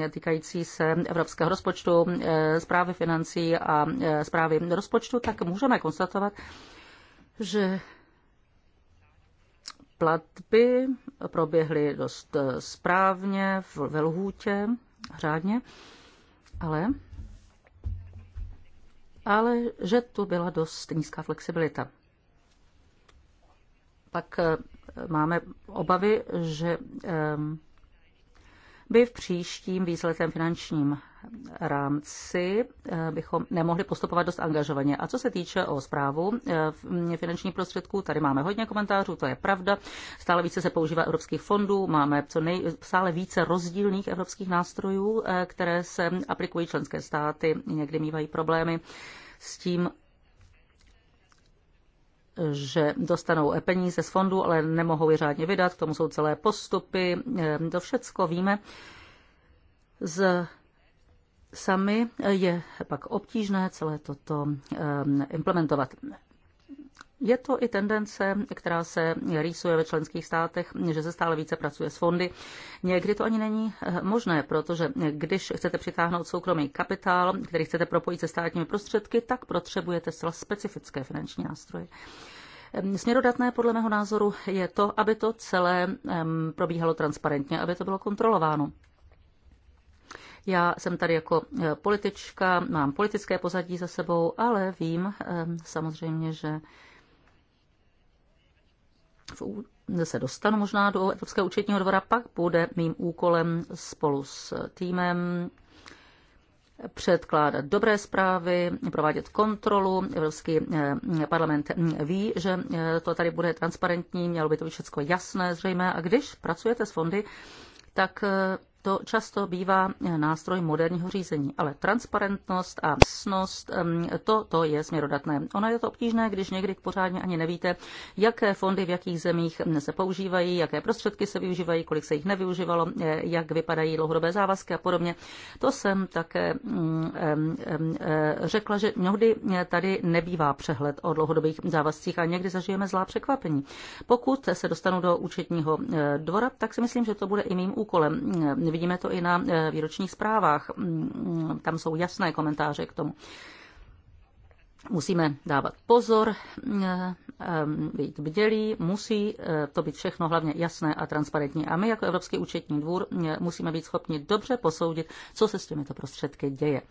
eh, týkající se evropského rozpočtu, eh, zprávy financí a zprávy rozpočtu, tak můžeme konstatovat, že platby proběhly dost správně, ve lhůtě, řádně, ale, ale že tu byla dost nízká flexibilita. Pak máme obavy, že by v příštím výsledkem finančním rámci eh, bychom nemohli postupovat dost angažovaně. A co se týče o zprávu eh, finančních prostředků, tady máme hodně komentářů, to je pravda. Stále více se používá evropských fondů, máme co nej, stále více rozdílných evropských nástrojů, eh, které se aplikují členské státy, někdy mývají problémy s tím, že dostanou peníze z fondu, ale nemohou je řádně vydat, k tomu jsou celé postupy, eh, to všecko víme. Z sami je pak obtížné celé toto eh, implementovat. Je to i tendence, která se rýsuje ve členských státech, že se stále více pracuje s fondy. Někdy to ani není eh, možné, protože když chcete přitáhnout soukromý kapitál, který chcete propojit se státními prostředky, tak potřebujete zcela specifické finanční nástroje. Směrodatné podle mého názoru je to, aby to celé probíhalo transparentně, aby to bylo kontrolováno. Já jsem tady jako eh, politička, mám politické pozadí za sebou, ale vím samozřejmě, že se dostanu možná do Evropského účetního dvora, pak bude mým úkolem spolu s týmem předkládat dobré zprávy, provádět kontrolu. Evropský eh, parlament ví, že eh, to tady bude transparentní, mělo by to být všechno jasné, zřejmé. A když pracujete s fondy, tak eh, to často bývá nástroj moderního řízení, ale transparentnost a přesnost, to, to je směrodatné. Ono je to obtížné, když někdy pořádně ani nevíte, jaké fondy v jakých zemích se používají, jaké prostředky se využívají, kolik se jich nevyužívalo, eh, jak vypadají dlouhodobé závazky a podobně. To jsem také mm, eh, řekla, že mnohdy eh, tady nebývá přehled o dlouhodobých závazcích a někdy zažijeme zlá překvapení. Pokud se dostanu do účetního dvora, tak si myslím, že to bude i mým úkolem mm, Vidíme to i na e, výročních zprávách. Mm, tam jsou jasné komentáře k tomu. Musíme dávat pozor, e, e, být bdělí, musí to být všechno hlavně jasné a transparentní. A my jako Evropský účetní dvůr musíme být schopni dobře posoudit, co se s těmito prostředky děje.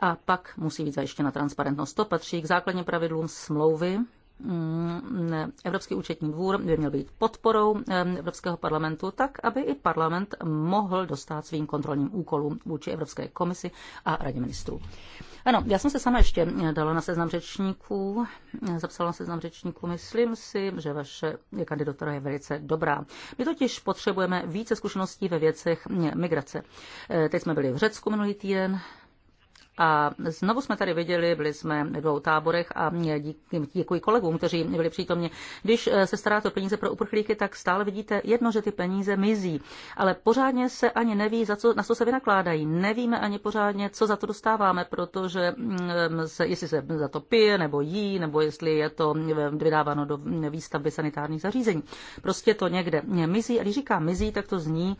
A pak musí být zajištěna transparentnost. To patří k základním pravidlům smlouvy Mm, Evropský účetní dvůr by měl být podporou Evropského parlamentu, tak aby i parlament mohl dostat svým kontrolním úkolům vůči Evropské komisi a radě ministrů. Ano, já jsem se sama ještě dala na seznam řečníků, zapsala na seznam řečníků. Myslím si, že vaše kandidatura je velice dobrá. My totiž potřebujeme více zkušeností ve věcech migrace. E, teď jsme byli v Řecku minulý týden, a znovu jsme tady viděli, byli jsme v dvou táborech a děkuji kolegům, kteří byli přítomně. Když eh, se staráte o peníze pro uprchlíky, tak stále vidíte jedno, že ty peníze mizí. Ale pořádně se ani neví, za co, na co se vynakládají. Nevíme ani pořádně, co za to dostáváme, protože mm, eh, se, jestli se za to pije nebo jí, nebo jestli je to eh, vydáváno do výstavby sanitárních zařízení. Prostě to někde mizí. A když říká mizí, tak to zní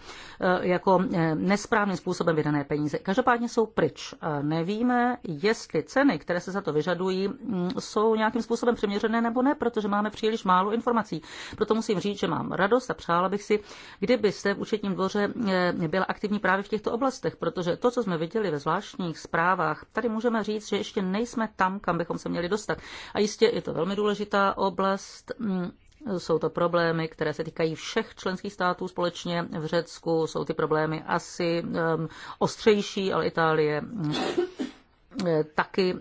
jako nesprávným způsobem vydané peníze. Každopádně jsou pryč. Ne nevíme, jestli ceny, které se za to vyžadují, mm, jsou nějakým způsobem přiměřené nebo ne, protože máme příliš málo informací. Proto musím říct, že mám radost a přála bych si, kdybyste v účetním dvoře eh, byla aktivní právě v těchto oblastech, protože to, co jsme viděli ve zvláštních zprávách, tady můžeme říct, že ještě nejsme tam, kam bychom se měli dostat. A jistě je to velmi důležitá oblast, mm, jsou to problémy, které se týkají všech členských států společně. V Řecku jsou ty problémy asi um, ostřejší, ale Itálie mm, Eh, taky,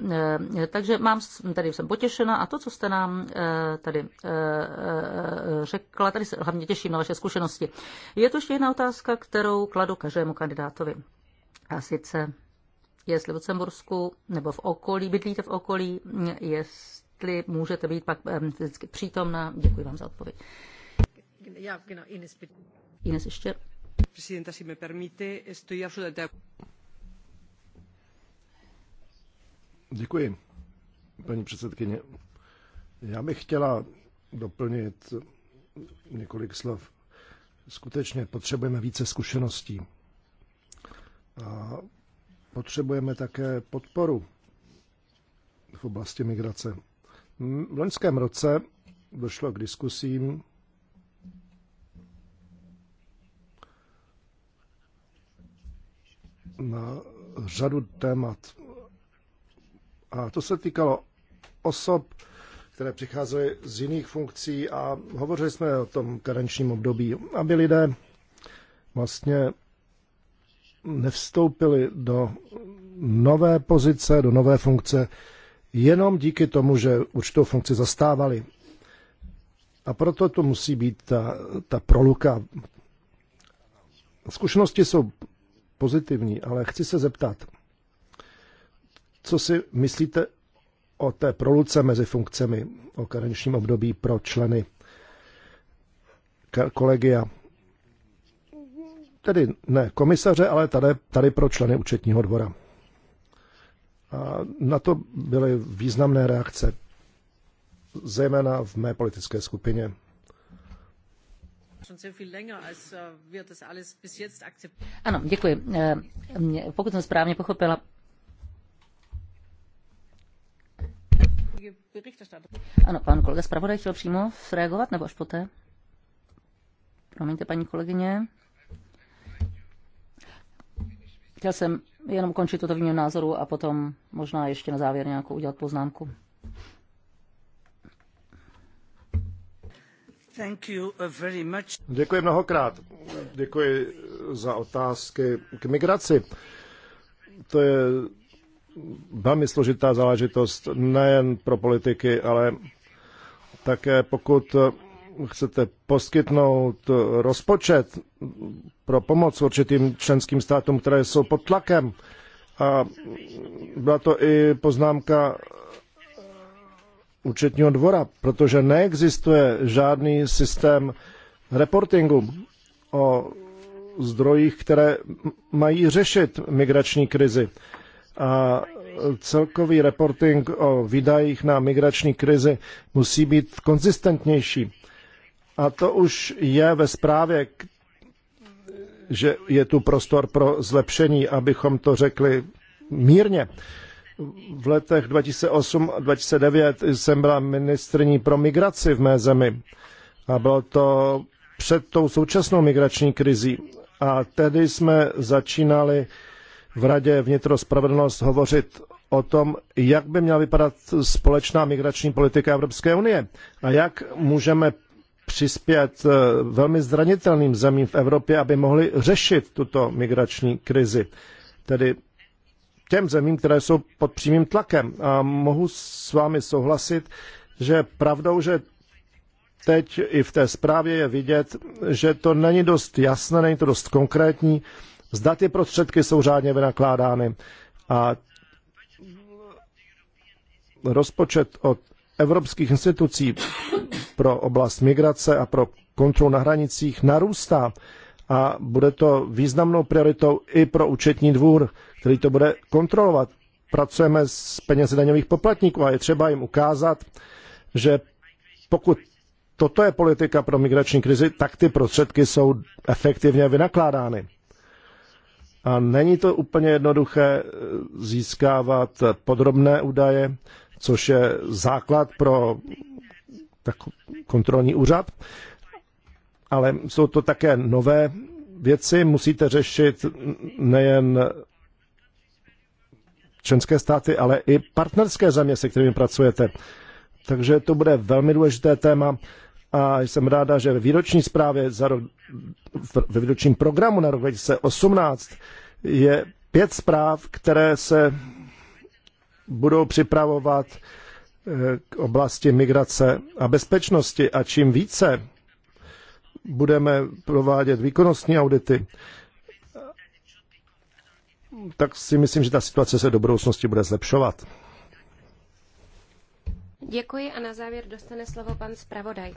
eh, takže mám, tady jsem potěšena a to, co jste nám eh, tady řekla, tady se hlavně těším na vaše zkušenosti. Je to ještě jedna otázka, kterou kladu každému kandidátovi. A sice, jestli v Lucembursku nebo v okolí, bydlíte v okolí, jestli můžete být pak fyzicky přítomná. Děkuji vám za odpověď. No, Ines ještě. Presidenta, si me permite, estoy absolutamente Děkuji, paní předsedkyně. Já bych chtěla doplnit několik slov. Skutečně potřebujeme více zkušeností. A potřebujeme také podporu v oblasti migrace. V loňském roce došlo k diskusím na řadu témat a to se týkalo osob, které přicházely z jiných funkcí a hovořili jsme o tom karenčním období, aby lidé vlastně nevstoupili do nové pozice, do nové funkce, jenom díky tomu, že určitou funkci zastávali. A proto to musí být ta, ta proluka. Zkušenosti jsou pozitivní, ale chci se zeptat, co si myslíte o té proluce mezi funkcemi, o karenčním období pro členy kolegia? Tedy ne komisaře, ale tady, tady pro členy účetního dvora. A na to byly významné reakce, zejména v mé politické skupině. Äh, ano, děkuji. Ehm, pokud jsem správně pochopila, Ano, pan kolega zpravodaj chtěl přímo reagovat, nebo až poté? Promiňte, paní kolegyně. Chtěl jsem jenom končit toto výměnu názoru a potom možná ještě na závěr nějakou udělat poznámku. Thank you uh, very much. Děkuji mnohokrát. Děkuji za otázky k migraci. To je velmi složitá záležitost nejen pro politiky, ale také pokud chcete poskytnout rozpočet pro pomoc určitým členským státům, které jsou pod tlakem. A byla to i poznámka účetního dvora, protože neexistuje žádný systém reportingu o zdrojích, které mají řešit migrační krizi a celkový reporting o výdajích na migrační krizi musí být konzistentnější. A to už je ve zprávě, že je tu prostor pro zlepšení, abychom to řekli mírně. V letech 2008 a 2009 jsem byla ministrní pro migraci v mé zemi. A bylo to před tou současnou migrační krizí. A tehdy jsme začínali v Radě vnitro spravedlnost hovořit o tom, jak by měla vypadat společná migrační politika Evropské unie a jak můžeme přispět eh, velmi zranitelným zemím v Evropě, aby mohli řešit tuto migrační krizi. Tedy těm zemím, které jsou pod přímým tlakem. A mohu s vámi souhlasit, že pravdou, že teď i v té zprávě je vidět, že to není dost jasné, není to dost konkrétní zda ty prostředky jsou řádně vynakládány. A rozpočet od evropských institucí pro oblast migrace a pro kontrolu na hranicích narůstá a bude to významnou prioritou i pro účetní dvůr, který to bude kontrolovat. Pracujeme s penězi daňových poplatníků a je třeba jim ukázat, že pokud toto je politika pro migrační krizi, tak ty prostředky jsou efektivně vynakládány. A není to úplně jednoduché eh, získávat podrobné údaje, což je základ pro tak kontrolní úřad, ale jsou to také nové věci, musíte řešit nejen členské státy, ale i partnerské země, se kterými pracujete. Takže to bude velmi důležité téma a jsem ráda, že ve výroční zprávě za rok, ve výročním programu na rok 2018 je pět zpráv, které se budou připravovat eh, k oblasti migrace a bezpečnosti a čím více budeme provádět výkonnostní audity, tak si myslím, že ta situace se do budoucnosti bude zlepšovat. Děkuji a na závěr dostane slovo pan zpravodaj.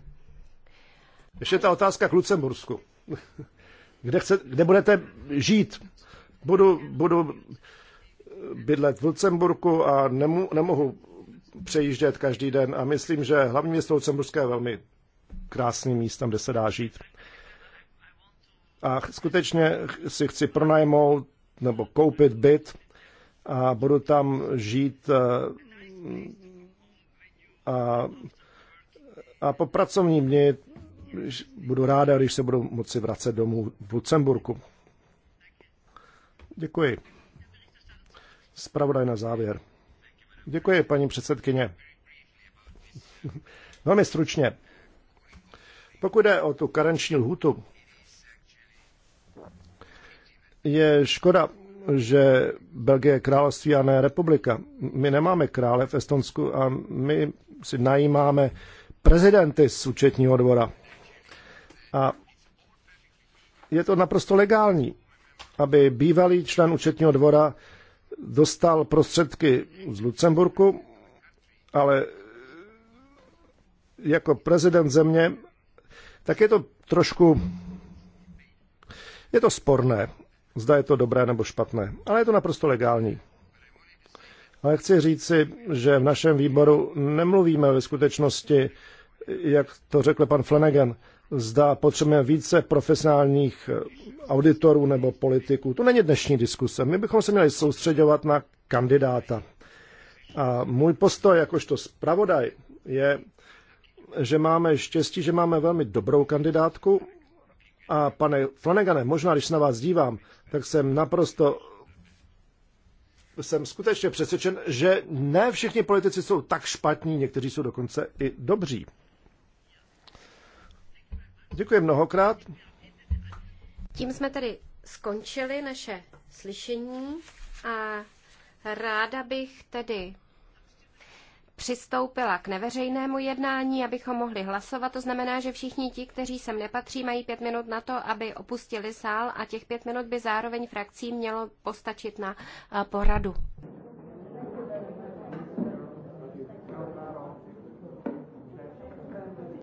Ještě ta otázka k Lucembursku. Kde, chce, kde budete žít? Budu, budu bydlet v Lucemburku a nemu, nemohu přejíždět každý den a myslím, že hlavní město Lucemburské je velmi krásným místem, kde se dá žít. A skutečně si chci pronajmout nebo koupit byt a budu tam žít eh, a, a po pracovním dni budu ráda, když se budu moci vracet domů v Lucemburku. Děkuji. Spravodaj na závěr. Děkuji, paní předsedkyně. Velmi stručně. Pokud jde o tu karenční lhutu, je škoda, že Belgie je království a ne republika. My nemáme krále v Estonsku a my si najímáme prezidenty z účetního dvora. A je to naprosto legální, aby bývalý člen účetního dvora dostal prostředky z Lucemburku, ale jako prezident země, tak je to trošku, je to sporné, zda je to dobré nebo špatné, ale je to naprosto legální. Ale chci říci, že v našem výboru nemluvíme ve skutečnosti, jak to řekl pan Flanagan, zda potřebujeme více profesionálních eh, auditorů nebo politiků. To není dnešní diskuse. My bychom se měli soustředovat na kandidáta. A můj postoj jakožto zpravodaj je, že máme štěstí, že máme velmi dobrou kandidátku. A pane Flanagane, možná, když na vás dívám, tak jsem naprosto jsem skutečně přesvědčen, že ne všichni politici jsou tak špatní, někteří jsou dokonce i dobří. Děkuji mnohokrát. Tím jsme tedy skončili naše slyšení a ráda bych tedy přistoupila k neveřejnému jednání, abychom mohli hlasovat. To znamená, že všichni ti, kteří sem nepatří, mají pět minut na to, aby opustili sál a těch pět minut by zároveň frakcí mělo postačit na eh, poradu.